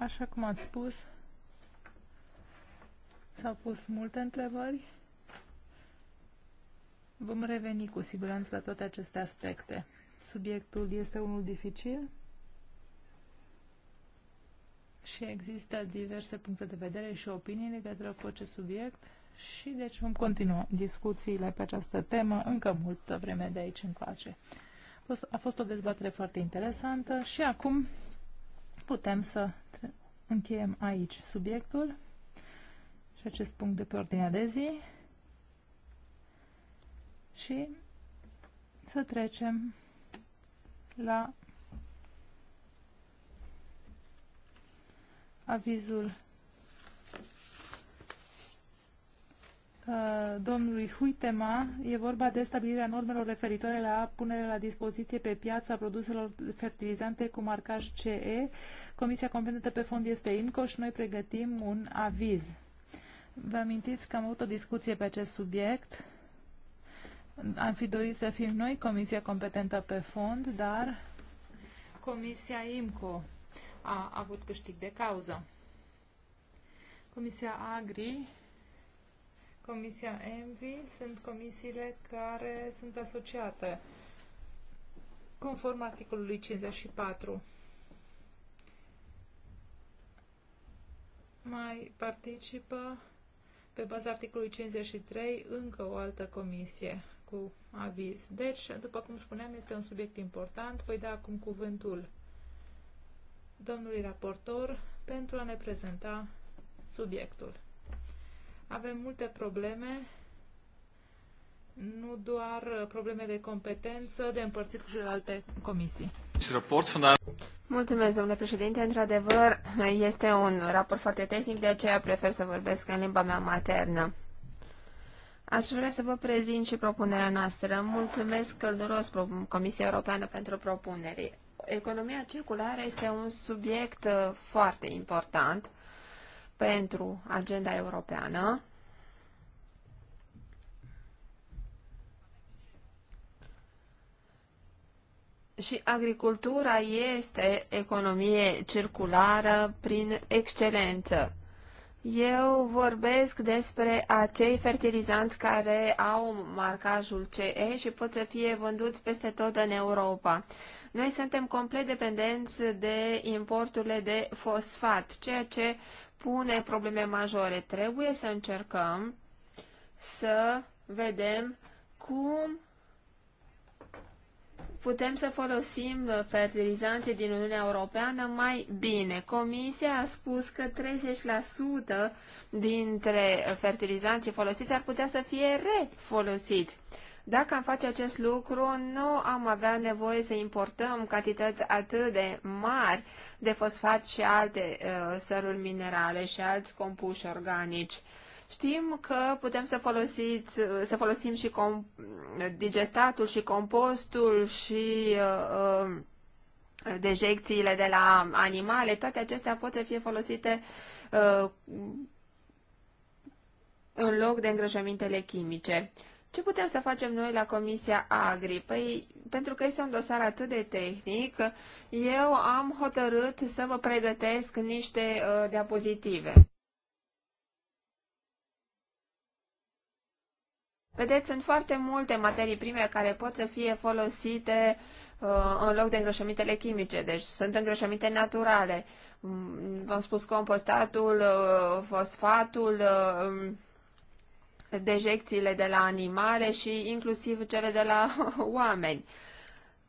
Așa cum ați spus, s-au pus multe întrebări. Vom reveni cu siguranță la toate aceste aspecte. Subiectul este unul dificil și există diverse puncte de vedere și opinii legătură cu acest subiect și deci vom continua discuțiile pe această temă încă multă vreme de aici încoace. A fost o dezbatere foarte interesantă și acum putem să încheiem aici subiectul și acest punct de pe ordinea de zi și să trecem la avizul uh, domnului Huitema e vorba de stabilirea normelor referitoare la punerea la dispoziție pe piața produselor fertilizante cu marcaj CE. Comisia competentă pe fond este INCO și noi pregătim un aviz. Vă amintiți că am avut o discuție pe acest subiect. Am fi dorit să fim noi comisia competentă pe fond, dar Comisia IMCO a avut câștig de cauză. Comisia Agri, Comisia Envi sunt comisiile care sunt asociate conform articolului 54. Mai participă pe baza articolului 53 încă o altă comisie cu aviz. Deci, după cum spuneam, este un subiect important. Voi da acum cuvântul domnului raportor pentru a ne prezenta subiectul. Avem multe probleme, nu doar probleme de competență, de împărțit cu celelalte comisii. Mulțumesc, domnule președinte. Într-adevăr, este un raport foarte tehnic, de aceea prefer să vorbesc în limba mea maternă. Aș vrea să vă prezint și propunerea noastră. Mulțumesc călduros Comisia Europeană pentru propunere economia circulară este un subiect uh, foarte important pentru agenda europeană. Și agricultura este economie circulară prin excelență. Eu vorbesc despre acei fertilizanți care au marcajul CE și pot să fie vânduți peste tot în Europa. Noi suntem complet dependenți de importurile de fosfat, ceea ce pune probleme majore. Trebuie să încercăm să vedem cum putem să folosim fertilizanții din Uniunea Europeană mai bine. Comisia a spus că 30% dintre fertilizanții folosiți ar putea să fie refolosiți. Dacă am face acest lucru, nu am avea nevoie să importăm cantități atât de mari de fosfat și alte uh, săruri minerale și alți compuși organici. Știm că putem să, folosiți, uh, să folosim și com, digestatul și compostul și uh, uh, dejecțiile de la animale, toate acestea pot să fie folosite uh, în loc de îngrășămintele chimice. Ce putem să facem noi la Comisia Agri? Păi, pentru că este un dosar atât de tehnic, eu am hotărât să vă pregătesc niște uh, diapozitive. Vedeți, sunt foarte multe materii prime care pot să fie folosite uh, în loc de îngrășămintele chimice, deci sunt îngrășăminte naturale. V-am spus compostatul, uh, fosfatul, uh, dejecțiile de la animale și inclusiv cele de la oameni.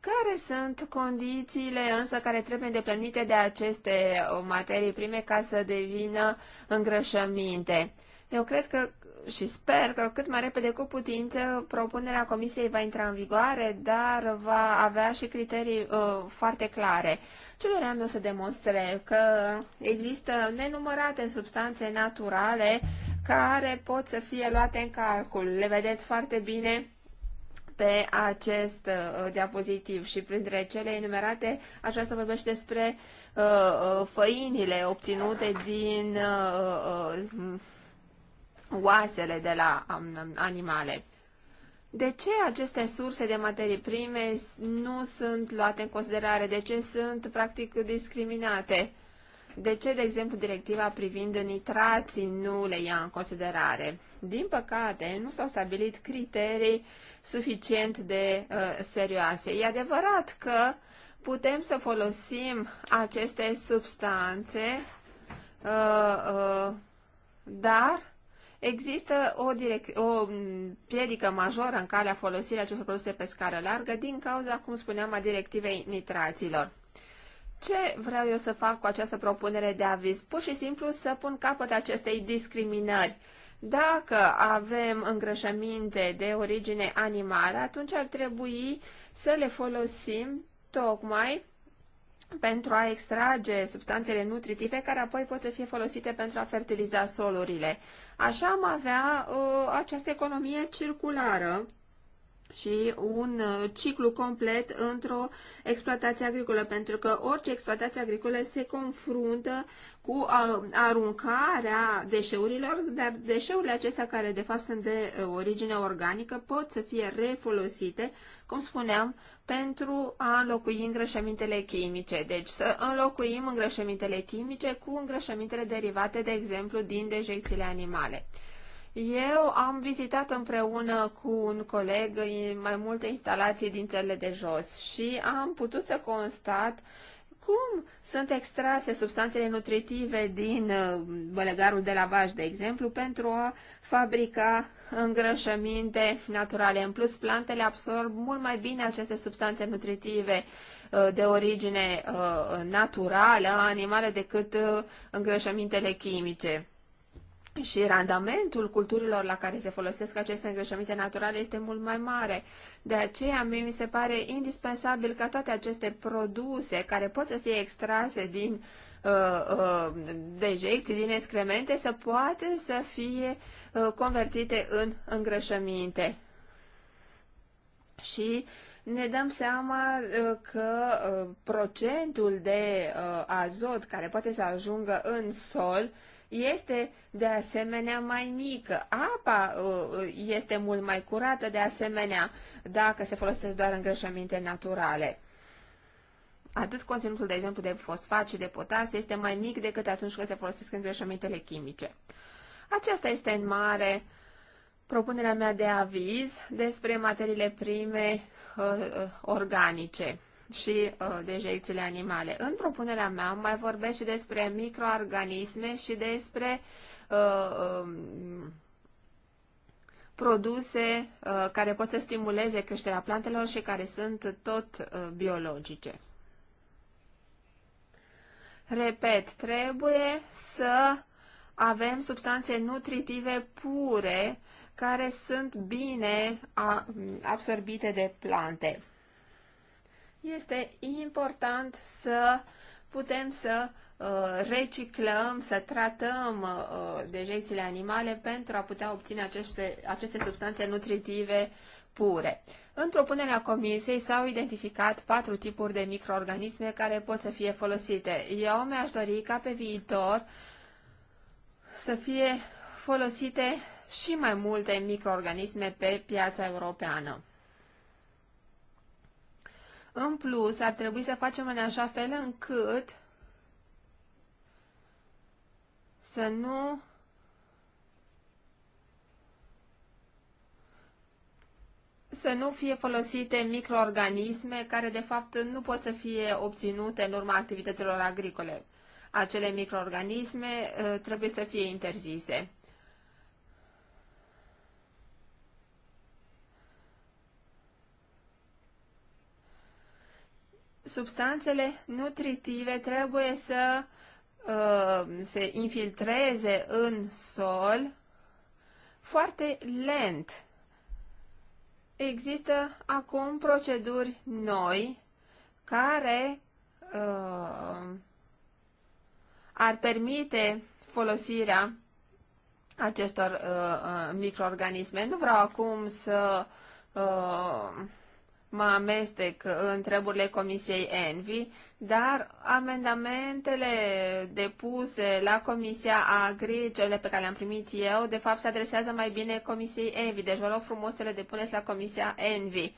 Care sunt condițiile însă care trebuie îndeplinite de aceste materii prime ca să devină îngrășăminte? Eu cred că și sper că cât mai repede cu putință propunerea comisiei va intra în vigoare, dar va avea și criterii uh, foarte clare. Ce doream eu să demonstre? Că există nenumărate substanțe naturale care pot să fie luate în calcul. Le vedeți foarte bine pe acest uh, diapozitiv și printre cele enumerate aș vrea să vorbesc despre uh, uh, făinile obținute din uh, uh, oasele de la um, animale. De ce aceste surse de materii prime nu sunt luate în considerare? De ce sunt practic discriminate? Uh, de ce, de exemplu, directiva privind nitrații nu le ia în considerare? Din păcate, nu s-au stabilit criterii suficient de uh, serioase. E adevărat că putem să folosim aceste substanțe, uh, uh, dar există o, direct, o piedică majoră în calea folosirii acestor produse pe scară largă din cauza, cum spuneam, a directivei nitraților. Ce vreau eu să fac cu această propunere de aviz? Pur și simplu să pun capăt acestei discriminări. Dacă avem îngrășăminte de origine animală, atunci ar trebui să le folosim tocmai pentru a extrage substanțele nutritive care apoi pot să fie folosite pentru a fertiliza solurile. Așa am avea uh, această economie circulară și un uh, ciclu complet într-o exploatație agricolă, pentru că orice exploatație agricolă se confruntă cu uh, aruncarea deșeurilor, dar deșeurile acestea, care de fapt sunt de uh, origine organică, pot să fie refolosite, cum spuneam, pentru a înlocui îngrășămintele chimice. Deci să înlocuim îngrășămintele chimice cu îngrășămintele derivate, de exemplu, din dejecțiile animale. Eu am vizitat împreună cu un coleg mai multe instalații din țările de jos și am putut să constat cum sunt extrase substanțele nutritive din uh, bălegarul de lavaj, de exemplu, pentru a fabrica îngrășăminte naturale. În plus, plantele absorb mult mai bine aceste substanțe nutritive uh, de origine uh, naturală a animale decât îngrășămintele chimice și randamentul culturilor la care se folosesc aceste îngrășăminte naturale este mult mai mare. De aceea, mie mi se pare indispensabil ca toate aceste produse care pot să fie extrase din uh, uh, dejecții, din excremente, să poată să fie uh, convertite în îngrășăminte. Și ne dăm seama uh, că uh, procentul de uh, azot care poate să ajungă în sol este de asemenea mai mică. Apa uh, este mult mai curată de asemenea dacă se folosesc doar îngrășăminte naturale. Atât conținutul, de exemplu, de fosfat și de potasiu este mai mic decât atunci când se folosesc îngrășămintele chimice. Aceasta este în mare propunerea mea de aviz despre materiile prime uh, uh organice și uh, animale. În propunerea mea mai vorbesc și despre microorganisme și despre uh, um, produse uh, care pot să stimuleze creșterea plantelor și care sunt tot uh, biologice. Repet, trebuie să avem substanțe nutritive pure care sunt bine absorbite de plante este important să putem să uh, reciclăm, să tratăm uh, dejecțiile animale pentru a putea obține aceste, aceste substanțe nutritive pure. În propunerea comisiei s-au identificat patru tipuri de microorganisme care pot să fie folosite. Eu mi-aș dori ca pe viitor să fie folosite și mai multe microorganisme pe piața europeană. În plus, ar trebui să facem în așa fel încât să nu să nu fie folosite microorganisme care de fapt nu pot să fie obținute în urma activităților agricole. Acele microorganisme uh, trebuie să fie interzise. substanțele nutritive trebuie să uh, se infiltreze în sol foarte lent. Există acum proceduri noi care uh, ar permite folosirea acestor uh, uh microorganisme. Nu vreau acum să uh, mă amestec în treburile Comisiei Envi, dar amendamentele depuse la Comisia Agri, cele pe care le-am primit eu, de fapt se adresează mai bine Comisiei Envi, deci vă rog frumos să le depuneți la Comisia Envi.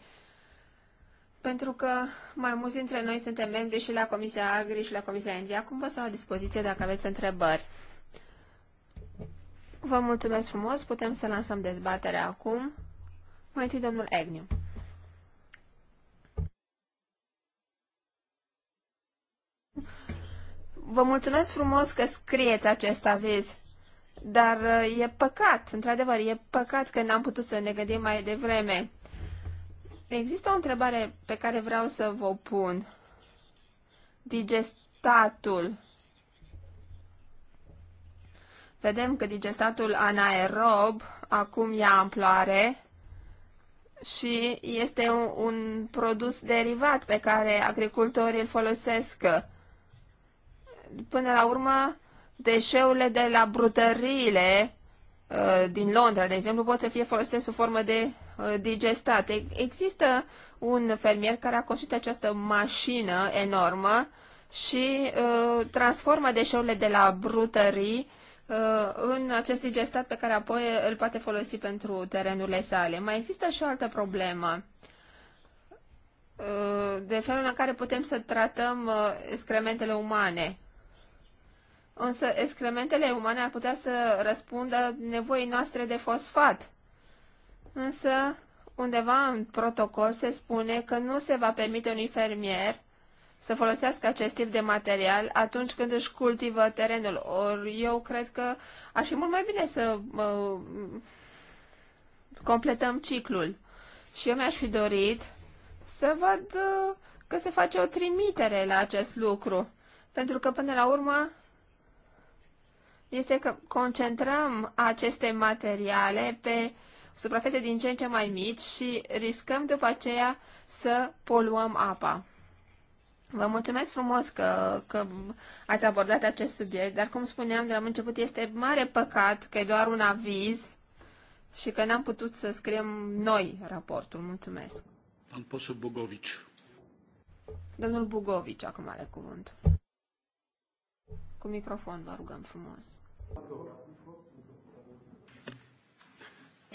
Pentru că mai mulți dintre noi suntem membri și la Comisia Agri și la Comisia Envi. Acum vă sunt la dispoziție dacă aveți întrebări. Vă mulțumesc frumos, putem să lansăm dezbaterea acum. Mai întâi domnul Egniu. Vă mulțumesc frumos că scrieți acest aviz, dar uh, e păcat, într-adevăr, e păcat că n-am putut să ne gândim mai devreme. Există o întrebare pe care vreau să vă pun. Digestatul. Vedem că digestatul anaerob acum ia amploare și este un, un produs derivat pe care agricultorii îl folosesc până la urmă, deșeurile de la brutăriile uh, din Londra, de exemplu, pot să fie folosite sub formă de uh, digestate. Există un fermier care a construit această mașină enormă și uh, transformă deșeurile de la brutării în acest digestat pe care apoi îl poate folosi pentru terenurile sale. Mai există și o altă problemă de felul în care putem să tratăm excrementele umane însă excrementele umane ar putea să răspundă nevoii noastre de fosfat. Însă, undeva în protocol se spune că nu se va permite unui fermier să folosească acest tip de material atunci când își cultivă terenul. Ori eu cred că ar fi mult mai bine să uh, completăm ciclul. Și eu mi-aș fi dorit să văd uh, că se face o trimitere la acest lucru. Pentru că, până la urmă, este că concentrăm aceste materiale pe suprafețe din ce în ce mai mici și riscăm după aceea să poluăm apa. Vă mulțumesc frumos că, că ați abordat acest subiect, dar cum spuneam de la început, este mare păcat că e doar un aviz și că n-am putut să scriem noi raportul. Mulțumesc. Am posul Domnul Bugovici acum are cuvânt. Cu microfon vă rugăm frumos.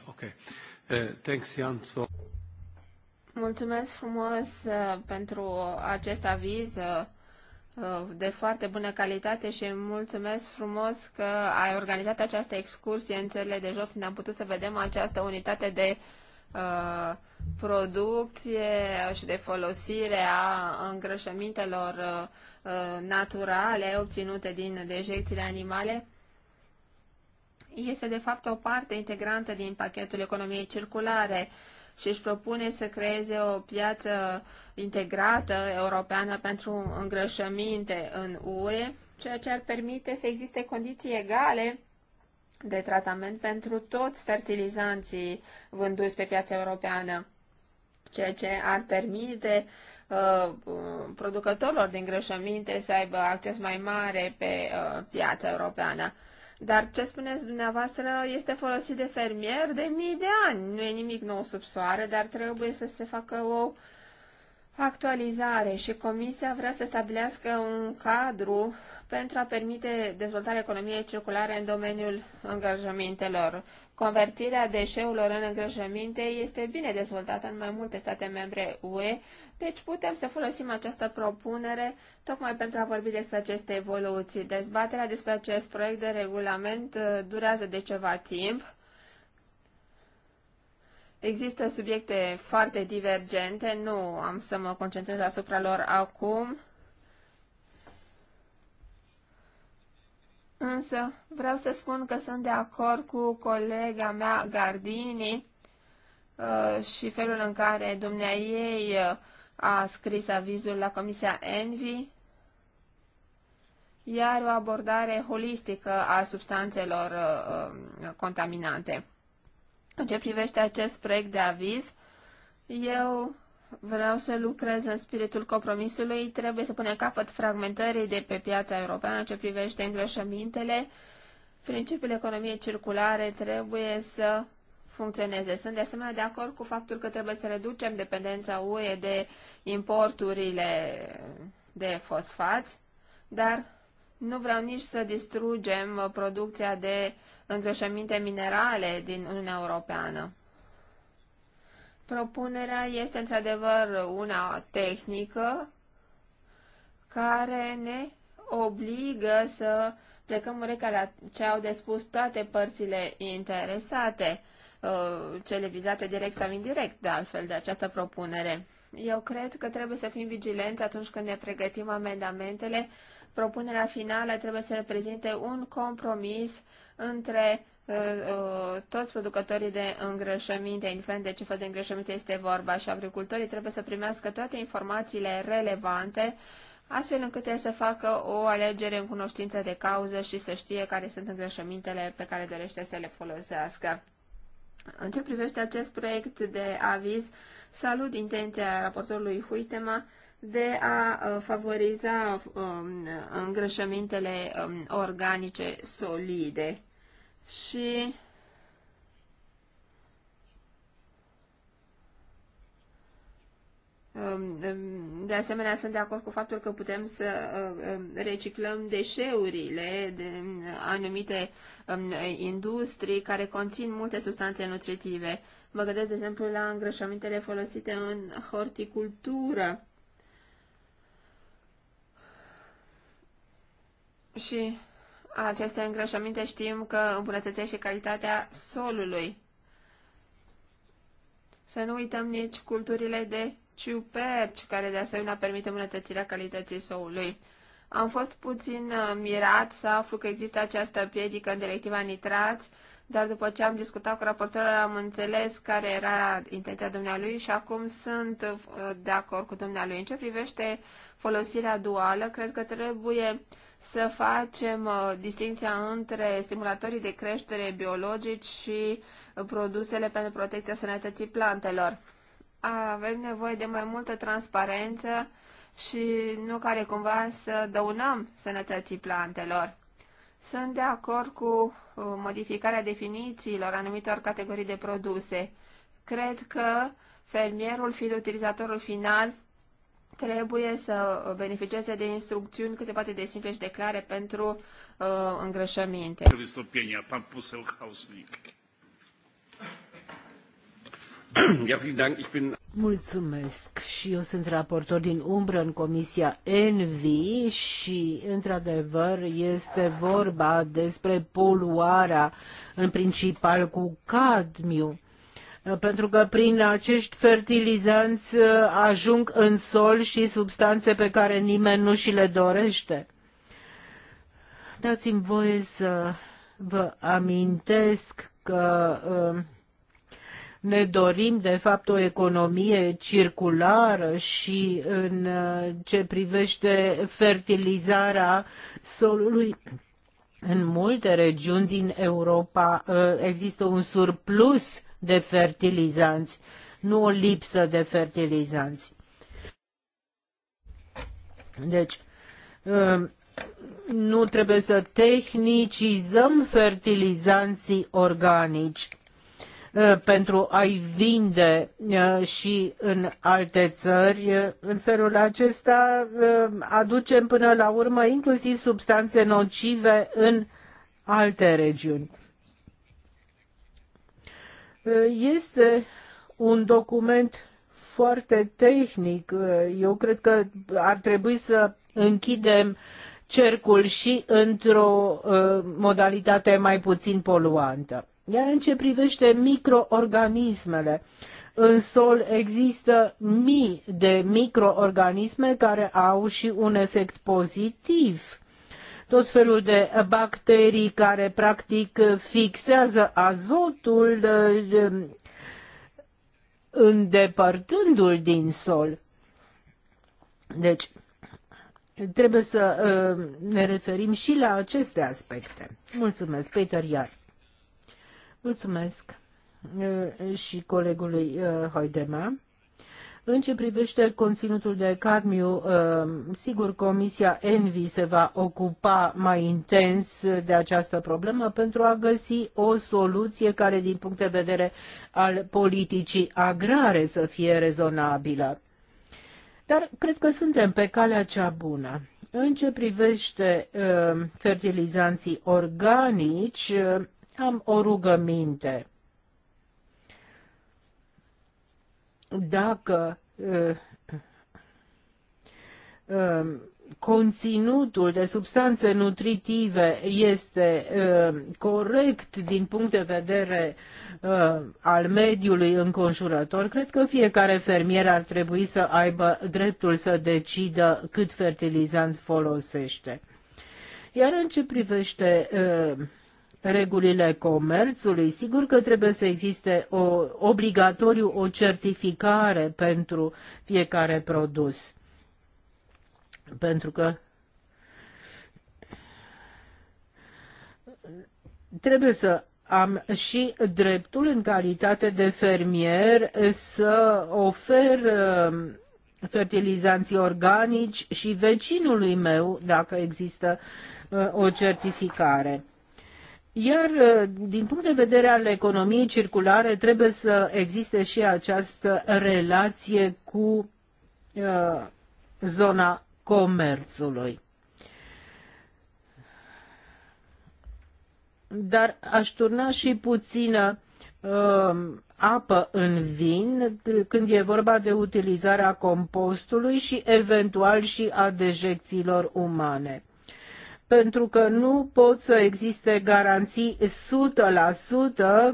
Ok. Uh, thanks, Jan. So... Mulțumesc frumos uh, pentru acest aviz uh, de foarte bună calitate și mulțumesc frumos că ai organizat această excursie în țările de jos unde am putut să vedem această unitate de uh, Uh, producție și de folosire a îngrășămintelor uh, uh, naturale obținute din dejecțiile animale este de fapt o parte integrantă din pachetul economiei circulare și își propune să creeze o piață integrată europeană pentru îngrășăminte în UE, ceea ce ar permite să existe condiții egale de tratament pentru toți fertilizanții vânduți pe piața europeană, ceea ce ar permite uh, uh, producătorilor de îngrășăminte să aibă acces mai mare pe uh, piața europeană. Dar ce spuneți dumneavoastră este folosit de fermier de mii de ani. Nu e nimic nou sub soare, dar trebuie să se facă o actualizare și Comisia vrea să stabilească un cadru pentru a permite dezvoltarea economiei circulare în domeniul îngrăjămintelor. Convertirea deșeurilor în îngrijăminte este bine dezvoltată în mai multe state membre UE, deci putem să folosim această propunere tocmai pentru a vorbi despre aceste evoluții. Dezbaterea despre acest proiect de regulament uh, durează de ceva timp Există subiecte foarte divergente, nu am să mă concentrez asupra lor acum, însă vreau să spun că sunt de acord cu colega mea Gardini uh, și felul în care dumnea ei uh, a scris avizul la Comisia Envi, iar o abordare holistică a substanțelor uh, contaminante. În ce privește acest proiect de aviz, eu vreau să lucrez în spiritul compromisului, trebuie să punem capăt fragmentării de pe piața europeană în ce privește îngrășămintele. Principiul economiei circulare trebuie să funcționeze. Sunt de asemenea de acord cu faptul că trebuie să reducem dependența UE de importurile de fosfați, dar nu vreau nici să distrugem producția de îngrășăminte minerale din Uniunea Europeană. Propunerea este într-adevăr una tehnică care ne obligă să plecăm urechea la ce au de spus toate părțile interesate, uh, cele vizate direct sau indirect, de altfel, de această propunere. Eu cred că trebuie să fim vigilenți atunci când ne pregătim amendamentele. Propunerea finală trebuie să reprezinte un compromis între uh, uh, toți producătorii de îngrășăminte, indiferent de ce fel de îngrășăminte este vorba, și agricultorii trebuie să primească toate informațiile relevante, astfel încât să facă o alegere în cunoștință de cauză și să știe care sunt îngrășămintele pe care dorește să le folosească. În ce privește acest proiect de aviz, salut intenția raportorului Huitema, de a uh, favoriza um, îngrășămintele um, organice solide și um, De asemenea, sunt de acord cu faptul că putem să reciclăm deșeurile de anumite industrii care conțin multe substanțe nutritive. Mă gândesc, de exemplu, la îngrășămintele folosite în horticultură Și aceste îngrășăminte știm că îmbunătățește calitatea solului. Să nu uităm nici culturile de ciuperci, care de asemenea permit îmbunătățirea calității solului. Am fost puțin uh, mirat să aflu că există această piedică în directiva nitrați, dar după ce am discutat cu raportorul am înțeles care era intenția dumnealui și acum sunt uh, de acord cu dumnealui. În ce privește folosirea duală, cred că trebuie să facem uh, distinția între stimulatorii de creștere biologici și uh, produsele pentru protecția sănătății plantelor. Avem nevoie de mai multă transparență și nu care cumva să dăunăm sănătății plantelor. Sunt de acord cu uh, modificarea definițiilor anumitor categorii de produse. Cred că fermierul, fiind utilizatorul final, trebuie să beneficieze de instrucțiuni cât se poate de simple și de clare pentru uh, îngrășăminte. Mulțumesc și eu sunt raportor din umbră în Comisia ENVI și, într-adevăr, este vorba despre poluarea în principal cu cadmiu pentru că prin acești fertilizanți uh, ajung în sol și substanțe pe care nimeni nu și le dorește. Dați-mi voie să vă amintesc că um, ne dorim de fapt o economie circulară și în uh, ce privește fertilizarea solului în multe regiuni din Europa uh, există un surplus de fertilizanți, nu o lipsă de fertilizanți. Deci, um, nu trebuie să tehnicizăm fertilizanții organici uh, pentru a-i vinde uh, și în alte țări. Uh, în felul acesta aducem până la urmă inclusiv substanțe nocive în alte regiuni. Este un document foarte tehnic. Eu cred că ar trebui să închidem cercul și într-o uh, modalitate mai puțin poluantă. Iar în ce privește microorganismele, în sol există mii de microorganisme care au și un efect pozitiv tot felul de bacterii care practic fixează azotul îndepărtându-l din sol. Deci, trebuie să uh, ne referim și la aceste aspecte. Mulțumesc, Peter Iar. Mulțumesc uh, și colegului uh, Hoidema. În ce privește conținutul de cadmiu, uh, sigur, Comisia Envi se va ocupa mai intens de această problemă pentru a găsi o soluție care, din punct de vedere al politicii agrare, să fie rezonabilă. Dar cred că suntem pe calea cea bună. În ce privește uh, fertilizanții organici, uh, am o rugăminte dacă uh, uh, conținutul de substanțe nutritive este uh, corect din punct de vedere al mediului înconjurător, cred că fiecare fermier ar trebui să aibă dreptul să decidă cât fertilizant folosește. Iar în ce privește uh, regulile comerțului, sigur că trebuie să existe o, obligatoriu o certificare pentru fiecare produs. Pentru că trebuie să am și dreptul în calitate de fermier să ofer uh, fertilizanții organici și vecinului meu dacă există uh, o certificare. Iar uh, din punct de vedere al economiei circulare trebuie să existe și această relație cu uh, zona comerțului. Dar aș turna și puțină uh, apă în vin când e vorba de utilizarea compostului și eventual și a dejecțiilor umane pentru că nu pot să existe garanții 100%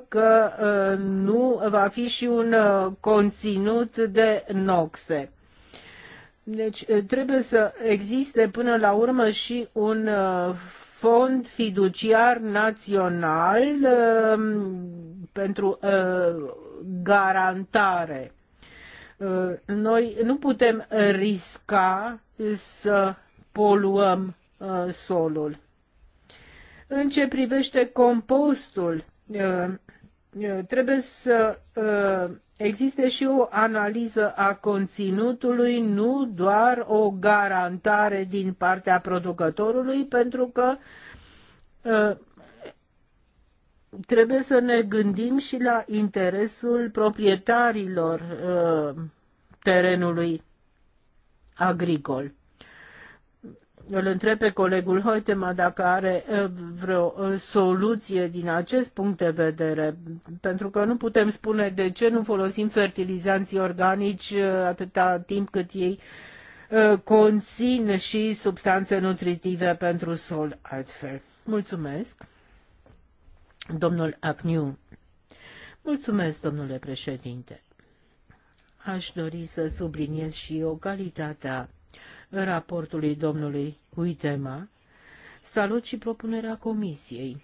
că uh, nu va fi și un uh, conținut de noxe. Deci uh, trebuie să existe până la urmă și un fond fiduciar național um, pentru garantare. Noi nu putem risca să poluăm Uh, solul. În ce privește compostul, uh, uh, trebuie să existe și o analiză a conținutului, nu doar o garantare din partea producătorului, pentru că trebuie să ne gândim și la interesul proprietarilor terenului agricol îl întreb pe colegul Hoitema dacă are uh, vreo uh, soluție din acest punct de vedere, pentru că nu putem spune de ce nu folosim fertilizanții organici uh, atâta timp cât ei conțin și substanțe nutritive pentru sol altfel. Mulțumesc. Domnul Acniu. Mulțumesc, domnule președinte. Aș dori să subliniez și eu calitatea raportului domnului Huitema. Salut și propunerea comisiei,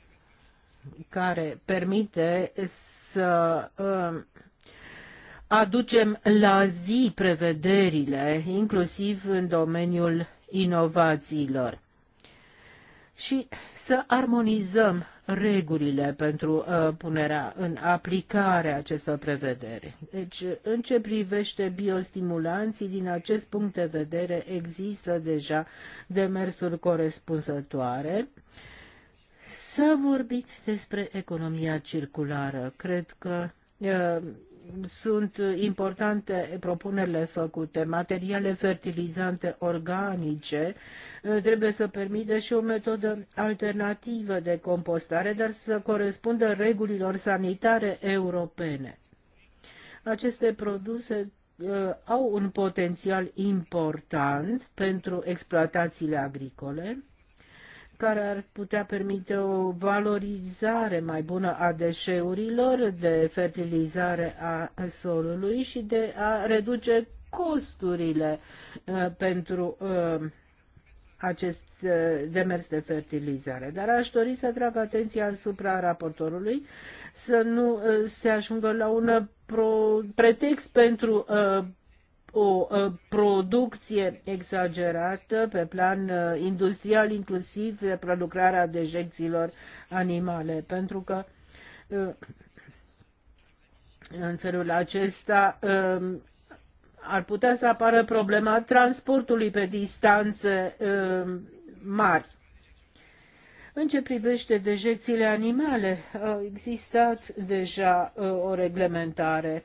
care permite să uh, aducem la zi prevederile, inclusiv în domeniul inovațiilor și să armonizăm regulile pentru uh, punerea în aplicare a acestor prevederi. Deci, în ce privește biostimulanții, din acest punct de vedere există deja demersuri corespunzătoare. S-a vorbit despre economia circulară. Cred că uh, sunt importante propunerile făcute. Materiale fertilizante organice uh, trebuie să permită și o metodă alternativă de compostare, dar să corespundă regulilor sanitare europene. Aceste produse uh, au un potențial important pentru exploatațiile agricole care ar putea permite o valorizare mai bună a deșeurilor, de fertilizare a solului și de a reduce costurile uh, pentru uh, acest uh, demers de fertilizare. Dar aș dori să atrag atenția asupra raportorului să nu uh, se ajungă la un uh, pretext pentru uh, o uh, producție exagerată pe plan uh, industrial, inclusiv prelucrarea dejecțiilor animale, pentru că uh, în felul acesta um, ar putea să apară problema transportului pe distanțe um, mari. În ce privește dejecțiile animale, au existat deja o reglementare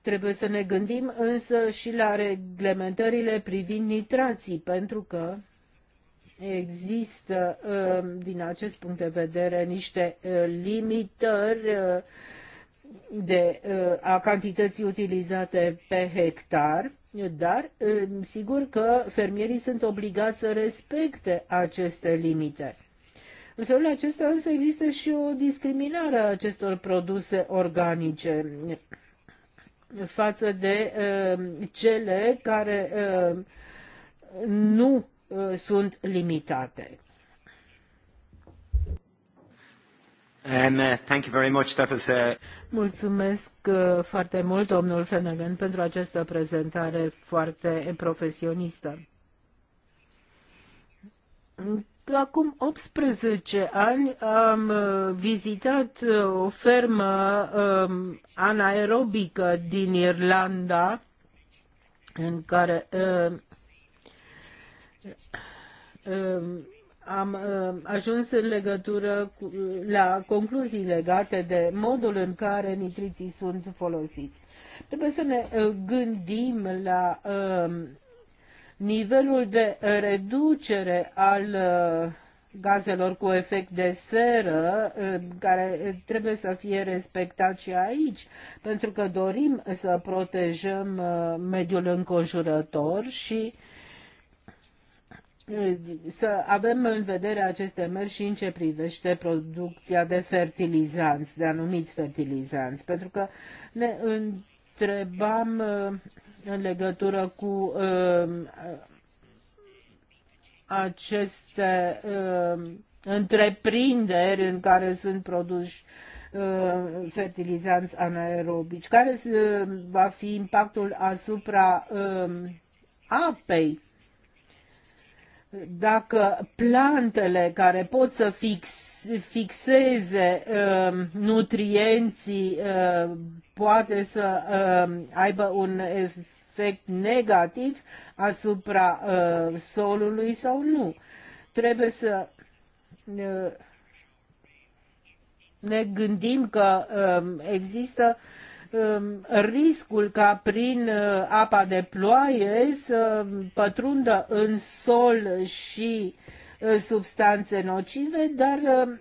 Trebuie să ne gândim însă și la reglementările privind nitrații, pentru că există uh, din acest punct de vedere niște uh, limitări uh, de, a cantității utilizate pe hectar, dar sigur că fermierii sunt obligați să respecte aceste limite. În felul acesta însă există și o discriminare a acestor produse organice față de uh, cele care uh, nu uh, sunt limitate. thank you very much. That was, uh... Mulțumesc uh, foarte mult, domnul Flanagan, pentru această prezentare foarte profesionistă. Acum 18 ani am uh, vizitat uh, o fermă um, anaerobică din Irlanda în care um, um, am ajuns în legătură cu, la concluzii legate de modul în care nitriții sunt folosiți. Trebuie să ne gândim la um, nivelul de reducere al uh, gazelor cu efect de seră, uh, care uh, trebuie să fie respectat și aici, pentru că dorim să protejăm mediul înconjurător și să avem în vedere aceste mers și în ce privește producția de fertilizanți, de anumiți fertilizanți, pentru că ne întrebam în legătură cu uh, aceste uh, întreprinderi în care sunt produși uh, fertilizanți anaerobici. Care uh, va fi impactul asupra uh, apei? Dacă plantele care pot să fix, fixeze nutrienții poate să aibă un efect efect negativ asupra uh, solului sau nu. Trebuie să uh, ne gândim că um, există um, riscul ca prin uh, apa de ploaie să pătrundă în sol și uh, substanțe nocive, dar uh,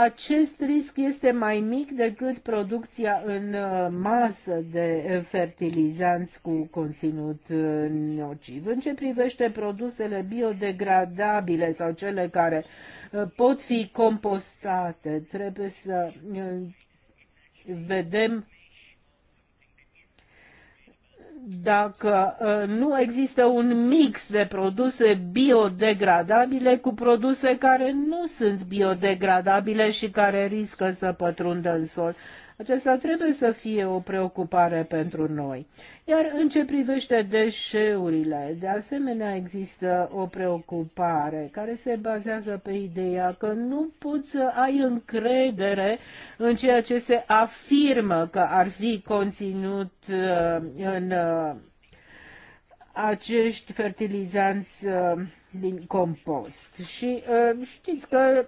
acest risc este mai mic decât producția în uh, masă de fertilizanți cu conținut nociv. În ce privește produsele biodegradabile sau cele care uh, pot fi compostate, trebuie să uh, vedem dacă ă, nu există un mix de produse biodegradabile cu produse care nu sunt biodegradabile și care riscă să pătrundă în sol. Acesta trebuie să fie o preocupare pentru noi. Iar în ce privește deșeurile, de asemenea există o preocupare care se bazează pe ideea că nu poți să ai încredere în ceea ce se afirmă că ar fi conținut uh, în uh, acești fertilizanți uh, din compost. Și știți că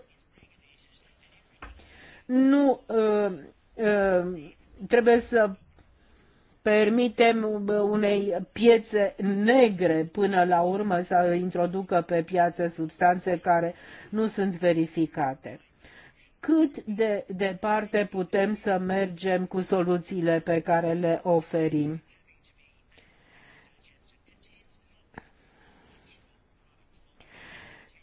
nu Ehm, trebuie să permitem unei piețe negre până la urmă să introducă pe piață substanțe care nu sunt verificate. Cât de departe putem să mergem cu soluțiile pe care le oferim?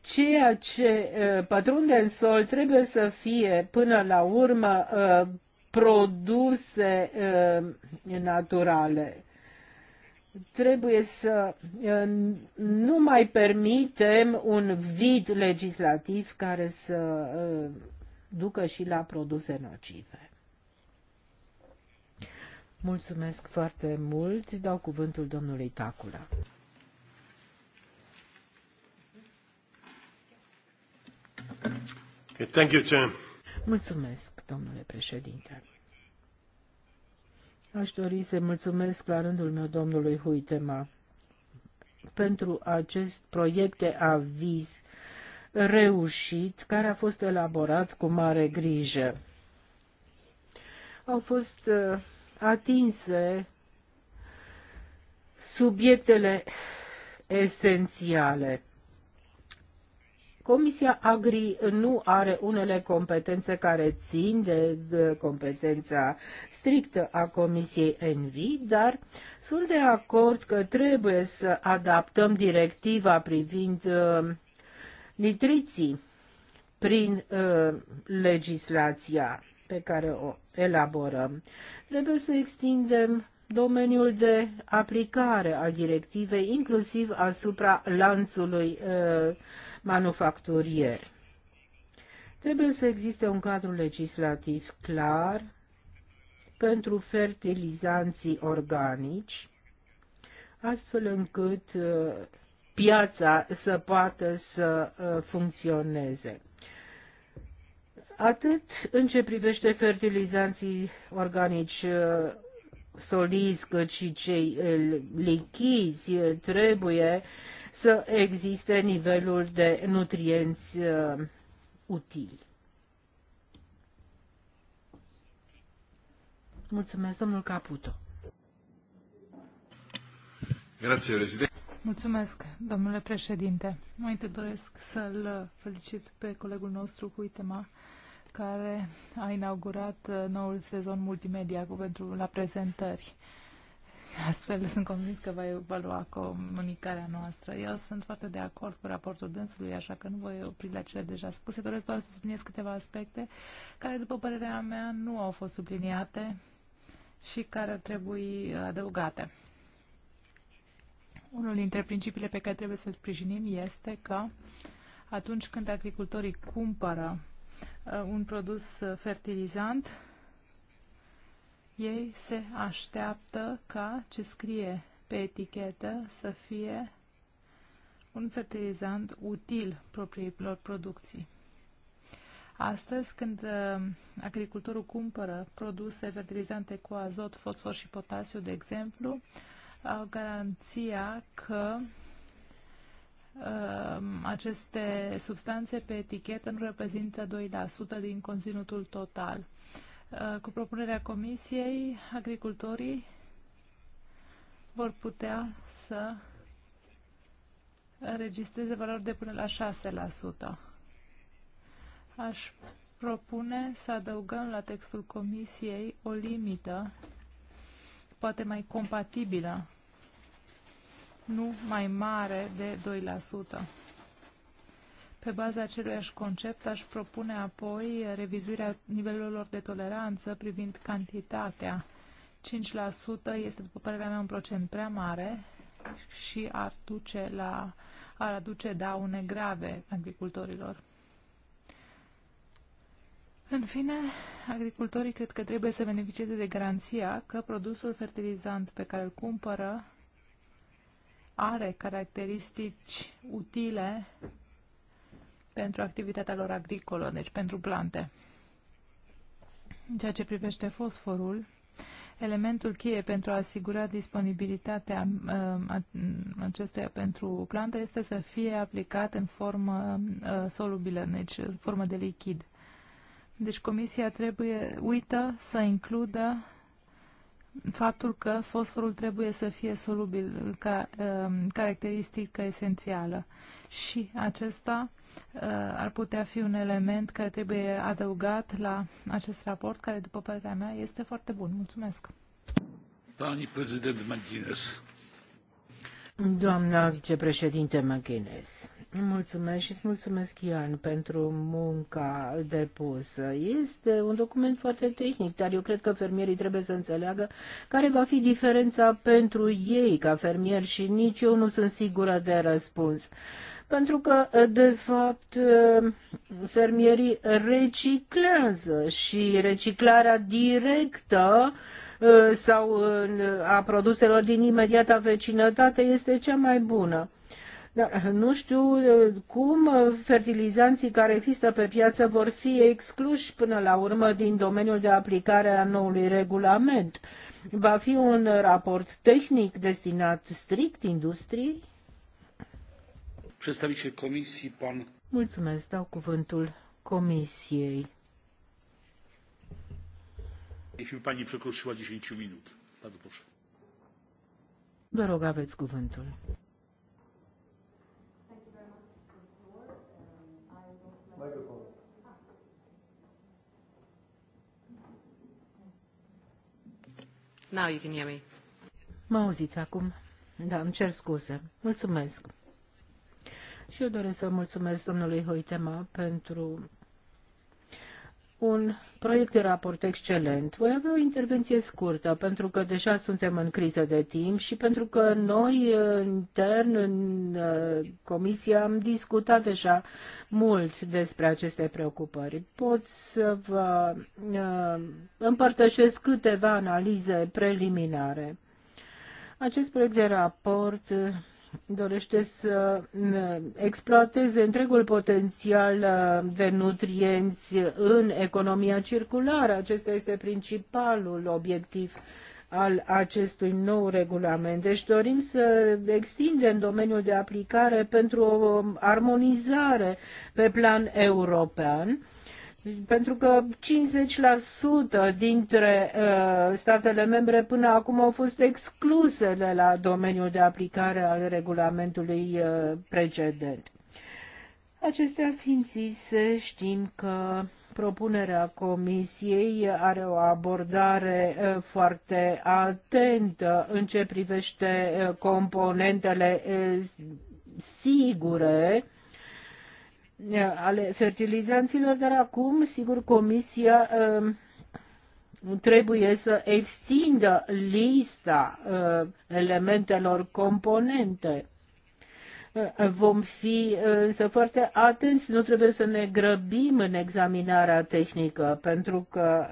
ceea ce eh, pătrunde în sol trebuie să fie până la urmă eh, produse eh, naturale. Trebuie să eh, nu mai permitem un vid legislativ care să eh, ducă și la produse nocive. Mulțumesc foarte mult. Dau cuvântul domnului Tacula. Okay, thank you, Chair. Mulțumesc, domnule președinte. Aș dori să mulțumesc la rândul meu domnului Huitema pentru acest proiect de aviz reușit care a fost elaborat cu mare grijă. Au fost uh, atinse subiectele esențiale Comisia Agri nu are unele competențe care țin de competența strictă a Comisiei Envi, dar sunt de acord că trebuie să adaptăm directiva privind uh, nitriții prin uh, legislația pe care o elaborăm. Trebuie să extindem domeniul de aplicare al directivei, inclusiv asupra lanțului uh, manufacturier. Trebuie să existe un cadru legislativ clar pentru fertilizanții organici, astfel încât uh, piața să poată să uh, funcționeze. Atât în ce privește fertilizanții organici uh, solizi, cât și cei lichizi trebuie să existe nivelul de nutrienți uh, utili. Mulțumesc, domnul Caputo. Grazie, președinte. Mulțumesc, domnule președinte. Mai întâi doresc să-l felicit pe colegul nostru Cuitema, care a inaugurat uh, noul sezon multimedia cu pentru la prezentări. Uh, Astfel sunt convins că va evalua comunicarea noastră. Eu sunt foarte de acord cu raportul dânsului, așa că nu voi opri la cele deja spuse. Doresc doar să subliniez câteva aspecte care, după părerea mea, nu au fost subliniate și care ar trebui adăugate. Unul dintre principiile pe care trebuie să-l sprijinim este că atunci când agricultorii cumpără uh, un produs fertilizant, ei se așteaptă ca ce scrie pe etichetă să fie un fertilizant util propriilor producții. Astăzi, când uh, agricultorul cumpără produse fertilizante cu azot, fosfor și potasiu, de exemplu, au garanția că uh, aceste substanțe pe etichetă nu reprezintă 2% din conținutul total. Uh, cu propunerea Comisiei, agricultorii vor putea să înregistreze valori de până la 6%. Aș propune să adăugăm la textul Comisiei o limită poate mai compatibilă, nu mai mare de pe baza aceluiași concept aș propune apoi revizuirea nivelurilor de toleranță privind cantitatea. 5% este, după părerea mea, un procent prea mare și ar, duce la, ar aduce daune grave agricultorilor. În fine, agricultorii cred că trebuie să beneficieze de garanția că produsul fertilizant pe care îl cumpără are caracteristici utile pentru activitatea lor agricolă, deci pentru plante. În ceea ce privește fosforul, elementul cheie pentru a asigura disponibilitatea um, acestuia pentru plantă este să fie aplicat în formă uh, solubilă, deci în formă de lichid. Deci comisia trebuie, uită să includă faptul că fosforul trebuie să fie solubil ca uh, caracteristică esențială și acesta uh, ar putea fi un element care trebuie adăugat la acest raport, care, după părerea mea, este foarte bun. Mulțumesc! Pani prezident McGuinness. Doamna vicepreședinte McGuinness. Mulțumesc și mulțumesc, Ian, pentru munca depusă. Este un document foarte tehnic, dar eu cred că fermierii trebuie să înțeleagă care va fi diferența pentru ei ca fermieri și nici eu nu sunt sigură de răspuns. Pentru că, de fapt, fermierii reciclează și reciclarea directă uh, sau uh, a produselor din imediata vecinătate este cea mai bună dar nu știu uh, cum fertilizanții care există pe piață vor fi excluși până la urmă din domeniul de aplicare a noului regulament. Va fi un raport tehnic destinat strict industriei? Przedstawiciel Komisji, pan. Mulțumesc, dau cuvântul Comisiei. Jeśli pani przekroczyła 10 minut. Bardzo proszę. Vă rog, aveți cuvântul. Now you can hear me. Mă auziți acum? Da, îmi cer scuze. Mulțumesc. Și eu doresc să mulțumesc domnului Hoitema pentru un proiect de raport excelent. Voi avea o intervenție scurtă, pentru că deja suntem în criză de timp și pentru că noi, uh, intern, în uh, comisie, am discutat deja mult despre aceste preocupări. Pot să vă uh, împărtășesc câteva analize preliminare. Acest proiect de raport dorește să mm, exploateze întregul potențial uh, de nutrienți în economia circulară. Acesta este principalul obiectiv al acestui nou regulament. Deci dorim să extindem domeniul de aplicare pentru o armonizare pe plan european pentru că 50% dintre uh, statele membre până acum au fost excluse de la domeniul de aplicare al regulamentului uh, precedent. Acestea fiind zise, știm că propunerea Comisiei are o abordare uh, foarte atentă în ce privește uh, componentele uh, sigure Eh, ale fertilizanților, dar acum, sigur, Comisia eh, trebuie să extindă lista eh, elementelor componente. Vom fi însă foarte atenți, nu trebuie să ne grăbim în examinarea tehnică, pentru că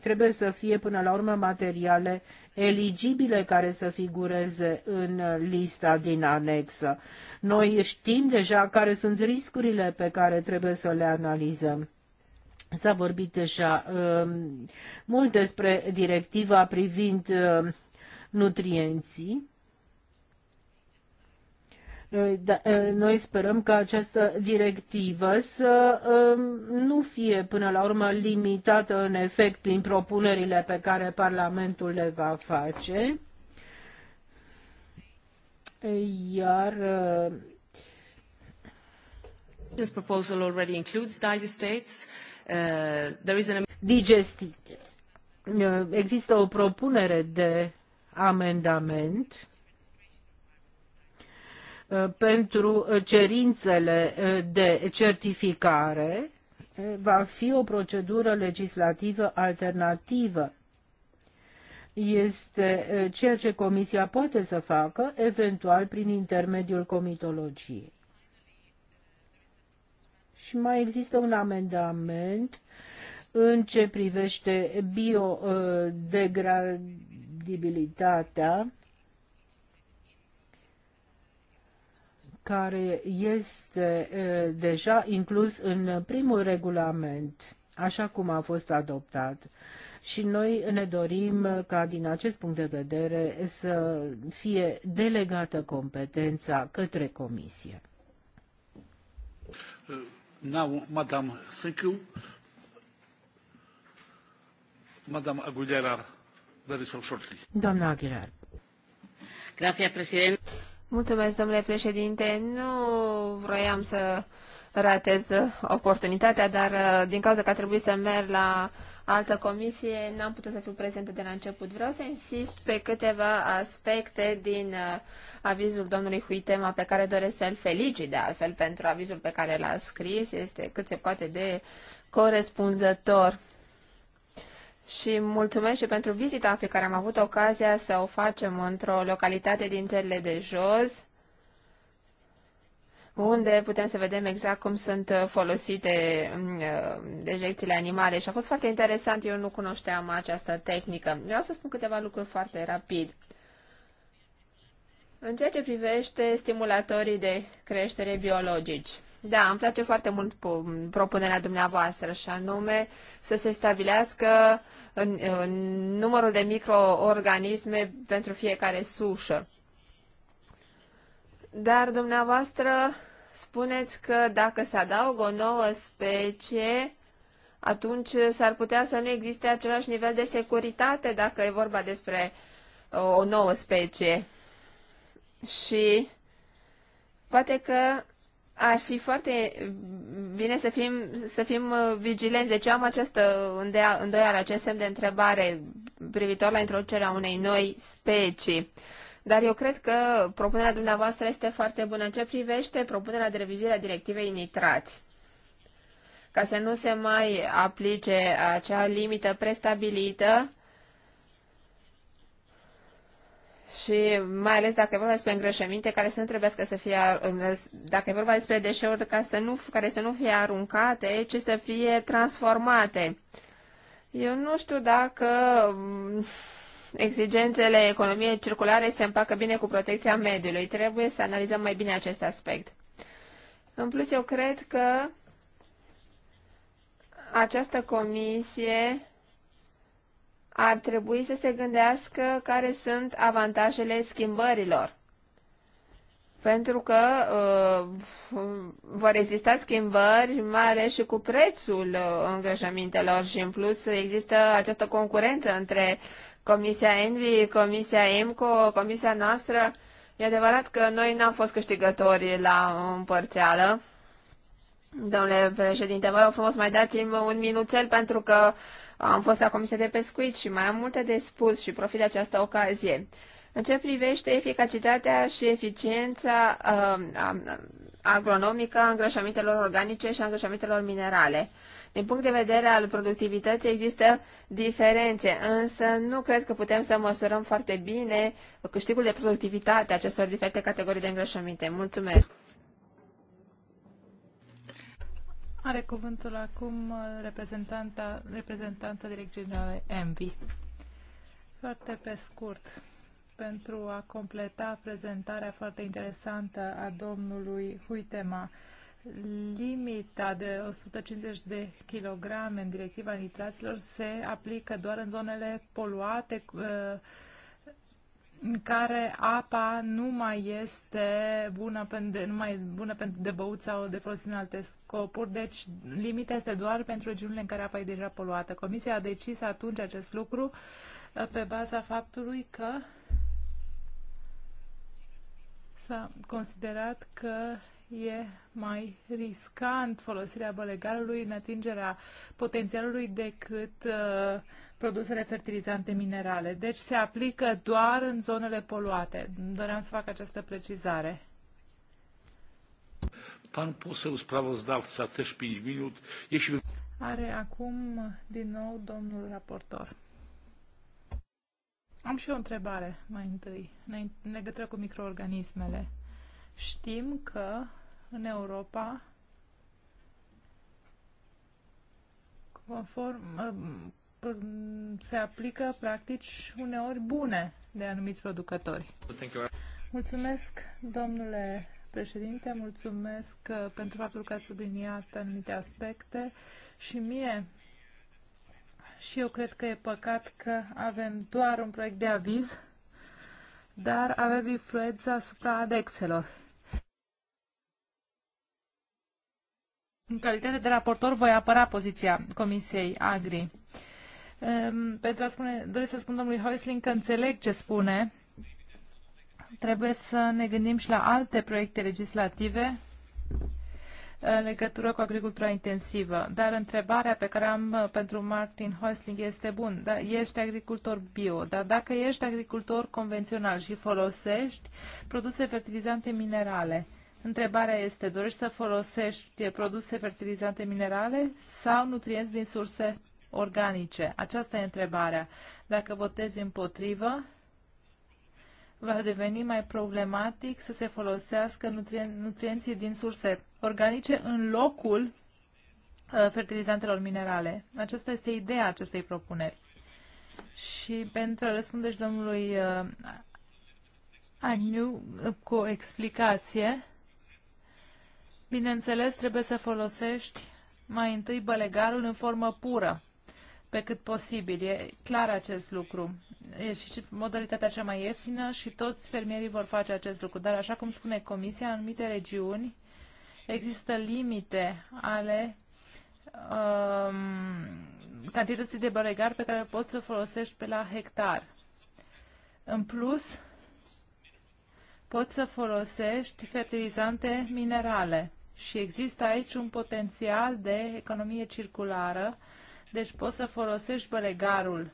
trebuie să fie până la urmă materiale eligibile care să figureze în lista din anexă. Noi știm deja care sunt riscurile pe care trebuie să le analizăm. S-a vorbit deja uh, mult despre directiva privind uh, nutrienții Eh, da, eh, noi sperăm că această directivă să ehm, nu fie până la urmă limitată în efect prin propunerile pe care Parlamentul le va face. Iar eh, This proposal already includes digestates. Uh, there is an... digestate. Există o propunere de amendament Uh, pentru uh, cerințele uh, de certificare va fi o procedură legislativă alternativă. Este ceea ce Comisia poate să facă, eventual prin intermediul comitologiei. Și mai există un amendament în ce uh, care este deja inclus în primul regulament, așa cum a fost adoptat. Și noi ne dorim ca, din acest punct de vedere, să fie delegată competența către Comisie. Now, Madame, thank you. Madame Aguilera, very so shortly. Doamna Aguilera. Grazie, președinte. Mulțumesc, domnule președinte. Nu vroiam să ratez oportunitatea, dar uh, din cauza că a trebuit să merg la altă comisie, n-am putut să fiu prezentă de la început. Vreau să insist pe câteva aspecte din uh, avizul domnului Huitema, pe care doresc să-l felicit de altfel pentru avizul pe care l-a scris. Este cât se poate de corespunzător și mulțumesc și pentru vizita pe care am avut ocazia să o facem într-o localitate din țările de jos, unde putem să vedem exact cum sunt folosite dejecțiile mm, uh, animale și a fost foarte interesant, eu nu cunoșteam această tehnică. Vreau să spun câteva lucruri foarte rapid. În ceea ce privește stimulatorii de creștere biologici, da, îmi place foarte mult propunerea dumneavoastră și anume să se stabilească în, în numărul de microorganisme pentru fiecare sușă. Dar dumneavoastră spuneți că dacă se adaugă o nouă specie, atunci s-ar putea să nu existe același nivel de securitate dacă e vorba despre o nouă specie. Și poate că ar fi foarte bine să fim, să fim uh, vigilenți. Deci am această îndoială, acest semn de întrebare privitor la introducerea unei noi specii. Dar eu cred că propunerea dumneavoastră este foarte bună ce privește propunerea de revizire a directivei nitrați. Ca să nu se mai aplice acea limită prestabilită, și mai ales dacă e vorba despre îngrășăminte care să nu trebuie să fie, dacă e vorba despre deșeuri ca să nu, care să nu fie aruncate, ci să fie transformate. Eu nu știu dacă mm, exigențele economiei circulare se împacă bine cu protecția mediului. Trebuie să analizăm mai bine acest aspect. În plus, eu cred că această comisie ar trebui să se gândească care sunt avantajele schimbărilor. Pentru că uh, vor exista schimbări, mai ales și cu prețul uh, îngrășămintelor și în plus există această concurență între Comisia Envi, Comisia EMCO, Comisia noastră. E adevărat că noi n-am fost câștigători la împărțeală. Domnule președinte, vă rog frumos, mai dați-mi un minuțel pentru că uh, am fost la Comisia de Pescuit și mai am multe de spus și profit de această ocazie. În ce privește eficacitatea și eficiența uh, agronomică a îngrășămintelor organice și a îngrășămintelor minerale. Din punct de vedere al productivității există diferențe, însă nu cred că putem să măsurăm foarte bine câștigul de productivitate acestor diferite categorii de îngrășăminte. Mulțumesc! Are cuvântul acum uh, reprezentanta, reprezentanta Direcției Generale MV. Foarte pe scurt, pentru a completa prezentarea foarte interesantă a domnului Huitema, limita de 150 de kilograme în directiva nitraților se aplică doar în zonele poluate, uh, în care apa nu mai este bună, pentru, nu mai bună pentru de băut sau de folosit în alte scopuri, deci limita este doar pentru regiunile în care apa e deja poluată. Comisia a decis atunci acest lucru uh, pe baza faptului că s-a considerat că e mai riscant folosirea bălegarului în atingerea potențialului decât uh, produsele fertilizante minerale. Deci se aplică doar în zonele poluate. Doream să fac această precizare. Pan poseu sprawozdawca też 5 minut. Jeśli... Are acum din nou domnul raportor. Am și o întrebare mai întâi, în legătură cu microorganismele. Știm că în Europa, conform Mm, se aplică practici uneori bune de anumiți producători. Mulțumesc, domnule președinte, mulțumesc uh, pentru faptul că ați subliniat anumite aspecte și mie și eu cred că e păcat că avem doar un proiect de aviz, dar avem influența asupra adexelor. În calitate de raportor voi apăra poziția Comisiei Agri. Ehm, Petra spune, doresc să spun domnului Heusling că înțeleg ce spune. Trebuie să ne gândim și la alte proiecte legislative în legătură cu agricultura intensivă. Dar întrebarea pe care am uh, pentru Martin Heusling este bun. Da, ești agricultor bio, dar dacă ești agricultor convențional și folosești produse fertilizante minerale, întrebarea este, dorești să folosești produse fertilizante minerale sau nutrienți din surse organice? Aceasta e întrebarea. Dacă votezi împotrivă, va deveni mai problematic să se folosească nutrien nutrienții din surse organice în locul uh, fertilizantelor minerale. Aceasta este ideea acestei propuneri. Și pentru a răspunde și domnului uh, Agniu cu o explicație, bineînțeles trebuie să folosești mai întâi bălegarul în formă pură pe cât posibil. E clar acest lucru. E și modalitatea cea mai ieftină și toți fermierii vor face acest lucru. Dar așa cum spune Comisia, în anumite regiuni există limite ale um, cantității de băregar pe care poți să folosești pe la hectar. În plus, poți să folosești fertilizante minerale și există aici un potențial de economie circulară uh, deci poți să folosești bălegarul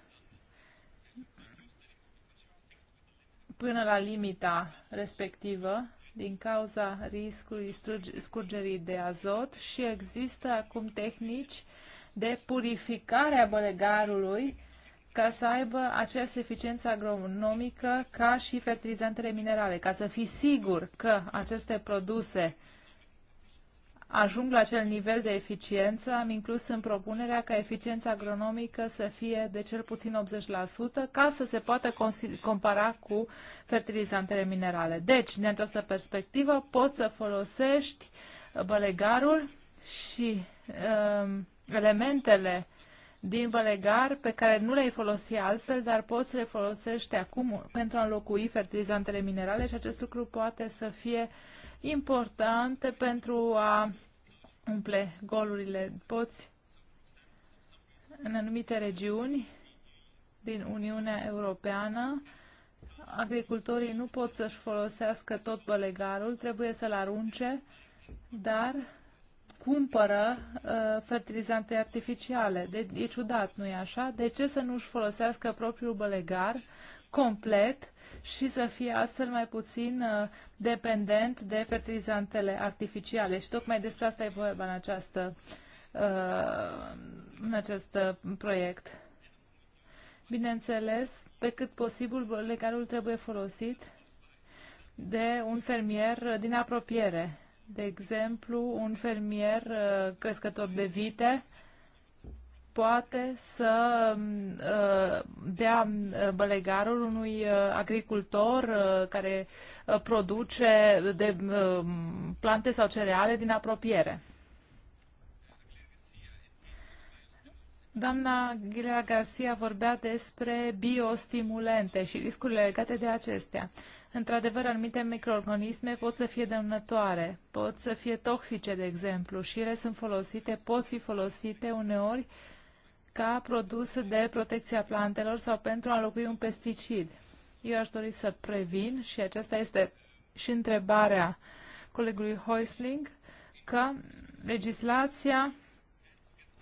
până la limita respectivă din cauza riscului scurgerii de azot și există acum tehnici de purificare a bălegarului ca să aibă aceeași eficiență agronomică ca și fertilizantele minerale, ca să fii sigur că aceste produse uh, ajung la acel nivel de eficiență, am inclus în propunerea ca eficiența agronomică să fie de cel puțin 80% ca să se poată compara cu fertilizantele minerale. Deci, din această perspectivă, poți să folosești bălegarul și um, elementele din bălegar pe care nu le-ai folosi altfel, dar poți să le folosești acum pentru a înlocui fertilizantele minerale și acest lucru poate să fie uh, importante pentru a umple golurile. Poți, în anumite regiuni din Uniunea Europeană, agricultorii nu pot să-și folosească tot bălegarul, trebuie să-l arunce, dar cumpără uh, fertilizante artificiale. De, e ciudat, nu-i așa? De ce să nu-și folosească propriul bălegar complet și să fie astfel mai puțin uh, dependent de fertilizantele artificiale. Și tocmai despre asta e vorba în, această, uh, în acest uh, proiect. Bineînțeles, pe cât posibil, legalul trebuie folosit de un fermier din apropiere. De exemplu, un fermier crescător de vite poate să dea uh, bălegarul unui uh, agricultor uh, care produce de plante sau cereale din apropiere. Doamna Ghilea Garcia vorbea despre biostimulente și riscurile legate de acestea. Într-adevăr, anumite microorganisme pot să fie dăunătoare, pot să fie toxice, de exemplu, și ele sunt folosite, pot fi folosite uneori uh, ca produs de protecție a plantelor sau pentru a înlocui un pesticid. Eu aș dori să previn, și aceasta este și întrebarea colegului Hoisling că legislația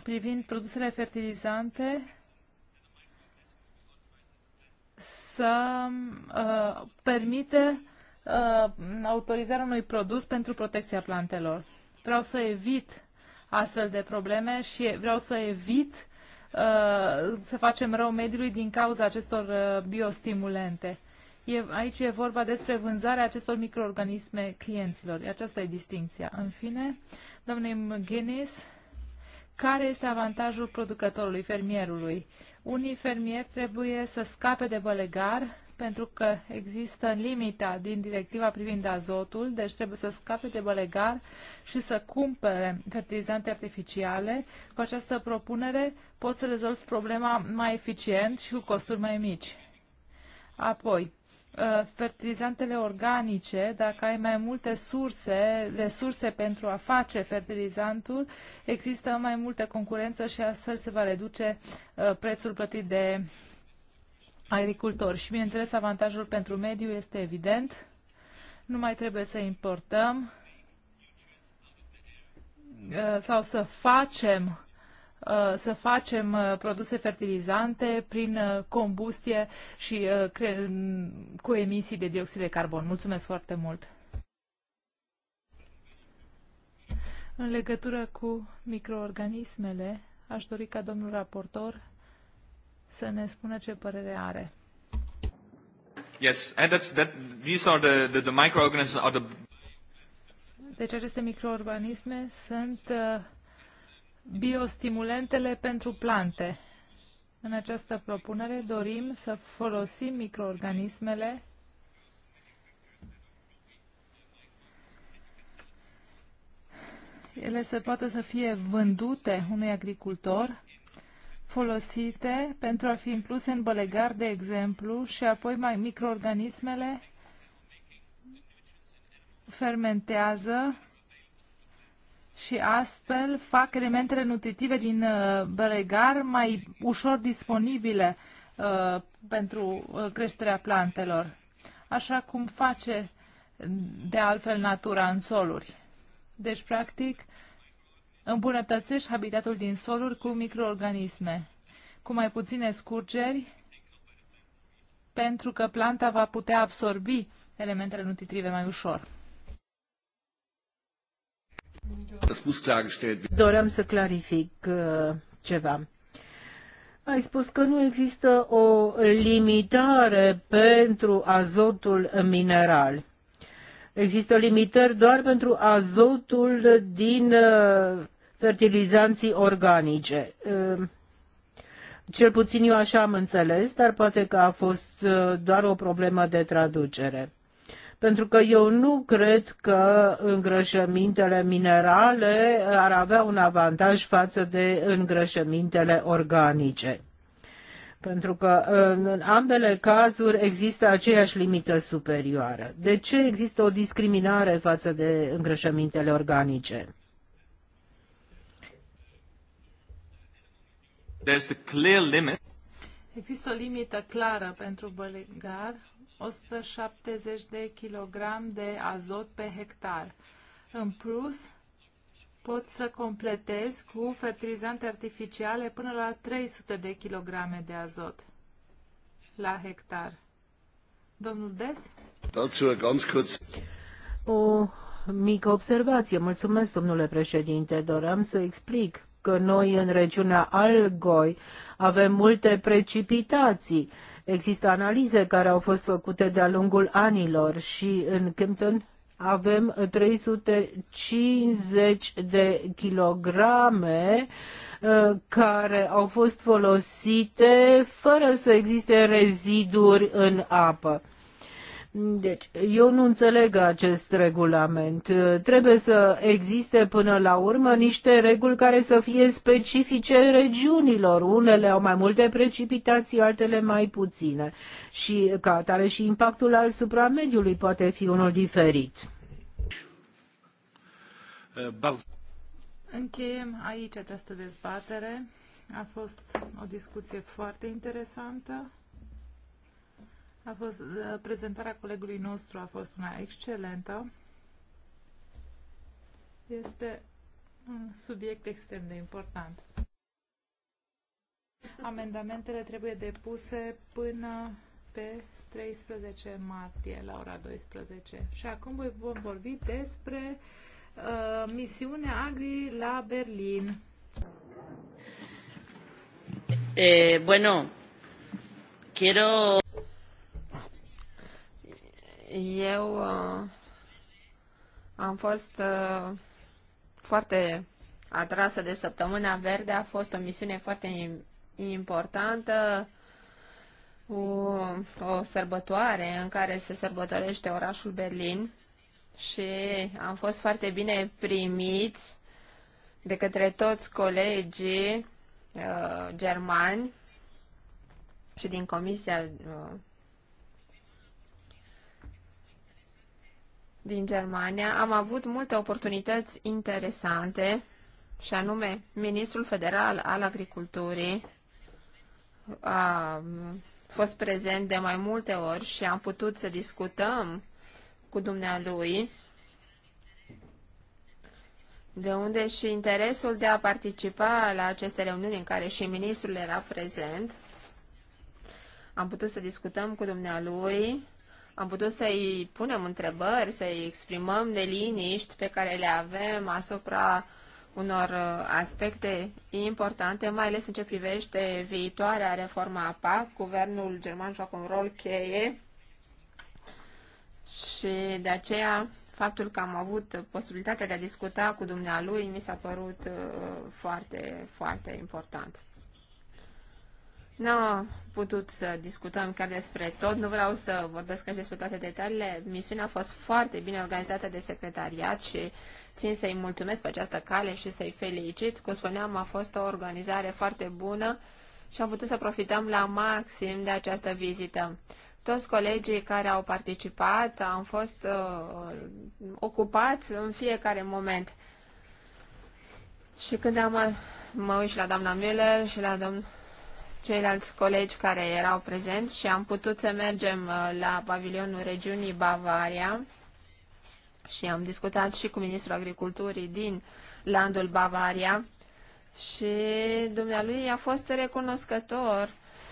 privind produsele fertilizante să uh, permite uh, autorizarea unui produs pentru protecția plantelor. Vreau să evit astfel de probleme și vreau să evit să facem rău mediului din cauza acestor uh, biostimulente. E, aici e vorba despre vânzarea acestor microorganisme clienților. Aceasta e distinția. În fine, domnule Guinness, care este avantajul producătorului, fermierului? Unii fermieri trebuie să scape de bălegar pentru că există limita din directiva privind azotul, deci trebuie să scape de bălegar și să cumpere fertilizante artificiale. Cu această propunere pot să rezolvi problema mai eficient și cu costuri mai mici. Apoi, ă, fertilizantele organice, dacă ai mai multe surse, resurse pentru a face fertilizantul, există mai multă concurență și astfel se va reduce ă, prețul plătit de agricultori. Și, bineînțeles, avantajul pentru mediu este evident. Nu mai trebuie să importăm uh, sau să facem uh, să facem uh, produse fertilizante prin combustie și cu emisii de dioxid de carbon. Mulțumesc foarte mult! În legătură cu microorganismele, aș dori ca domnul raportor să ne spună ce părere are. Yes, and that's, that, these are the, the, the microorganisms are the... Deci aceste microorganisme sunt uh, biostimulentele pentru plante. În această propunere dorim să folosim microorganismele ele se poate să fie vândute unui agricultor folosite pentru a fi incluse în bălegar, de exemplu, și apoi mai microorganismele fermentează și astfel fac elementele nutritive din uh, bălegar mai ușor disponibile uh, pentru uh, creșterea plantelor, așa cum face de altfel natura în soluri. Deci, practic, îmbunătățești habitatul din soluri cu microorganisme, cu mai puține scurgeri, pentru că planta va putea absorbi elementele nutritive mai ușor. Doream să clarific uh, ceva. Ai spus că nu există o limitare pentru azotul mineral. Există limitări doar pentru azotul din uh, fertilizanții organice. Ehm, cel puțin eu așa am înțeles, dar poate că a fost uh, doar o problemă de traducere. Pentru că eu nu cred că îngrășămintele minerale uh, ar avea un avantaj față de îngrășămintele organice. Pentru că în ambele cazuri există aceeași limită superioară. De ce există o discriminare față de îngrășămintele organice? There's a clear limit. Există o limită clară pentru bălegar, 170 de kg de azot pe hectar. În plus, pot să completez cu fertilizante artificiale până la 300 de kg de azot la hectar. Domnul Des? Dazu ganz kurz. O mică observație. Mulțumesc, domnule președinte. Doream să explic că noi în regiunea Algoi avem multe precipitații. Există analize care au fost făcute de-a lungul anilor și în Kempton avem 350 de kilograme uh, care au fost folosite fără să existe reziduri în apă. Deci, eu nu înțeleg acest regulament. Trebuie să existe până la urmă niște reguli care să fie specifice regiunilor. Unele au mai multe precipitații, altele mai puține. Și ca atare și impactul asupra mediului poate fi unul diferit. Încheiem aici această dezbatere. A fost o discuție foarte interesantă. A fost, uh, prezentarea colegului nostru a fost una excelentă. Este un subiect extrem de important. Amendamentele trebuie depuse până pe 13 martie la ora 12. Și acum vom vorbi despre uh, misiunea Agri la Berlin. Eh, bueno, quiero... Eu uh, am fost uh, foarte atrasă de Săptămâna Verde, a fost o misiune foarte importantă, o, o sărbătoare în care se sărbătorește orașul Berlin și am fost foarte bine primiți de către toți colegii uh, germani și din Comisia uh, din Germania, am avut multe oportunități interesante, și anume ministrul federal al agriculturii a fost prezent de mai multe ori și am putut să discutăm cu dumnealui de unde și interesul de a participa la aceste reuniuni în care și ministrul era prezent. Am putut să discutăm cu dumnealui am putut să-i punem întrebări, să-i exprimăm neliniști pe care le avem asupra unor uh, aspecte importante, mai ales în ce privește viitoarea reforma PAC. Guvernul german joacă un rol cheie și de aceea faptul că am avut posibilitatea de a discuta cu dumnealui mi s-a părut uh, foarte, foarte important. N-am putut să discutăm chiar despre tot, nu vreau să vorbesc aici despre toate detaliile. Misiunea a fost foarte bine organizată de secretariat și țin să-i mulțumesc pe această cale și să-i felicit. Cum spuneam, a fost o organizare foarte bună și am putut să profităm la maxim de această vizită. Toți colegii care au participat am fost uh, ocupați în fiecare moment. Și când am mă uit și la doamna Müller și la domnul ceilalți colegi care erau prezenți și am putut să mergem uh, la pavilionul regiunii Bavaria și am discutat și cu ministrul agriculturii din landul Bavaria și dumnealui a fost recunoscător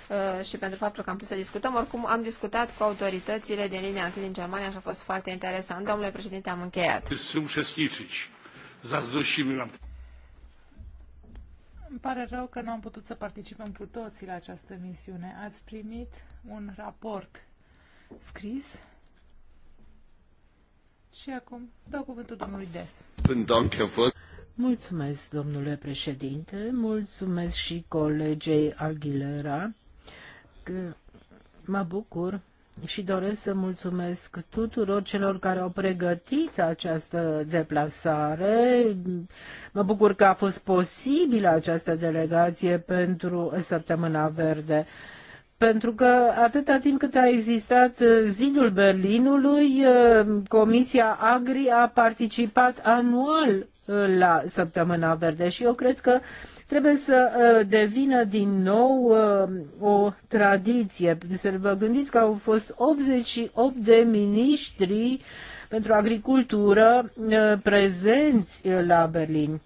uh, și pentru faptul că am putut să discutăm. Oricum, am discutat cu autoritățile din linia întâi din Germania și a fost foarte interesant. Domnule președinte, am încheiat. Îmi pare rău că nu am putut să participăm cu toții la această misiune. Ați primit un raport scris și acum dau cuvântul domnului Des. Mulțumesc, domnule președinte, mulțumesc și colegei Aguilera că mă bucur și doresc să mulțumesc tuturor celor care au pregătit această deplasare. Mă bucur că a fost posibilă această delegație pentru Săptămâna Verde pentru că atâta timp cât a existat uh, zidul Berlinului, uh, Comisia Agri a participat anual uh, la Săptămâna Verde și eu cred că trebuie să devină din nou o tradiție. Să vă gândiți că au fost 88 de miniștri pentru agricultură prezenți la Berlin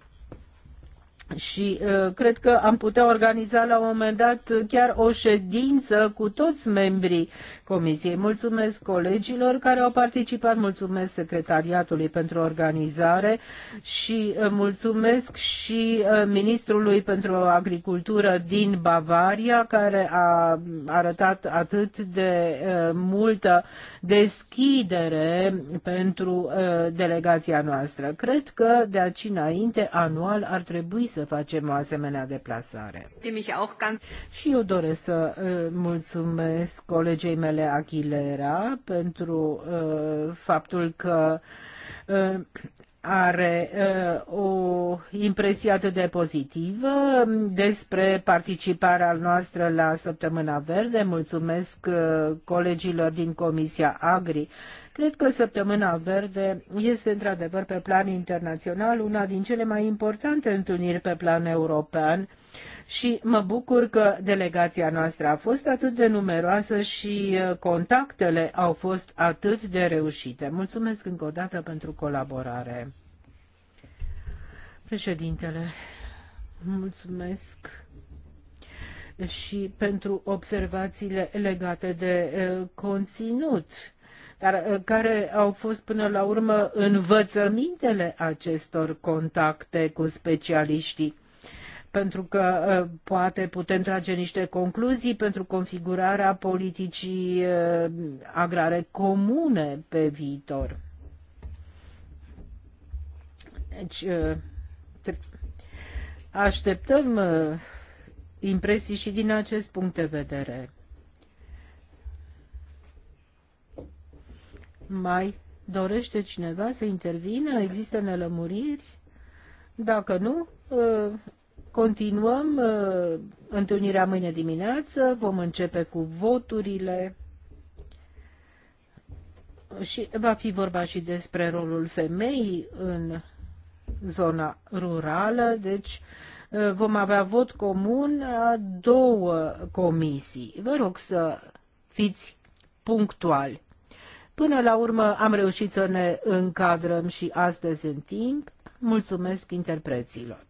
și uh, cred că am putea organiza la un moment dat chiar o ședință cu toți membrii comisiei. Mulțumesc colegilor care au participat, mulțumesc secretariatului pentru organizare și uh, mulțumesc și uh, ministrului pentru agricultură din Bavaria care a arătat atât de multă deschidere pentru delegația noastră. Cred că de aici înainte anual ar trebui să să facem o asemenea deplasare. Și eu doresc să uh, mulțumesc colegei mele Achilera pentru uh, faptul că uh, are uh, o impresie atât de pozitivă despre participarea noastră la Săptămâna Verde. Mulțumesc uh, colegilor din Comisia Agri Cred că săptămâna verde este într-adevăr pe plan internațional una din cele mai importante întâlniri pe plan european și mă bucur că delegația noastră a fost atât de numeroasă și uh, contactele au fost atât de reușite. Mulțumesc încă o dată pentru colaborare. Președintele, mulțumesc și pentru observațiile legate de uh, conținut dar uh, care au fost până la urmă învățămintele acestor contacte cu specialiștii pentru că uh, poate putem trage niște concluzii pentru configurarea politicii uh, agrare comune pe viitor. Deci, așteptăm impresii și din acest punct de vedere. Mai dorește cineva să intervină? Există nelămuriri? Dacă nu, uh, continuăm uh, întâlnirea mâine dimineață, vom începe cu voturile și va fi vorba și despre rolul femeii în zona rurală, deci uh, vom avea vot comun a două comisii. Vă rog să fiți punctuali. Până la urmă am reușit să ne încadrăm și astăzi în timp. Mulțumesc interpreților.